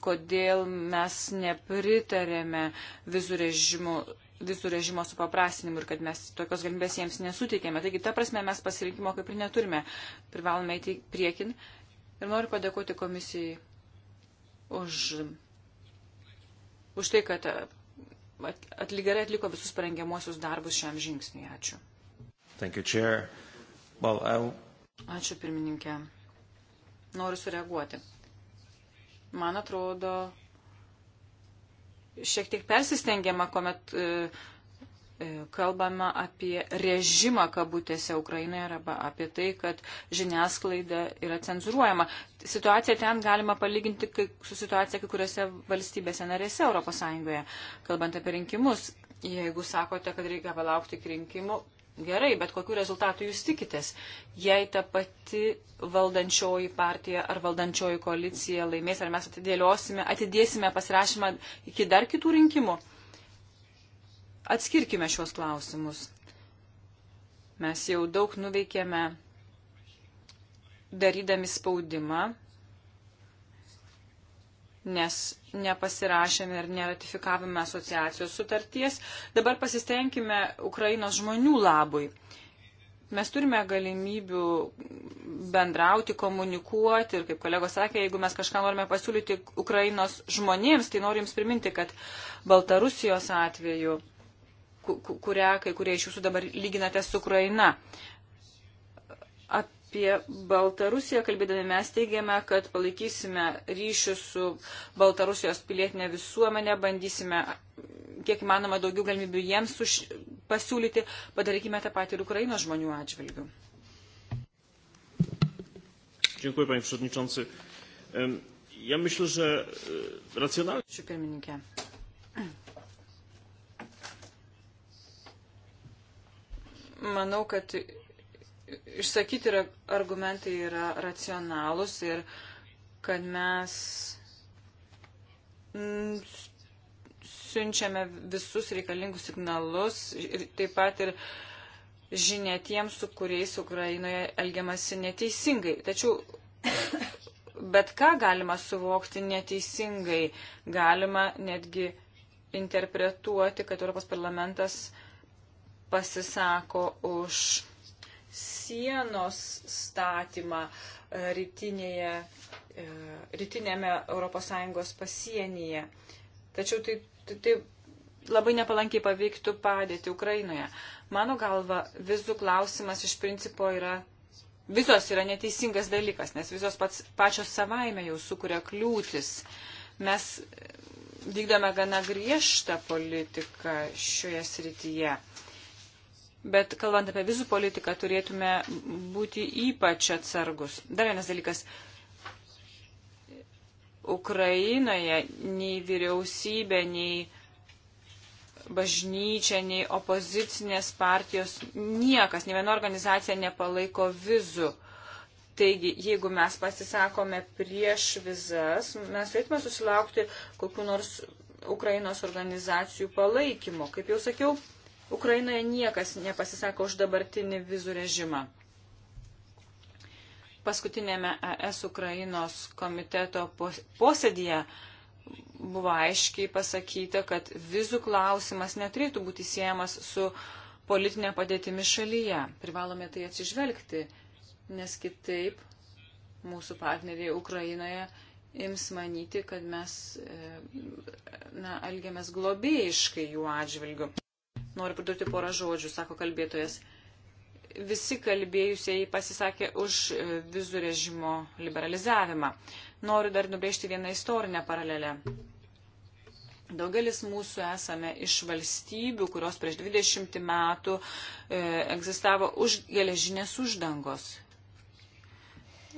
kodėl mes nepritarėme vizų režimo, vizų režimo supaprastinimu ir kad mes tokios galimybės jiems nesuteikėme. Taigi, ta prasme, mes pasirinkimo kaip ir neturime. Privalome eiti priekin. Ir noriu padėkoti komisijai už, už tai, kad atlygerai atliko visus parengiamuosius darbus šiam žingsniui. Ačiū. Thank you, Chair. Well, I'll... Ačiū pirmininkė. Noriu sureaguoti. Man atrodo, šiek tiek persistengiama, kuomet uh, E, kalbama apie režimą kabutėse Ukrainoje arba apie tai, kad žiniasklaida yra cenzuruojama. Situaciją ten galima palyginti su situacija kai kuriuose valstybėse narėse ES, kalbant apie rinkimus. Jeigu sakote, kad reikia palaukti iki rinkimų, gerai, bet kokiu rezultatu jūs tikitės, jei ta pati valdančioji partija ar valdančioji koalicija laimės, ar mes atidėliosime, atidėsime pasirašymą iki dar kitų rinkimų? Atskirkime šios klausimus. Mes jau daug nuveikėme darydami spaudimą, nes nepasirašėme ir neratifikavome asociacijos sutarties. Dabar pasistengime Ukrainos žmonių labui. Mes turime galimybių bendrauti, komunikuoti ir, kaip kolegos sakė, jeigu mes kažką norime pasiūlyti Ukrainos žmonėms, tai noriu Jums priminti, kad Baltarusijos atveju kurią kai kurie iš jūsų dabar lyginate su Ukraina. Apie Baltarusiją kalbėdami mes teigiame, kad palaikysime ryšius su Baltarusijos pilietinė visuomenė, bandysime kiek įmanoma daugiau galimybių jiems už, pasiūlyti, padarykime tą patį ir Ukrainos žmonių atžvilgių. Dziękuję, panie przewodniczący. Ja myślę, że e, racjonalnie. Ačiū pirmininkė. manau, kad išsakyti argumentai yra racionalūs ir kad mes mm, siunčiame visus reikalingus signalus ir taip pat ir žinia tiems, su kuriais Ukrainoje elgiamasi neteisingai. Tačiau bet ką galima suvokti neteisingai, galima netgi interpretuoti, kad Europos parlamentas uh, pasisako už sienos statymą e, rytinėje, e, rytinėme ES pasienyje. Tačiau tai, tai, tai labai nepalankiai paveiktų padėti Ukrainoje. Mano galva, vizų klausimas iš principo yra. Vizos yra neteisingas dalykas, nes vizos pats, pačios savaime jau sukuria kliūtis. Mes vykdome gana griežtą politiką šioje srityje. Uh, Bet kalbant apie vizų politiką, turėtume būti ypač atsargus. Dar vienas dalykas. Ukrainoje nei vyriausybė, nei bažnyčia, nei opozicinės partijos, niekas, nei viena organizacija nepalaiko vizų. Taigi, jeigu mes pasisakome prieš vizas, mes turėtume susilaukti kokiu nors Ukrainos organizacijų palaikymo. Kaip jau sakiau, Ukrainoje niekas nepasisako už dabartinį vizų režimą. Paskutinėme ES Ukrainos komiteto posėdėje buvo aiškiai pasakyta, kad vizų klausimas neturėtų būti siejamas su politinė padėtimi šalyje. Privalome tai atsižvelgti, nes kitaip mūsų partneriai Ukrainoje ims manyti, kad mes e, na, elgiamės globėjiškai jų atžvilgiu. Noriu pridurti porą žodžių, sako kalbėtojas. Visi kalbėjusieji pasisakė už e, vizų režimo liberalizavimą. Noriu dar nubrėžti vieną istorinę paralelę. Daugelis mūsų esame iš valstybių, kurios prieš 20 metų e, egzistavo už geležinės uždangos.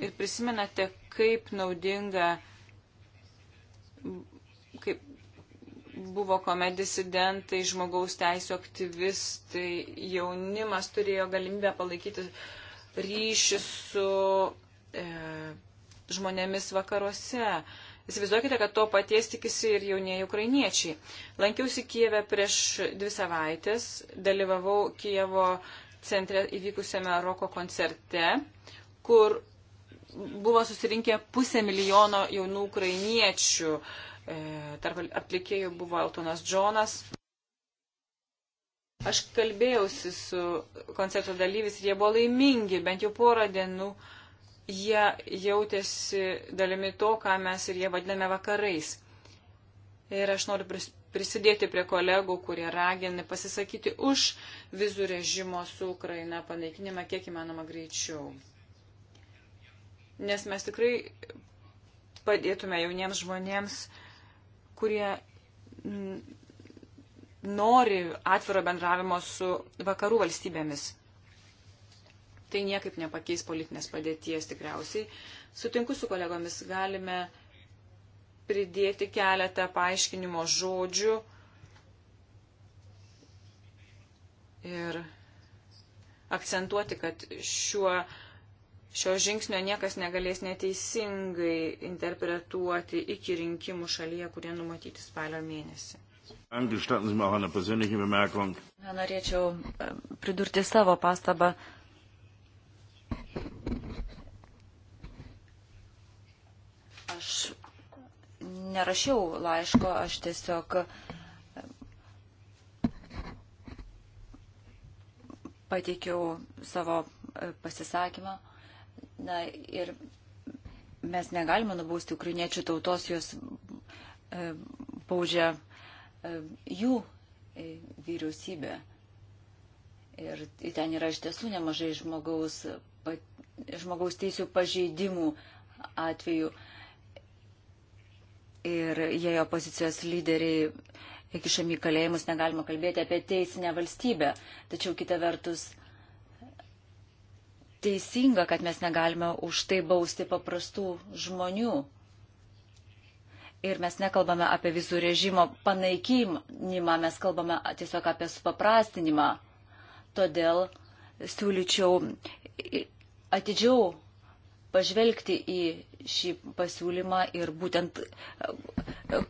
Ir prisimenate, kaip naudinga, kaip, buvo, kuomet disidentai, žmogaus teisų aktyvistai, jaunimas turėjo galimybę palaikyti ryšį su e, žmonėmis vakaruose. Įsivaizduokite, kad to paties tikisi ir jaunieji ukrainiečiai. Lankiausi Kijeve prieš dvi savaitės, dalyvavau Kijevo centre įvykusiame roko koncerte, kur buvo susirinkę pusę milijono jaunų ukrainiečių. E, E, tarp atlikėjų buvo Eltonas Džonas. Aš kalbėjausi su koncerto dalyvis ir jie buvo laimingi, bent jau porą dienų jie jautėsi dalimi to, ką mes ir jie vadiname vakarais. Ir aš noriu prisidėti prie kolegų, kurie ragina pasisakyti už vizų režimo su Ukraina panaikinimą kiek įmanoma greičiau. Nes mes tikrai padėtume jauniems žmonėms kurie nori atviro bendravimo su vakarų valstybėmis. Tai niekaip nepakeis politinės padėties tikriausiai. Sutinku su kolegomis, galime pridėti keletą paaiškinimo žodžių ir akcentuoti, kad šiuo Šio žingsnio niekas negalės neteisingai interpretuoti iki rinkimų šalyje, kurie numatyti spalio mėnesį. Norėčiau e, pridurti savo pastabą. Aš nerašiau laiško, aš tiesiog e, pateikiau savo e, pasisakymą. Na ir mes negalime nubausti ukrainiečių tautos, jos e, paužia e, jų e, vyriausybė. Ir ten yra iš tiesų nemažai žmogaus, pa, žmogaus teisų pažeidimų atvejų. Ir jei opozicijos lyderiai įkišami į kalėjimus, negalima kalbėti apie teisinę valstybę. Tačiau kita vertus teisinga, kad mes negalime už tai bausti paprastų žmonių. Ir mes nekalbame apie vizų režimo panaikinimą, mes kalbame tiesiog apie supaprastinimą. Todėl siūlyčiau atidžiau pažvelgti į šį pasiūlymą ir būtent e,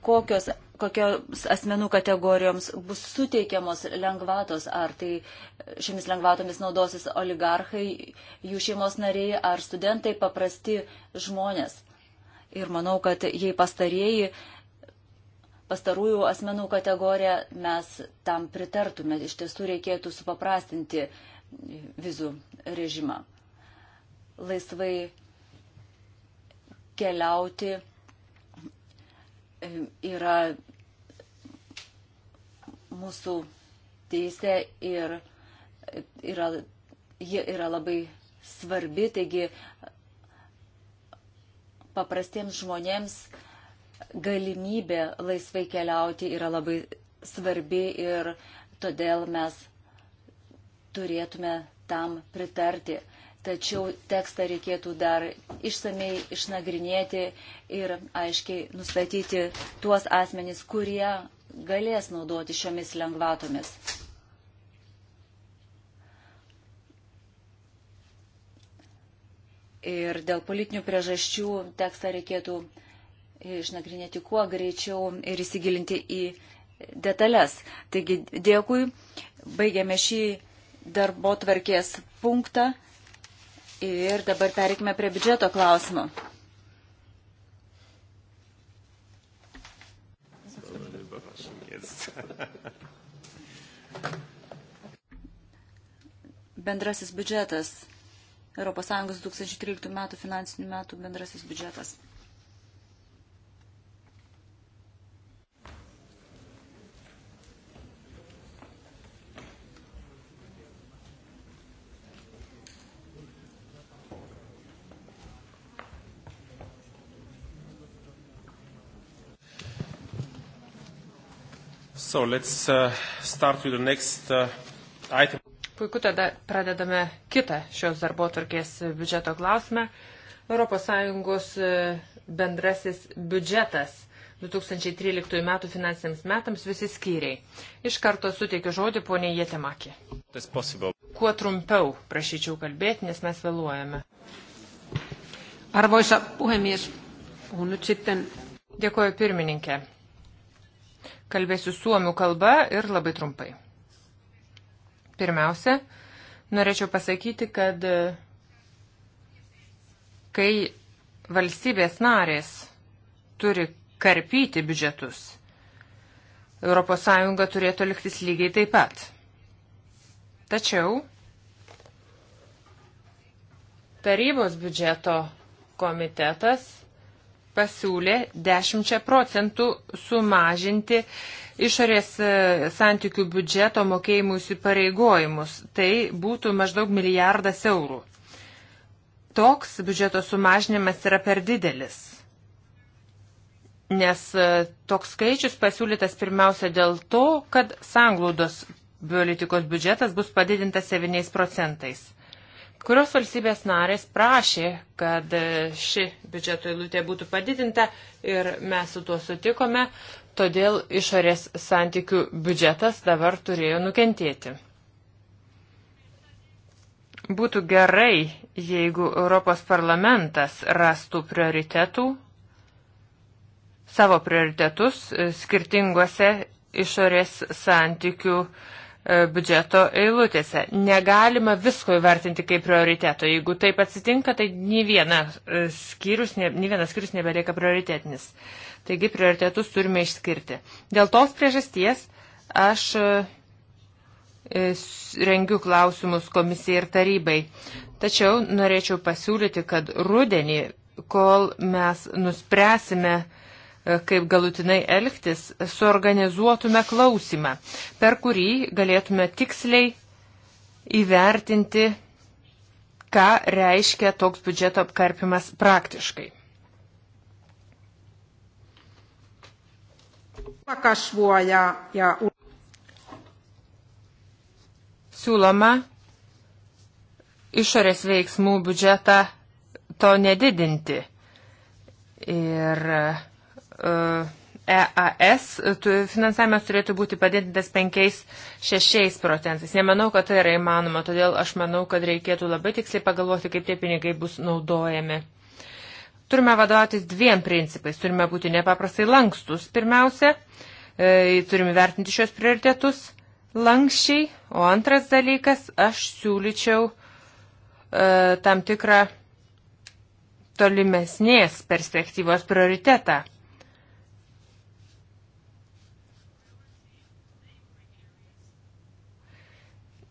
kokios kokios asmenų kategorijoms bus suteikiamos lengvatos, ar tai šiomis lengvatomis naudosis oligarchai, jų šeimos nariai, ar studentai, paprasti žmonės. Ir manau, kad jei pastarėjai, pastarųjų asmenų kategoriją mes tam pritartume, iš tiesų reikėtų supaprastinti vizų režimą. Laisvai keliauti e, yra mūsų teisė ir yra, ji yra labai svarbi, taigi paprastiems žmonėms galimybė laisvai keliauti yra labai svarbi ir todėl mes turėtume tam pritarti. Tačiau tekstą reikėtų dar išsamei išnagrinėti ir aiškiai nustatyti tuos asmenys, kurie galės naudoti šiomis lengvatomis. Ir dėl politinių priežasčių tekstą reikėtų išnagrinėti kuo greičiau ir įsigilinti į detalės. Taigi dėkui, baigiame šį darbo tvarkės punktą ir dabar pereikime prie biudžeto klausimo. Bendrasis biudžetas. ES 2013 metų finansinių metų bendrasis biudžetas. So let's uh, start with the next uh, item. Puiku, tada pradedame kitą šios darbo tvarkės biudžeto klausimą. ES e, bendrasis biudžetas 2013 m. finansiniams metams visi skyriai. Iš karto suteikiu žodį poniai Jėtemakė. Kuo trumpiau prašyčiau kalbėti, nes mes vėluojame. Arvoisa puhemies, puhun nyt sitten. Dėkoju pirmininkė. Kalbėsiu suomių kalba ir labai trumpai. Pirmiausia, norėčiau pasakyti, kad e, kai valstybės narės turi karpyti biudžetus, ES turėtų liktis lygiai taip pat. Tačiau tarybos biudžeto komitetas pasiūlė 10 procentų sumažinti išorės e, santykių biudžeto mokėjimų įsipareigojimus. Tai būtų maždaug milijardas eurų. Toks biudžeto sumažinimas yra per didelis. Nes e, toks skaičius pasiūlytas pirmiausia dėl to, kad sanglaudos politikos biudžetas bus padidintas 7 procentais. Kurios valstybės narės prašė, kad ši biudžeto eilutė būtų padidinta ir mes su tuo sutikome, todėl išorės santykių biudžetas dabar turėjo nukentėti. Būtų gerai, jeigu Europos parlamentas rastų prioritetų, savo prioritetus skirtinguose išorės santykių biudžetuose E, biudžeto eilutėse. Negalima visko įvertinti kaip prioriteto. Jeigu taip atsitinka, tai nei vienas e, skyrius, ne, nei vienas skyrius nebelieka prioritetinis. Taigi prioritetus turime išskirti. Dėl tos priežasties aš e, rengiu klausimus komisijai ir tarybai. Tačiau norėčiau pasiūlyti, kad rudenį, kol mes nuspręsime, E, kaip galutinai elgtis, suorganizuotume klausimą, per kurį galėtume tiksliai įvertinti, ką reiškia toks biudžeto apkarpimas praktiškai. Siūloma išorės veiksmų biudžetą to nedidinti. Ir uh, EAS finansavimas turėtų būti padidintas 5-6 procentais. Nemanau, kad tai yra įmanoma, todėl aš manau, kad reikėtų labai tiksliai pagalvoti, kaip tie pinigai bus naudojami. Turime vadovautis dviem principais. Turime būti nepaprastai lankstus. Pirmiausia, e, turime vertinti šios prioritetus lankščiai. O antras dalykas, aš siūlyčiau e, tam tikrą tolimesnės perspektyvos prioritetą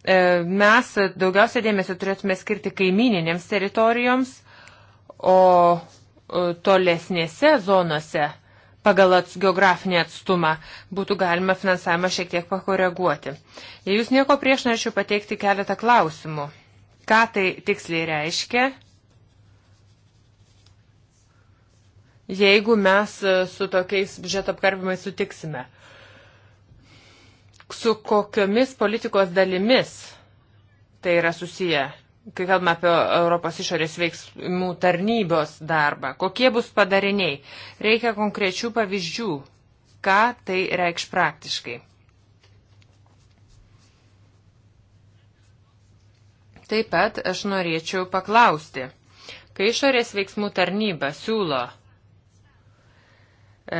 E, mes daugiausia dėmesio turėtume skirti kaimininėms teritorijoms, o e, tolesnėse zonose pagal ats, geografinį atstumą būtų galima finansavimą šiek tiek pakoreguoti. Jei jūs nieko prieš, norėčiau pateikti keletą klausimų. Ką tai tiksliai reiškia? Jeigu mes e, su tokiais biudžeto apkarpimais sutiksime. Uh, su kokiomis politikos dalimis tai yra susiję, kai kalbame apie Europos išorės veiksmų tarnybos darbą. Kokie bus padariniai? Reikia konkrečių pavyzdžių, ką tai reikš praktiškai. Taip pat aš norėčiau paklausti, kai išorės veiksmų tarnyba siūlo e,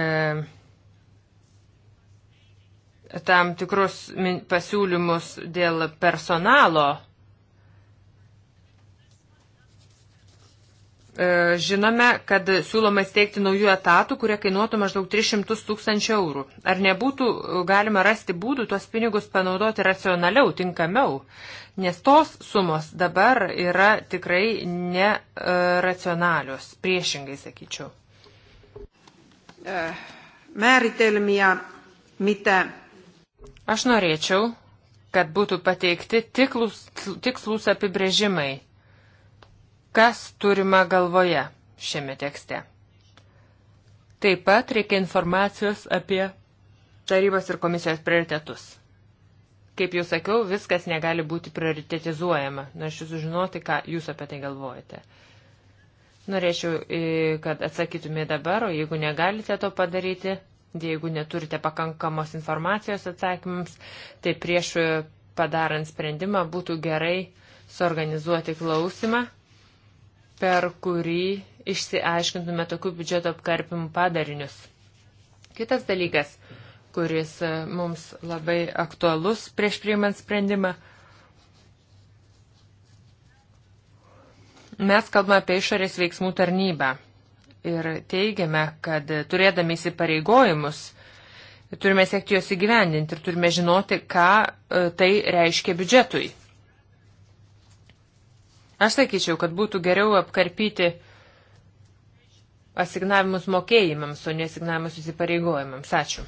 tam tikrus pasiūlymus dėl personalo. E, žinome, kad siūloma steigti naujų etatų, kurie kainuotų maždaug 300 tūkstančių eurų. Ar nebūtų galima rasti būdų tuos pinigus panaudoti racionaliau, tinkamiau? Nes tos sumos dabar yra tikrai neracionalios, priešingai sakyčiau. Määritelmiä, mitä Aš norėčiau, kad būtų pateikti tiklus, tikslus apibrėžimai, kas turima galvoje šiame tekste. Taip pat reikia informacijos apie tarybos ir komisijos prioritetus. Kaip jau sakiau, viskas negali būti prioritetizuojama. Norėčiau sužinoti, ką jūs apie tai galvojate. Norėčiau, e, kad atsakytumėte dabar, o jeigu negalite to padaryti, Jeigu neturite pakankamos informacijos atsakymams, tai prieš padarant sprendimą būtų gerai suorganizuoti klausimą, per kurį išsiaiškintume tokių biudžeto apkarpimų padarinius. Kitas dalykas, kuris mums labai aktualus prieš priimant sprendimą. Mes kalbame apie išorės veiksmų tarnybą ir teigiame, kad turėdami įsipareigojimus, turime siekti juos įgyvendinti ir turime žinoti, ką e, tai reiškia biudžetui. Aš sakyčiau, kad būtų geriau apkarpyti asignavimus mokėjimams, o nesignavimus įsipareigojimams. Ačiū.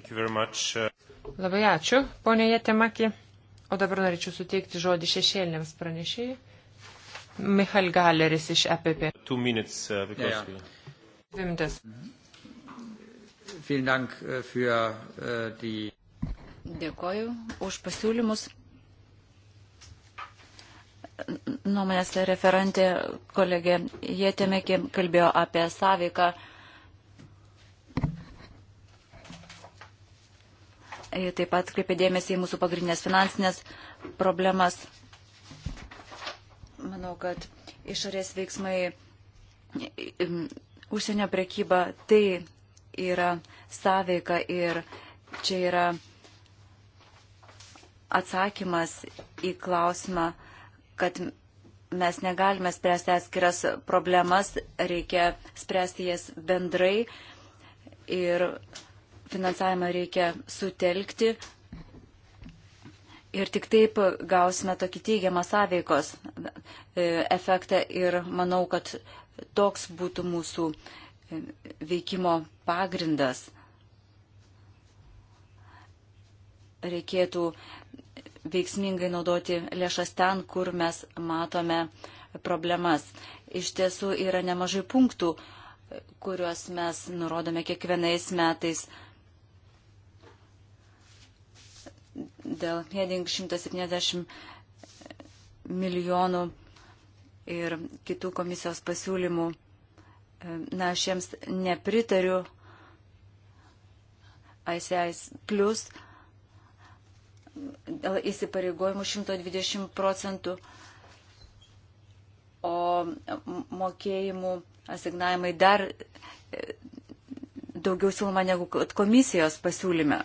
Uh, Labai ačiū, ponė Jėtemaki. O dabar norėčiau suteikti žodį šešėliniams pranešėjai. Michael Galeris iš EPP. Two minutes, uh, because... Dvi minutės. Mhm. Vielen Dank äh, für äh, die. Dėkoju už pasiūlymus. Nuomonės referentė kolegė Jėtemekė kalbėjo apie sąveiką. Taip pat kreipė dėmesį į mūsų pagrindinės finansinės problemas. Manau, kad išorės veiksmai, užsienio prekyba, tai yra sąveika ir čia yra atsakymas į klausimą, kad mes negalime spręsti atskiras problemas, reikia spręsti jas bendrai ir finansavimą reikia sutelkti, Ir tik taip gausime tokį teigiamą sąveikos e, efektą ir manau, kad toks būtų mūsų e, veikimo pagrindas. Reikėtų veiksmingai naudoti lėšas ten, kur mes matome problemas. Iš tiesų yra nemažai punktų, kuriuos mes nurodome kiekvienais metais dėl Heding 170 milijonų ir kitų komisijos pasiūlymų. E, na, aš jiems nepritariu. ICIS plus dėl įsipareigojimų 120 procentų, o mokėjimų asignavimai dar e, daugiau siūloma negu komisijos pasiūlyme.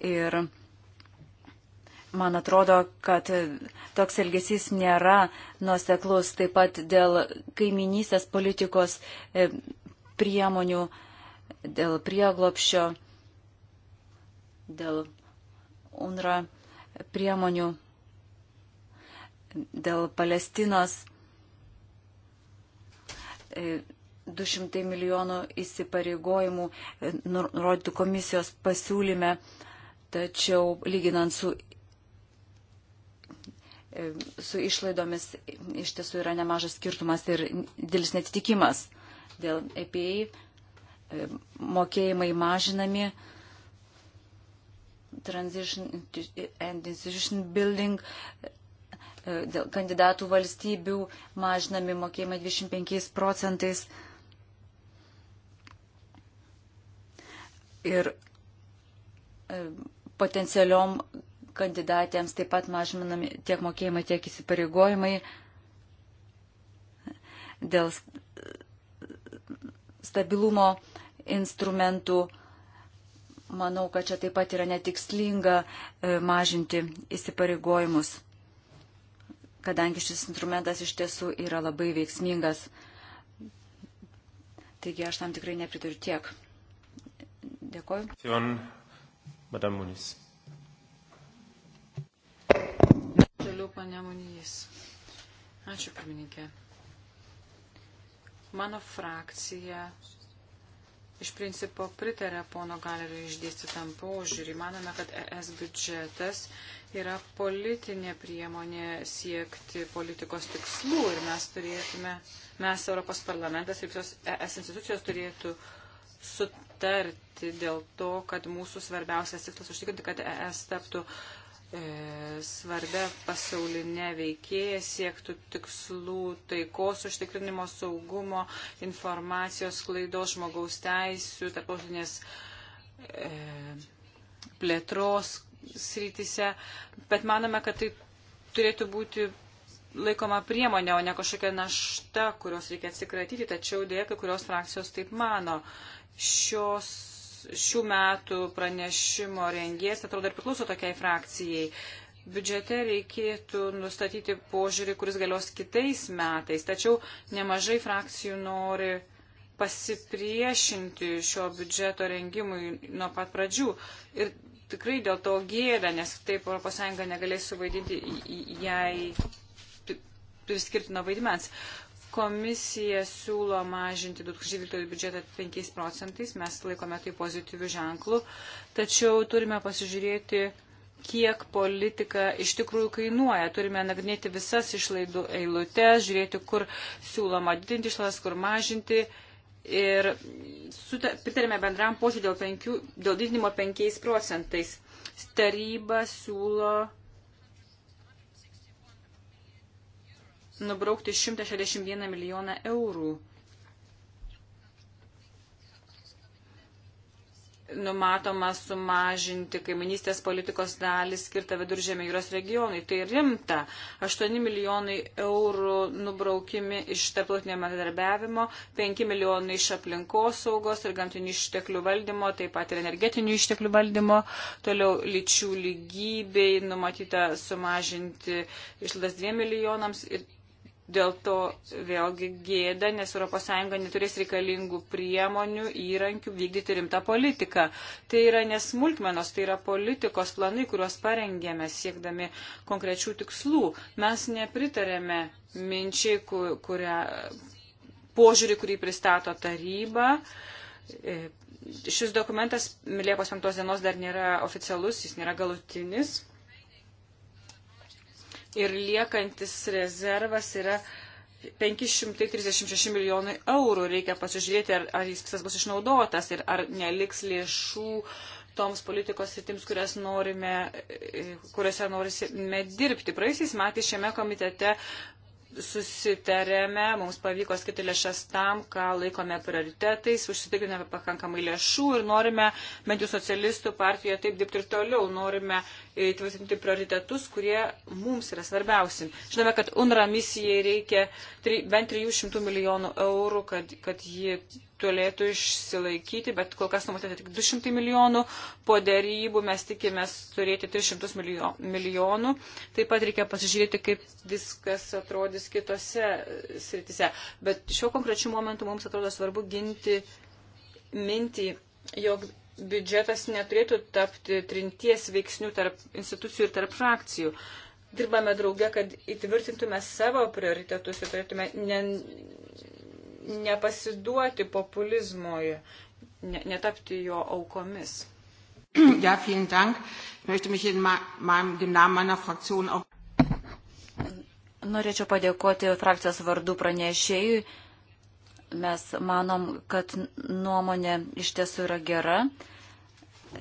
Ir man atrodo, kad toks elgesys nėra nuoseklus taip pat dėl kaiminystės politikos e, priemonių, dėl prieglopščio, dėl UNRA priemonių, dėl Palestinos 200 e, milijonų įsipareigojimų e, nurodytų komisijos pasiūlyme tačiau lyginant su, e, su išlaidomis iš tiesų yra nemažas skirtumas ir dėlis netitikimas. Dėl EPA e, mokėjimai mažinami, transition and institution building e, dėl kandidatų valstybių mažinami mokėjimai 25 procentais. Ir potencialiom kandidatėms taip pat mažinami tiek mokėjimai, tiek įsipareigojimai dėl stabilumo instrumentų. Manau, kad čia taip pat yra netikslinga e, mažinti įsipareigojimus, kadangi šis instrumentas iš tiesų yra labai veiksmingas. Taigi aš tam tikrai nepritariu tiek. Dėkoju. Madame Munis. Toliau pane Munys. Ačiū, pirmininkė. Mano frakcija iš principo pritarė pono galeriui išdėstytam požiūrį. Manome, kad ES biudžetas yra politinė priemonė siekti politikos tikslų ir mes turėtume, mes Europos parlamentas ir visos ES institucijos turėtų su, sutarti dėl to, kad mūsų svarbiausias tikslas užtikrinti, kad ES taptų e, svarbia pasaulinė veikėja, siektų tikslų taikos užtikrinimo saugumo, informacijos klaidos, žmogaus teisų, tarptautinės e, plėtros srityse, bet manome, kad tai turėtų būti laikoma priemonė, o ne kažkokia našta, kurios reikia atsikratyti, tačiau dėja, kai kurios frakcijos taip mano. Šios, šių metų pranešimo rengės, atrodo, ir priklauso tokiai frakcijai. Biudžete reikėtų nustatyti požiūrį, kuris galios kitais metais, tačiau nemažai frakcijų nori pasipriešinti šio biudžeto rengimui nuo pat pradžių. Ir tikrai dėl to gėda, nes taip ES negalės suvaidinti, jei priskirtino vaidmens. Komisija siūlo mažinti 2012 biudžetą 5 procentais, mes laikome tai pozityvių ženklų, tačiau turime pasižiūrėti, kiek politika iš tikrųjų kainuoja. Turime nagrinėti visas išlaidų eilutes, žiūrėti, kur siūloma didinti išlaidas, kur mažinti. Ir pritarėme bendram posėdį dėl, penkių, dėl didinimo 5 procentais. Taryba siūlo nubraukti 161 milijoną eurų. Numatoma sumažinti kaiminystės politikos dalį skirtą viduržėmė jūros regionui. Tai rimta. 8 milijonai eurų nubraukimi iš tarptautinio bendradarbiavimo, 5 milijonai iš aplinkos saugos ir gamtinių išteklių valdymo, taip pat ir energetinių išteklių valdymo. Toliau lyčių lygybei numatyta sumažinti išlaidas 2 milijonams ir Dėl to vėlgi gėda, nes ES neturės reikalingų priemonių, įrankių vykdyti rimtą politiką. Tai yra nesmulkmenos, tai yra politikos planai, kuriuos parengėme siekdami konkrečių tikslų. Mes nepritarėme minčiai, kurią požiūrį, kurį pristato taryba. E, šis dokumentas Liepos 5 dienos dar nėra oficialus, jis nėra galutinis ir liekantis rezervas yra 536 milijonai eurų. Reikia pasižiūrėti, ar, ar jis visas bus išnaudotas ir ar neliks lėšų toms politikos sritims, kurias norime, e, kuriuose norime dirbti. Praėjusiais metais šiame komitete susitarėme, mums pavyko skirti lėšas tam, ką laikome prioritetais, užsitikriname pakankamai lėšų ir norime, bent jau socialistų partijoje, taip dirbti ir toliau. Norime įtvirtinti e, prioritetus, kurie mums yra svarbiausi. Žinome, kad UNRA misijai reikia tri, bent 300 milijonų eurų, kad, kad ji turėtų išsilaikyti, bet kol kas numatyta tik 200 milijonų, po dėrybų mes tikimės turėti 300 milijonų. Taip pat reikia pasižiūrėti, kaip viskas atrodys kitose e, sritise. Bet šiuo konkrečiu momentu mums atrodo svarbu ginti mintį, jog biudžetas neturėtų tapti trinties veiksnių tarp institucijų ir tarp frakcijų. Dirbame drauge, kad įtvirtintume savo prioritetus ir turėtume ne, nepasiduoti populizmoje, ne, netapti jo aukomis. Ja, vielen Dank. Ich möchte mich in meinem, im Namen meiner Fraktion auch. Norėčiau padėkoti frakcijos vardu pranešėjui Mes manom, kad nuomonė iš tiesų yra gera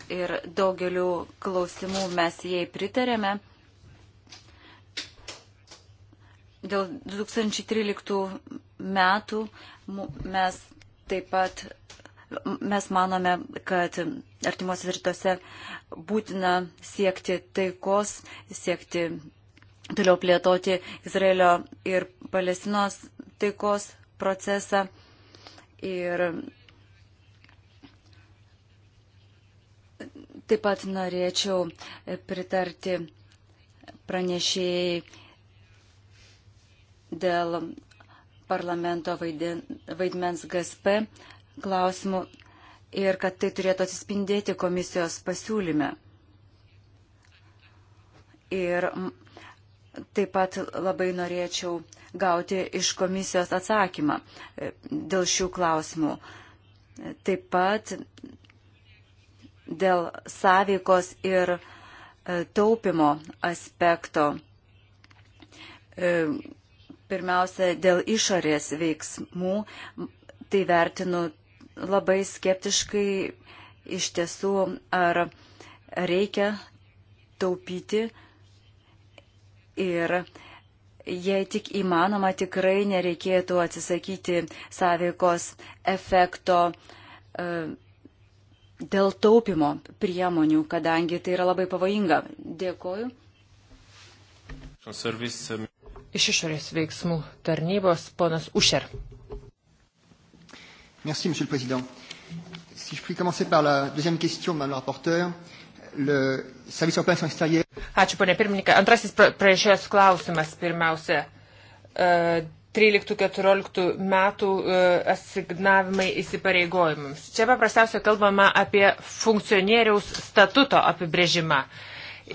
ir daugeliu klausimų mes jai pritarėme. Dėl 2013 metų mes taip pat mes manome, kad artimuosios rytuose būtina siekti taikos, siekti toliau plėtoti Izraelio ir Palestinos taikos procesą ir taip pat norėčiau pritarti pranešėjai dėl parlamento vaidmens GSP klausimų ir kad tai turėtų atsispindėti komisijos pasiūlyme. Ir taip pat labai norėčiau gauti iš komisijos atsakymą e, dėl šių klausimų. Taip pat dėl sąveikos ir e, taupimo aspekto. E, pirmiausia, dėl išorės veiksmų, tai vertinu labai skeptiškai iš tiesų, ar reikia taupyti ir jei tik įmanoma, tikrai nereikėtų atsisakyti sąveikos efekto e, dėl taupimo priemonių, kadangi tai yra labai pavojinga. Dėkoju. Iš išorės veiksmų tarnybos ponas Ušer. Merci, Monsieur le Président. Si je puis commencer par la deuxième question, Madame la rapporteure, le service européen de l'action extérieure. Ačiū, ponė pirmininkė. Antrasis prašės klausimas pirmiausia. 13-14 e, metų e, asignavimai įsipareigojimams. Čia paprasčiausia kalbama apie funkcionieriaus statuto apibrėžimą.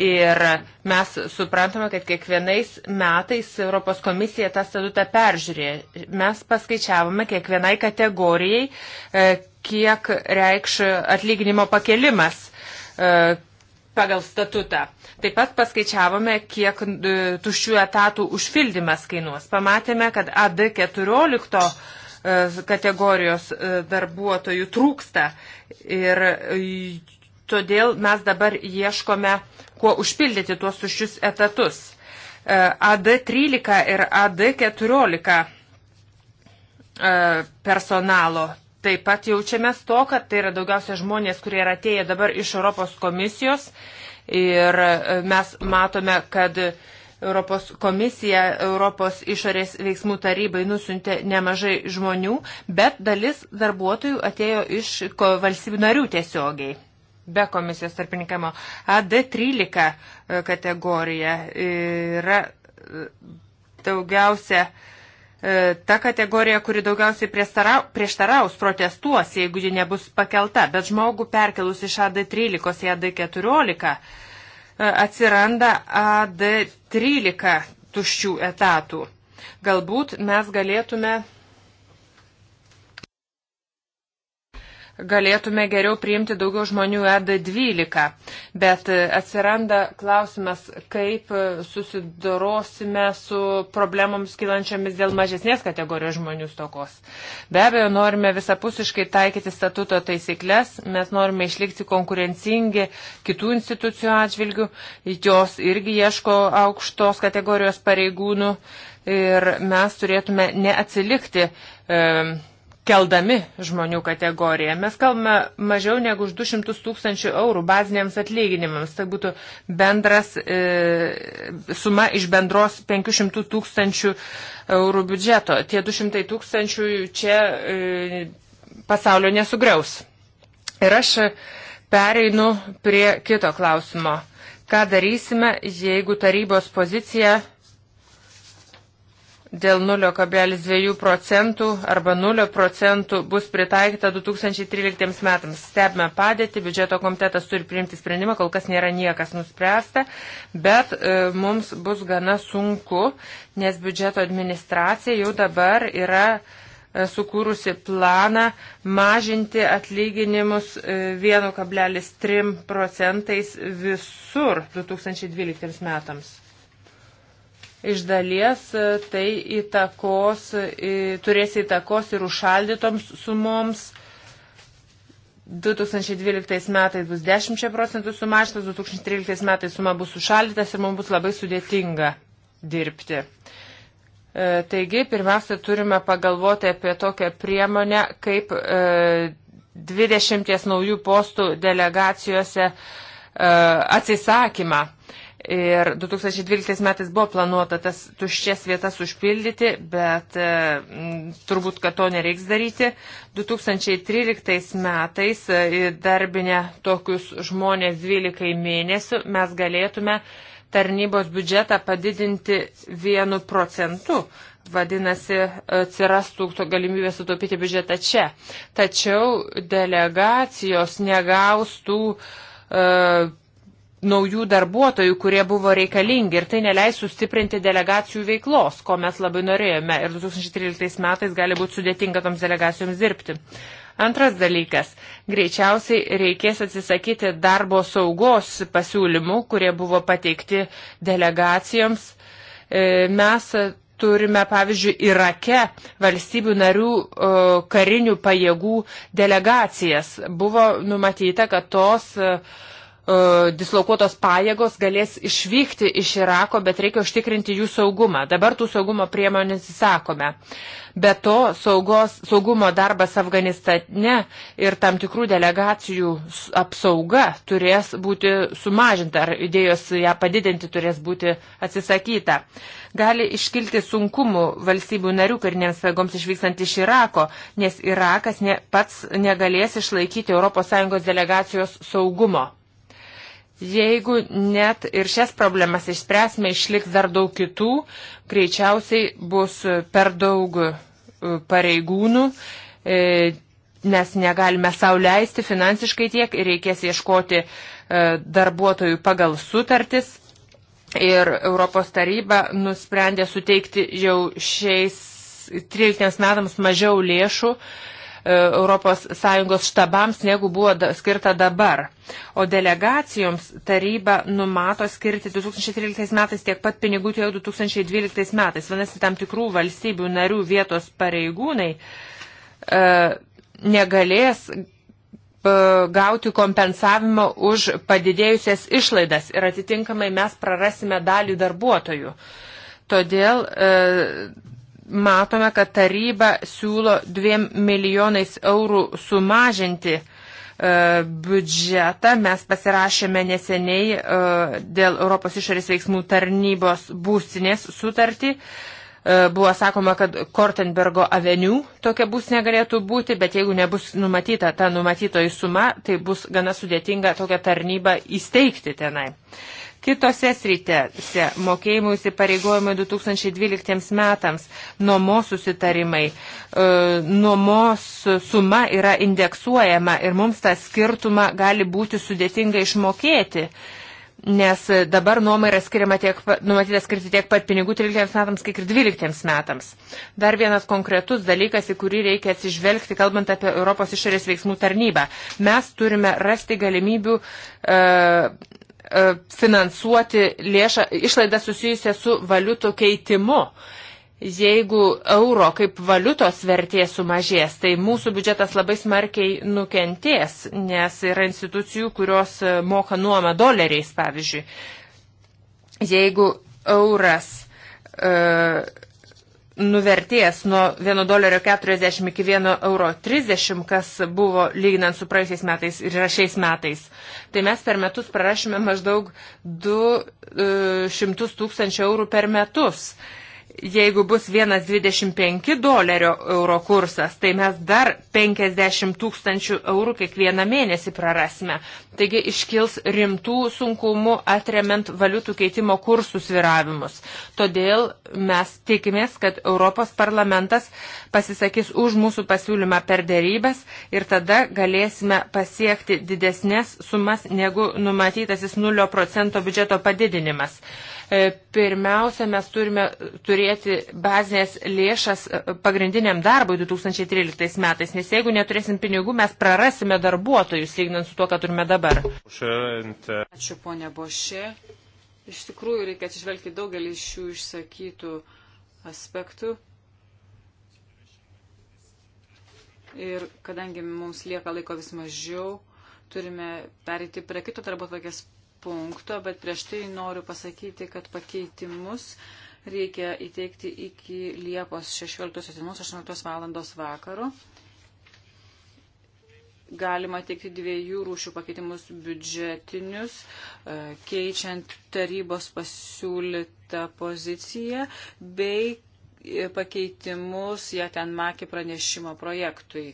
Ir mes suprantame, kad kiekvienais metais Europos komisija tą statutą peržiūrė. Mes paskaičiavome kiekvienai kategorijai, e, kiek reikš atlyginimo pakelimas pagal statutą. Taip pat paskaičiavome, kiek e, tuščių etatų užpildymas kainuos. Pamatėme, kad AD14 e, kategorijos e, darbuotojų trūksta ir todėl mes dabar ieškome, kuo užpildyti tuos tuščius etatus. AD13 ir AD14 personalo Taip pat jaučiame to, kad tai yra daugiausia žmonės, kurie yra atėję dabar iš Europos komisijos ir e, mes matome, kad Europos komisija Europos išorės veiksmų tarybai nusintė nemažai žmonių, bet dalis darbuotojų atėjo iš valstybių narių tiesiogiai be komisijos tarpininkamo. AD13 e, kategorija yra e, daugiausia uh, E, ta kategorija, kuri daugiausiai prieštaraus, protestuos, jeigu ji nebus pakelta, bet žmogų perkelus iš AD13 į AD14 e, atsiranda AD13 tuščių etatų. Galbūt mes galėtume galėtume geriau priimti daugiau žmonių ED12, bet e, atsiranda klausimas, kaip e, susidorosime su problemoms kylančiamis dėl mažesnės kategorijos žmonių stokos. Be abejo, norime visapusiškai taikyti statuto taisyklės, mes norime išlikti konkurencingi kitų institucijų atžvilgių, jos irgi ieško aukštos kategorijos pareigūnų ir mes turėtume neatsilikti. E, keldami žmonių kategoriją. Mes kalbame mažiau negu už 200 tūkstančių eurų baziniams atlyginimams. Tai būtų bendras e, suma iš bendros 500 tūkstančių eurų biudžeto. Tie 200 tūkstančių čia e, pasaulio nesugriaus. Ir aš pereinu prie kito klausimo. Ką darysime, jeigu tarybos pozicija dėl 0,2 procentų arba 0 procentų bus pritaikyta 2013 metams. Stebime padėtį, biudžeto komitetas turi priimti sprendimą, kol kas nėra niekas nuspręsta, bet e, mums bus gana sunku, nes biudžeto administracija jau dabar yra e, sukūrusi planą mažinti atlyginimus 1,3 e, procentais visur 2012 metams iš dalies e, tai įtakos, e, turės įtakos ir užšaldytoms sumoms. 2012 metais bus 10 procentų sumažintas, 2013 metais suma bus užšaldytas ir mums bus labai sudėtinga dirbti. E, taigi, pirmiausia, turime pagalvoti apie tokią priemonę, kaip 20 naujų postų delegacijose atsisakymą. Ir 2012 metais buvo planuota tas tuščias vietas užpildyti, bet e, turbūt, kad to nereiks daryti. 2013 metais e, darbinę tokius žmonės 12 mėnesių mes galėtume tarnybos biudžetą padidinti vienu procentu. Vadinasi, atsirastų galimybė sutaupyti biudžetą čia. Tačiau delegacijos negaus tų uh, naujų darbuotojų, kurie buvo reikalingi ir tai neleis sustiprinti delegacijų veiklos, ko mes labai norėjome ir 2013 metais gali būti sudėtinga toms delegacijoms dirbti. Antras dalykas - greičiausiai reikės atsisakyti darbo saugos pasiūlymų, kurie buvo pateikti delegacijoms. E, mes turime, pavyzdžiui, Irake valstybių narių e, karinių pajėgų delegacijas. Buvo numatyta, kad tos uh, E, dislokuotos pajėgos galės išvykti iš Irako, bet reikia užtikrinti jų saugumą. Dabar tų saugumo priemonių atsisakome. Be to, saugos, saugumo darbas Afganistane ir tam tikrų delegacijų apsauga turės būti sumažinta, ar idėjos ją padidinti turės būti atsisakyta. Gali iškilti sunkumų valstybių narių karinėms pajėgoms išvykstant iš Irako, nes Irakas ne, pats negalės išlaikyti ES delegacijos saugumo. Jeigu net ir šias problemas išspręsime, išliks dar daug kitų, greičiausiai bus per daug e, pareigūnų, e, nes negalime sauliaisti finansiškai tiek ir reikės ieškoti e, darbuotojų pagal sutartis. Ir Europos taryba nusprendė suteikti jau šiais 13 metams mažiau lėšų ES štabams, negu buvo da, skirta dabar. O delegacijoms taryba numato skirti 2013 metais tiek pat pinigų, tiek 2012 metais. Vienasi tam tikrų valstybių narių vietos pareigūnai e, negalės e, gauti kompensavimą už padidėjusias išlaidas ir atitinkamai mes prarasime dalį darbuotojų. Todėl e, matome, kad taryba siūlo 2 milijonais eurų sumažinti e, biudžetą. Mes pasirašėme neseniai e, dėl Europos išorės veiksmų tarnybos būstinės sutartį. E, buvo sakoma, kad Kortenbergo avenių tokia būstinė galėtų būti, bet jeigu nebus numatyta ta numatytoji suma, tai bus gana sudėtinga tokią tarnybą įsteigti tenai. Kitose sritėse mokėjimų įsipareigojimai 2012 metams, nuomos susitarimai, e, nuomos suma yra indeksuojama ir mums tą skirtumą gali būti sudėtinga išmokėti nes dabar nuoma yra skiriama tiek, numatyta skirti tiek pat pinigų 13 metams, kiek ir 12 metams. Dar vienas konkretus dalykas, į kurį reikia atsižvelgti, kalbant apie Europos išorės veiksmų tarnybą. Mes turime rasti galimybių e, E, finansuoti lėšą, išlaidą susijusią su valiutų keitimu. Jeigu euro kaip valiutos vertė sumažės, tai mūsų biudžetas labai smarkiai nukentės, nes yra institucijų, kurios e, moka nuomą doleriais, pavyzdžiui. Jeigu euras uh, nuvertėjęs nuo 1 dolerio 40 iki 1 euro 30, kas buvo lyginant su praeisiais metais ir yra šiais metais, tai mes per metus prarašime maždaug 200 e, tūkstančių eurų per metus. Uh, jeigu bus 1,25 dolerio euro kursas, tai mes dar 50 tūkstančių eurų kiekvieną mėnesį prarasime. Taigi iškils rimtų sunkumų atremiant valiutų keitimo kursų sviravimus. Todėl mes tikimės, kad Europos parlamentas pasisakys už mūsų pasiūlymą per dėrybęs ir tada galėsime pasiekti didesnės sumas negu numatytasis 0 procento biudžeto padidinimas. E, pirmiausia, mes turime turėti bazinės lėšas e, pagrindiniam darbui 2013 metais, nes jeigu neturėsim pinigų, mes prarasime darbuotojus, lygnant su tuo, ką turime dabar. Ačiū, ponė Bošė. Iš tikrųjų, reikia atsižvelgti daugelį šių išsakytų aspektų. Ir kadangi mums lieka laiko vis mažiau, turime perėti prie kito darbo tokias punkto, bet prieš tai noriu pasakyti, kad pakeitimus reikia įteikti iki Liepos 16 dienos 18 valandos vakaro. Galima teikti dviejų rūšių pakeitimus biudžetinius, e, keičiant tarybos pasiūlytą poziciją, bei e, pakeitimus ją ten makė pranešimo projektui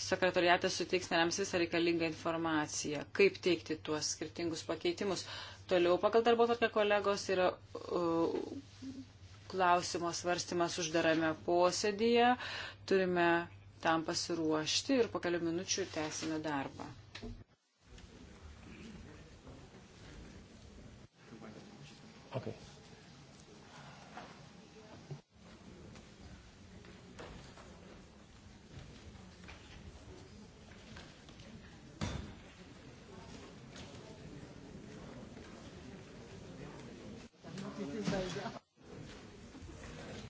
sekretariatas suteiks nariams visą reikalingą informaciją, kaip teikti tuos skirtingus pakeitimus. Toliau pagal darbo tvarkę kolegos yra uh, klausimo svarstymas uždarame posėdėje. Turime tam pasiruošti ir po kelių minučių tęsime darbą.